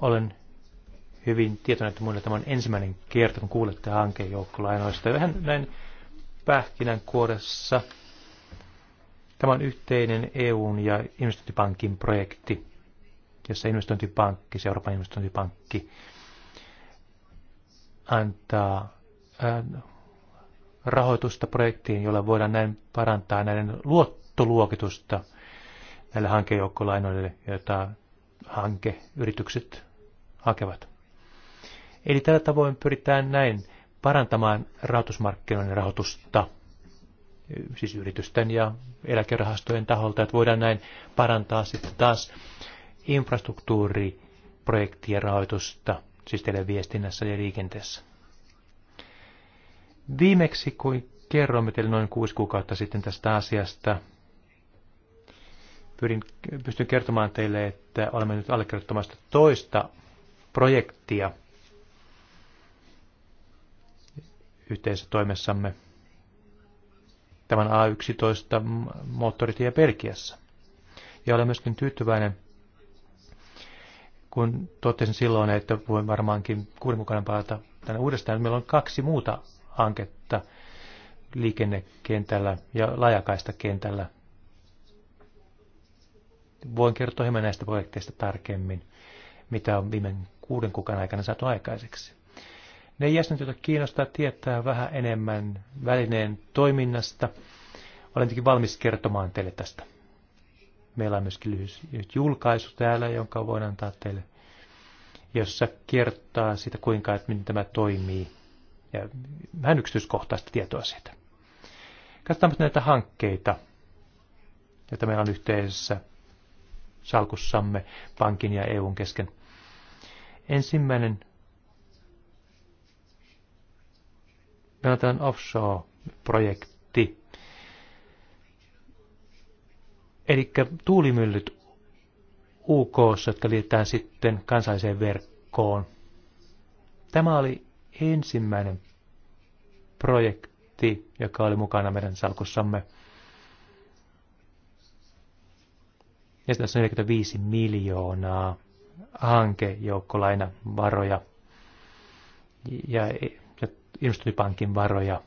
[SPEAKER 4] Olen hyvin tietoinen, että minulle tämä on ensimmäinen kerta, kun kuulette joukkolainoista. Vähän näin kuoressa. Tämä on yhteinen EUn ja investointipankin projekti, jossa investointipankki, se siis Euroopan investointipankki, antaa äh, rahoitusta projektiin, jolla voidaan näin parantaa näiden luottoluokitusta näille hankejoukkolainoille, joita hankeyritykset hakevat. Eli tällä tavoin pyritään näin parantamaan rahoitusmarkkinoiden rahoitusta, siis yritysten ja eläkerahastojen taholta, että voidaan näin parantaa sitten taas infrastruktuuriprojektien rahoitusta, siis televiestinnässä ja liikenteessä. Viimeksi, kun kerroimme teille noin kuusi kuukautta sitten tästä asiasta, pyrin, pystyn kertomaan teille, että olemme nyt allekirjoittamassa toista projektia – yhteisötoimessamme tämän A11 moottoritie Belgiassa. Ja olen myöskin tyytyväinen, kun totesin silloin, että voin varmaankin kuuden mukana palata tänne uudestaan. Meillä on kaksi muuta hanketta liikennekentällä ja laajakaista kentällä. Voin kertoa hieman näistä projekteista tarkemmin, mitä on viime kuuden kukan aikana saatu aikaiseksi ne jäsenet, joita kiinnostaa tietää vähän enemmän välineen toiminnasta, olen tietenkin valmis kertomaan teille tästä. Meillä on myöskin lyhyt julkaisu täällä, jonka voin antaa teille, jossa kertaa sitä, kuinka, että miten tämä toimii, ja vähän yksityiskohtaista tietoa siitä. Katsotaan näitä hankkeita, joita meillä on yhteisessä salkussamme pankin ja EUn kesken. Ensimmäinen Jonathan offshore-projekti. Eli tuulimyllyt UK, jotka liitetään sitten kansalliseen verkkoon. Tämä oli ensimmäinen projekti, joka oli mukana meidän salkussamme. Ja tässä on 45 miljoonaa hankejoukkolainavaroja. Ja investointipankin varoja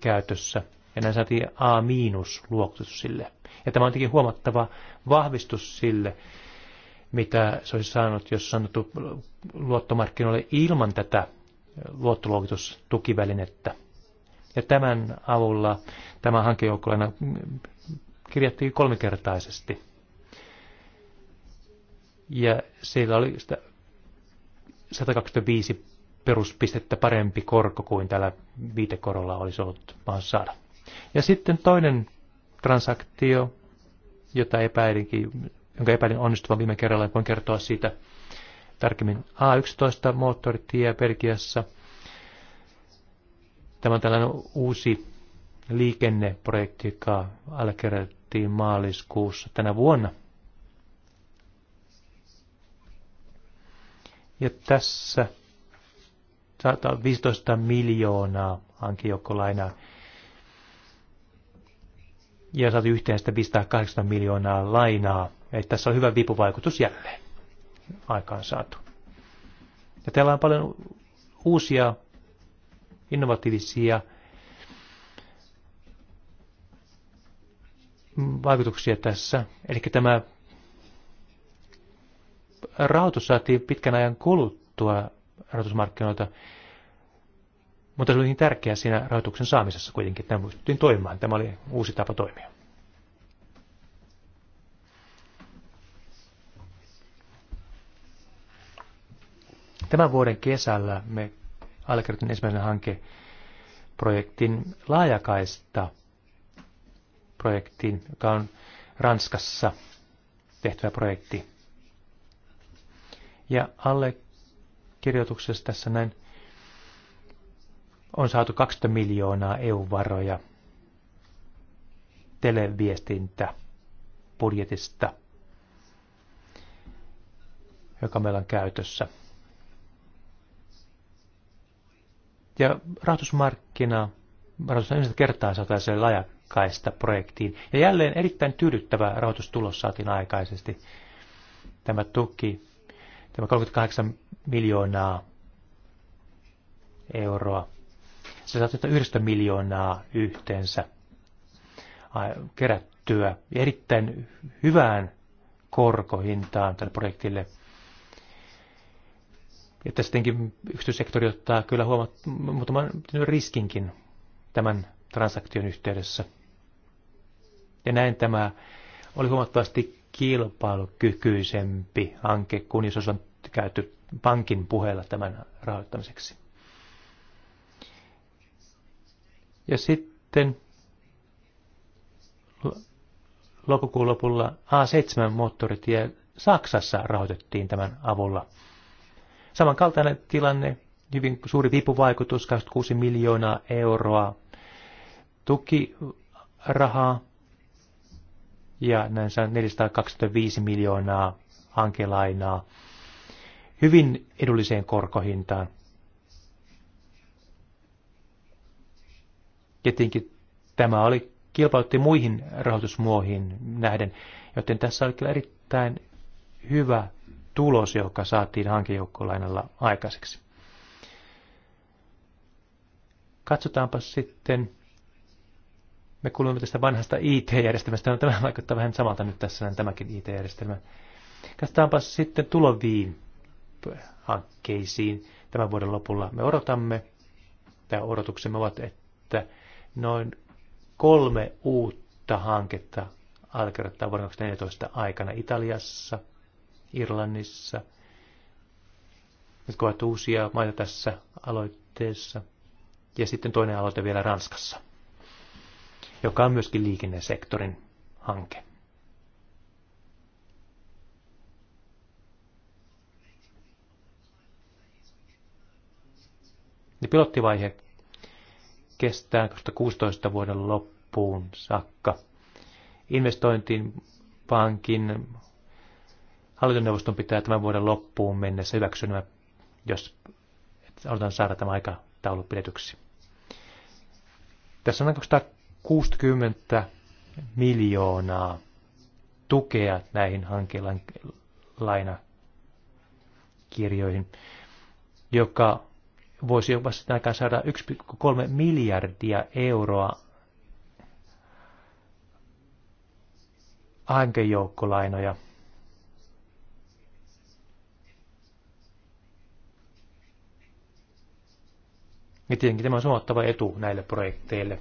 [SPEAKER 4] käytössä. Ja näin saatiin A-luokitus sille. Ja tämä on tietenkin huomattava vahvistus sille, mitä se olisi saanut, jos sanottu luottomarkkinoille ilman tätä luottoluokitustukivälinettä. Ja tämän avulla tämä hankejoukkolaina kirjattiin kolmikertaisesti. Ja siellä oli sitä 125 peruspistettä parempi korko kuin tällä viitekorolla olisi ollut mahdollista saada. Ja sitten toinen transaktio, jota epäilinkin, jonka epäilin onnistuvan viime kerralla, voin kertoa siitä tarkemmin. A11 moottoritie Belgiassa. Tämä on tällainen uusi liikenneprojekti, joka allekirjoitettiin maaliskuussa tänä vuonna. Ja tässä 115 miljoonaa hankijoukkolainaa. Ja saatu yhteen sitä 580 miljoonaa lainaa. Eli tässä on hyvä vipuvaikutus jälleen aikaan saatu. Ja täällä on paljon uusia innovatiivisia vaikutuksia tässä. Eli tämä rahoitus saatiin pitkän ajan kuluttua rahoitusmarkkinoilta. Mutta se oli niin tärkeää siinä rahoituksen saamisessa kuitenkin, että tämä pystyttiin toimimaan. Tämä oli uusi tapa toimia. Tämän vuoden kesällä me allekirjoitin ensimmäisen hankeprojektin laajakaista projektiin, joka on Ranskassa tehtävä projekti. Ja alle kirjoituksessa tässä näin on saatu 20 miljoonaa EU-varoja televiestintä budjetista, joka meillä on käytössä. Ja rahoitusmarkkina, rahoitus ensimmäistä kertaa saataisiin lajakaista projektiin. Ja jälleen erittäin tyydyttävä rahoitustulos saatiin aikaisesti. Tämä tuki, tämä 38 miljoonaa euroa. Se olla 11 tuota miljoonaa yhteensä kerättyä erittäin hyvään korkohintaan tälle projektille. Ja tästäkin yksityissektori ottaa kyllä huomat, muutaman riskinkin tämän transaktion yhteydessä. Ja näin tämä oli huomattavasti kilpailukykyisempi hanke, kun jos olisi käyty pankin puheella tämän rahoittamiseksi. Ja sitten lokakuun lopulla A7-moottoritie Saksassa rahoitettiin tämän avulla. Samankaltainen tilanne, hyvin suuri vipuvaikutus, 26 miljoonaa euroa tukirahaa ja näin 425 miljoonaa hankelainaa hyvin edulliseen korkohintaan. tietenkin tämä oli kilpailutti muihin rahoitusmuohiin nähden, joten tässä oli kyllä erittäin hyvä tulos, joka saatiin hankejoukkolainalla aikaiseksi. Katsotaanpa sitten, me kuulumme tästä vanhasta IT-järjestelmästä, no, tämä vaikuttaa vähän samalta nyt tässä, tämäkin IT-järjestelmä. Katsotaanpa sitten tuloviin hankkeisiin tämän vuoden lopulla. Me odotamme, tai odotuksemme ovat, että noin kolme uutta hanketta allekirjoittaa vuoden 2014 aikana Italiassa, Irlannissa, Nyt ovat uusia maita tässä aloitteessa. Ja sitten toinen aloite vielä Ranskassa, joka on myöskin liikennesektorin hanke. Ja niin pilottivaihe kestää 2016 vuoden loppuun saakka. Investointiin pankin hallintoneuvoston pitää tämän vuoden loppuun mennessä hyväksyä jos halutaan saada tämä aikataulu pidetyksi. Tässä on 260 miljoonaa tukea näihin lainakirjoihin, joka voisi jopa sitten aikaan saada 1,3 miljardia euroa hankejoukkolainoja. Ja tietenkin tämä on suottava etu näille projekteille.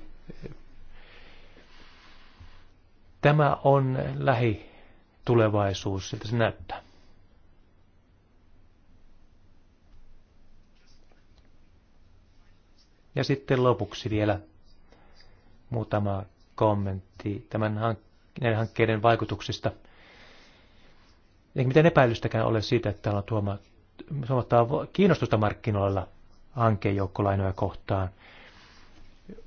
[SPEAKER 4] Tämä on lähitulevaisuus, siltä se näyttää. Ja sitten lopuksi vielä muutama kommentti tämän hank- näiden hankkeiden vaikutuksista. Eikä mitään epäilystäkään ole siitä, että täällä on tuoma, kiinnostusta markkinoilla hankejoukkolainoja kohtaan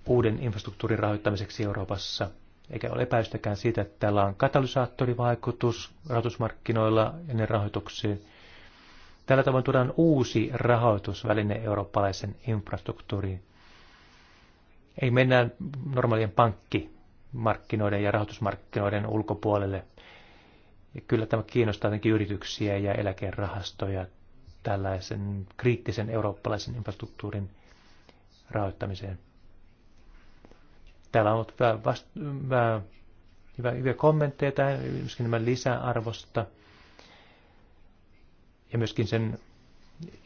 [SPEAKER 4] uuden infrastruktuurin rahoittamiseksi Euroopassa. Eikä ole epäilystäkään siitä, että täällä on katalysaattorivaikutus rahoitusmarkkinoilla ja ne rahoituksiin. Tällä tavoin tuodaan uusi rahoitusväline eurooppalaisen infrastruktuuriin ei mennä normaalien pankkimarkkinoiden ja rahoitusmarkkinoiden ulkopuolelle. Ja kyllä tämä kiinnostaa jotenkin yrityksiä ja eläkerahastoja tällaisen kriittisen eurooppalaisen infrastruktuurin rahoittamiseen. Täällä on ollut hyvä, vast, hyvä, hyvä, hyviä kommentteja tähän, myöskin nämä lisäarvosta ja myöskin sen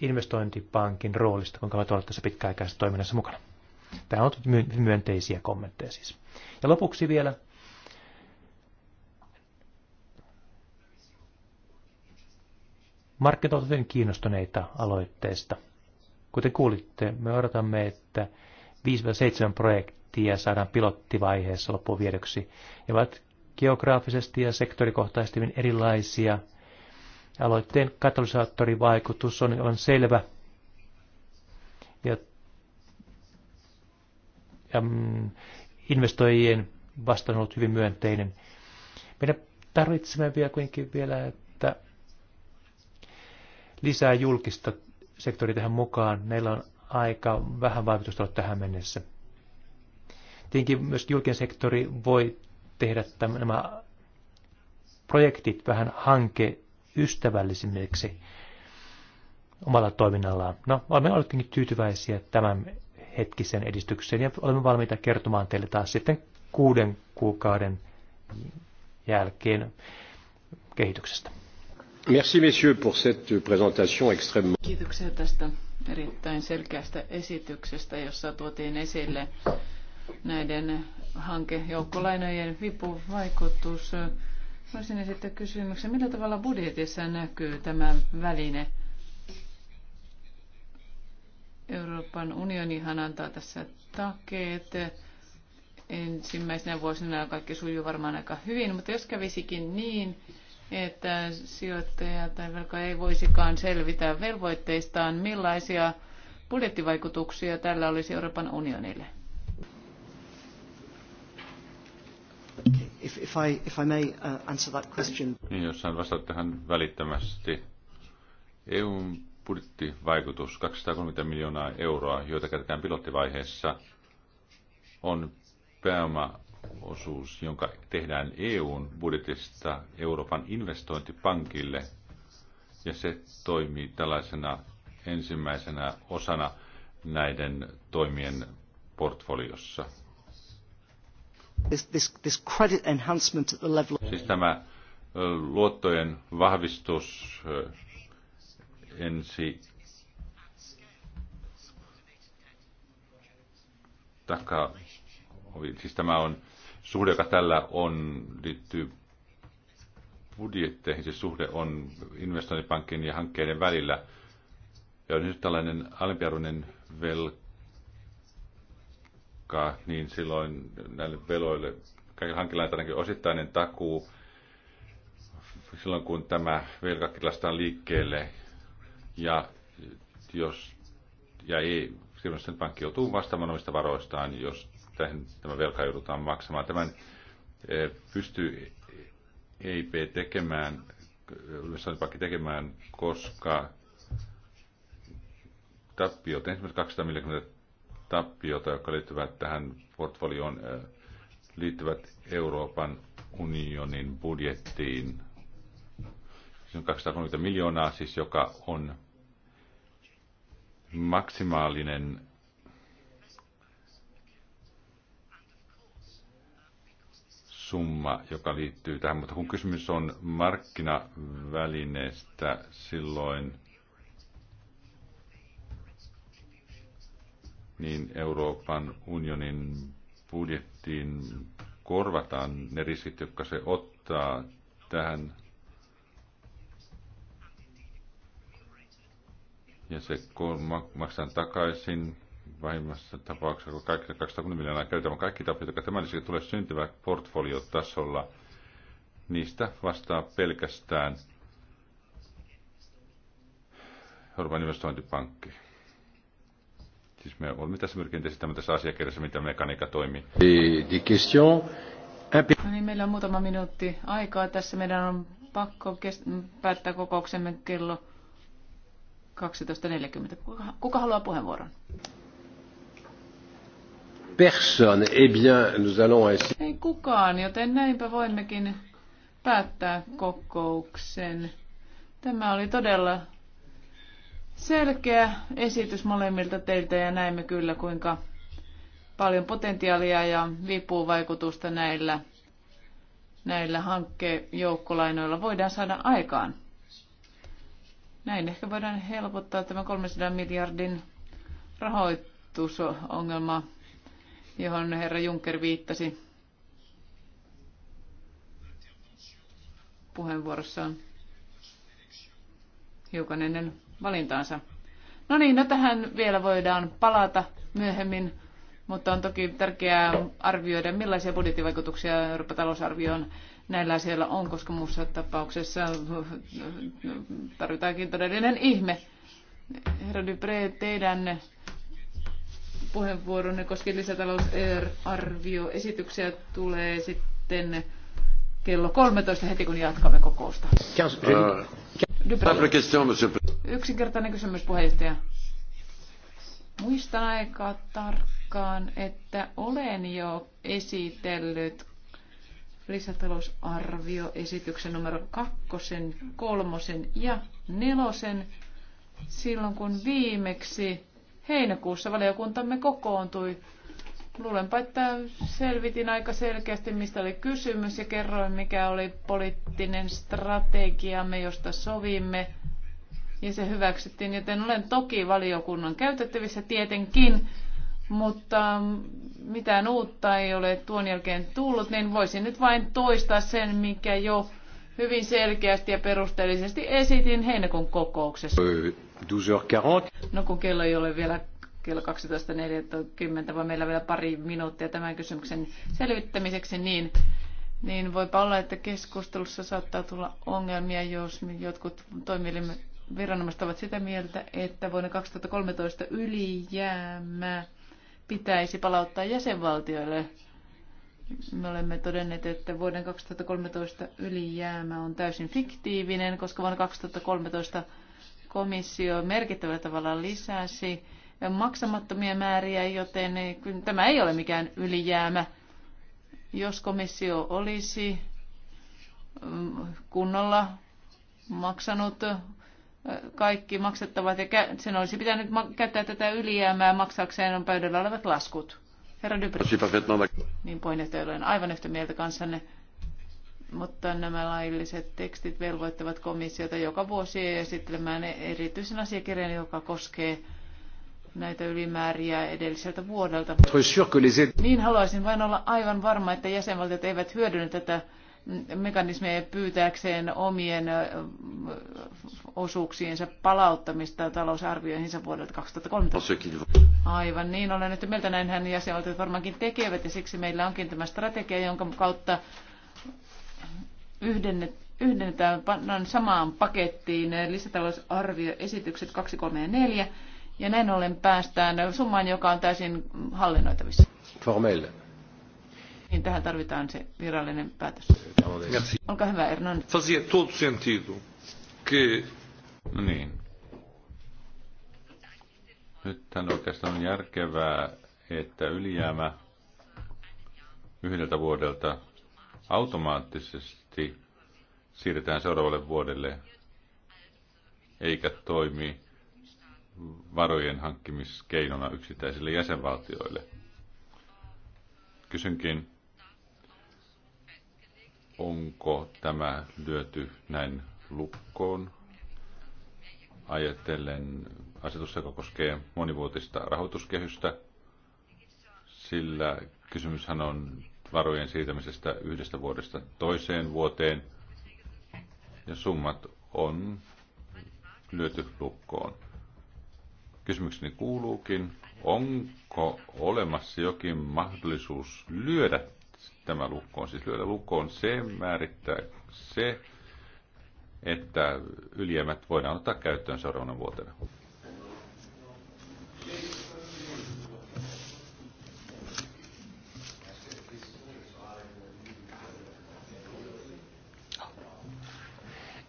[SPEAKER 4] investointipankin roolista, kuinka me ollaan tässä pitkäaikaisessa toiminnassa mukana. Tämä on myönteisiä kommentteja siis. Ja lopuksi vielä Markkinat kiinnostuneita aloitteesta. Kuten kuulitte, me odotamme, että 5-7 projektia saadaan pilottivaiheessa loppuviedoksi. Ne ovat geograafisesti ja sektorikohtaisesti hyvin erilaisia. Aloitteen katalysaattorivaikutus on, on selvä. Ja ja mm, investoijien vastaan ollut hyvin myönteinen. Meidän tarvitsemme vielä kuitenkin vielä, että lisää julkista sektoria tähän mukaan. Meillä on aika vähän vaikutusta ollut tähän mennessä. Tietenkin myös julkinen sektori voi tehdä tämän, nämä projektit vähän hankeystävällisemmiksi omalla toiminnallaan. No, olemme olleetkin tyytyväisiä tämän hetkisen edistykseen ja olemme valmiita kertomaan teille taas sitten kuuden kuukauden jälkeen
[SPEAKER 1] kehityksestä. Merci messieurs pour cette présentation extrêmement...
[SPEAKER 2] Kiitoksia tästä erittäin selkeästä esityksestä, jossa tuotiin esille näiden hankejoukkolainojen vipuvaikutus. Voisin esittää kysymyksen, millä tavalla budjetissa näkyy tämä väline – Euroopan unionihan antaa tässä takeet. Ensimmäisenä vuosina kaikki sujuu varmaan aika hyvin, mutta jos kävisikin niin, että sijoittaja tai velka ei voisikaan selvitä velvoitteistaan, millaisia budjettivaikutuksia tällä olisi Euroopan unionille?
[SPEAKER 3] If, if, I, if I may uh, answer that question. Niin, jos saan vastata tähän välittömästi. EUn budjettivaikutus 230 miljoonaa euroa, joita käytetään pilottivaiheessa, on pääomaosuus, jonka tehdään EUn budjetista Euroopan investointipankille, ja se toimii tällaisena ensimmäisenä osana näiden toimien portfoliossa.
[SPEAKER 1] This, this, this credit enhancement level...
[SPEAKER 3] Siis tämä luottojen vahvistus ensi taka, siis tämä on suhde, joka tällä on, liittyy budjetteihin, se suhde on investointipankin ja hankkeiden välillä. Ja nyt tällainen alempiarvoinen velka, niin silloin näille veloille, kaikille hankkeilla on ainakin osittainen takuu, silloin kun tämä velka liikkeelle ja jos ja ei, silloin sen pankki joutuu vastaamaan omista varoistaan, jos tämä velka joudutaan maksamaan. Tämän e, pystyy EIP tekemään, pankki tekemään, koska tappiot, ensimmäiset 240 tappiota, jotka liittyvät tähän portfolioon, e, liittyvät Euroopan unionin budjettiin. Se on 230 miljoonaa, siis joka on maksimaalinen summa, joka liittyy tähän, mutta kun kysymys on markkinavälineestä, silloin niin Euroopan unionin budjettiin korvataan ne riskit, jotka se ottaa tähän ja se maksan takaisin vahimmassa tapauksessa, kun kaikki 200 miljoonaa käytetään, kaikki tappiot, jotka tämän lisäksi tulee syntyvä portfoliotasolla, niistä vastaa pelkästään Euroopan investointipankki. Siis me olemme tässä pyrkineet esittämään tässä asiakirjassa, mitä mekaniikka toimii. No
[SPEAKER 2] niin, meillä on muutama minuutti aikaa tässä. Meidän on pakko päättää kokouksemme kello 12.40. Kuka, kuka haluaa puheenvuoron?
[SPEAKER 1] Personne. Eh bien, nous allons essayer.
[SPEAKER 2] Ei kukaan, joten näinpä voimmekin päättää kokouksen. Tämä oli todella selkeä esitys molemmilta teiltä ja näemme kyllä kuinka paljon potentiaalia ja vipuvaikutusta näillä, näillä hankkejoukkolainoilla voidaan saada aikaan. Näin ehkä voidaan helpottaa tämä 300 miljardin rahoitusongelma, johon herra Juncker viittasi puheenvuorossaan hiukan ennen valintaansa. No niin, no tähän vielä voidaan palata myöhemmin, mutta on toki tärkeää arvioida, millaisia budjettivaikutuksia Euroopan talousarvioon näillä asioilla on, koska muussa tapauksessa tarvitaankin todellinen ihme. Herra Dupré, teidän puheenvuoronne koskien lisätalousarvioesityksiä tulee sitten kello 13 heti, kun jatkamme kokousta. Yksinkertainen kysymys, puheenjohtaja. Muistan aika tarkkaan, että olen jo esitellyt lisätalousarvioesityksen numero kakkosen, kolmosen ja nelosen silloin, kun viimeksi heinäkuussa valiokuntamme kokoontui. Luulenpa, että selvitin aika selkeästi, mistä oli kysymys ja kerroin, mikä oli poliittinen strategiamme, josta sovimme. Ja se hyväksyttiin, joten olen toki valiokunnan käytettävissä tietenkin mutta mitään uutta ei ole tuon jälkeen tullut, niin voisin nyt vain toistaa sen, mikä jo hyvin selkeästi ja perusteellisesti esitin heinäkuun kokouksessa. No kun kello ei ole vielä kello 12.40, vaan meillä on vielä pari minuuttia tämän kysymyksen selvittämiseksi, niin, niin voipa olla, että keskustelussa saattaa tulla ongelmia, jos jotkut toimielimet viranomaiset ovat sitä mieltä, että vuonna 2013 ylijäämä pitäisi palauttaa jäsenvaltioille. Me olemme todenneet, että vuoden 2013 ylijäämä on täysin fiktiivinen, koska vuonna 2013 komissio merkittävällä tavalla lisäsi maksamattomia määriä, joten tämä ei ole mikään ylijäämä. Jos komissio olisi kunnolla maksanut kaikki maksettavat ja sen olisi pitänyt käyttää tätä ylijäämää maksaakseen on pöydällä olevat laskut. Herra Niin puheenjohtaja, olen aivan yhtä mieltä kanssanne. Mutta nämä lailliset tekstit velvoittavat komissiota joka vuosi esittelemään erityisen asiakirjan, joka koskee näitä ylimääriä edelliseltä vuodelta. Niin haluaisin vain olla aivan varma, että jäsenvaltiot eivät hyödynnä tätä mekanismeja pyytääkseen omien osuuksiinsa palauttamista talousarvioihinsa vuodelta 2013. Aivan niin, olen nyt mieltä näinhän jäsenvaltiot varmaankin tekevät ja siksi meillä onkin tämä strategia, jonka kautta yhdennetään, pannaan samaan pakettiin lisätalousarvioesitykset 2, 3 ja 4 ja näin ollen päästään summaan, joka on täysin hallinnoitavissa. Formelle. Niin tähän tarvitaan se virallinen päätös. Olkaa hyvä,
[SPEAKER 3] Ernan. Fazia todo sentido que... No niin. Nyt on oikeastaan on järkevää, että ylijäämä yhdeltä vuodelta automaattisesti siirretään seuraavalle vuodelle, eikä toimi varojen hankkimiskeinona yksittäisille jäsenvaltioille. Kysynkin, onko tämä lyöty näin lukkoon ajatellen asetus, joka koskee monivuotista rahoituskehystä, sillä kysymyshän on varojen siirtämisestä yhdestä vuodesta toiseen vuoteen, ja summat on lyöty lukkoon. Kysymykseni kuuluukin, onko olemassa jokin mahdollisuus lyödä tämä lukko on siis lyödä lukkoon. Se määrittää se, että ylijäämät voidaan ottaa käyttöön seuraavana vuotena.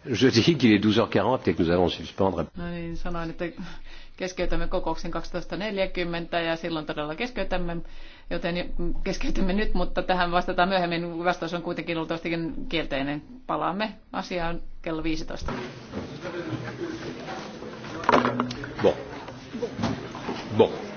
[SPEAKER 1] Je dis qu'il est 12h40 et que nous allons suspendre.
[SPEAKER 2] No niin, keskeytämme kokouksen 12.40 ja silloin todella keskeytämme, joten keskeytämme nyt, mutta tähän vastataan myöhemmin. Vastaus on kuitenkin luultavasti kielteinen. Palaamme asiaan kello 15.
[SPEAKER 1] Bon. Bon.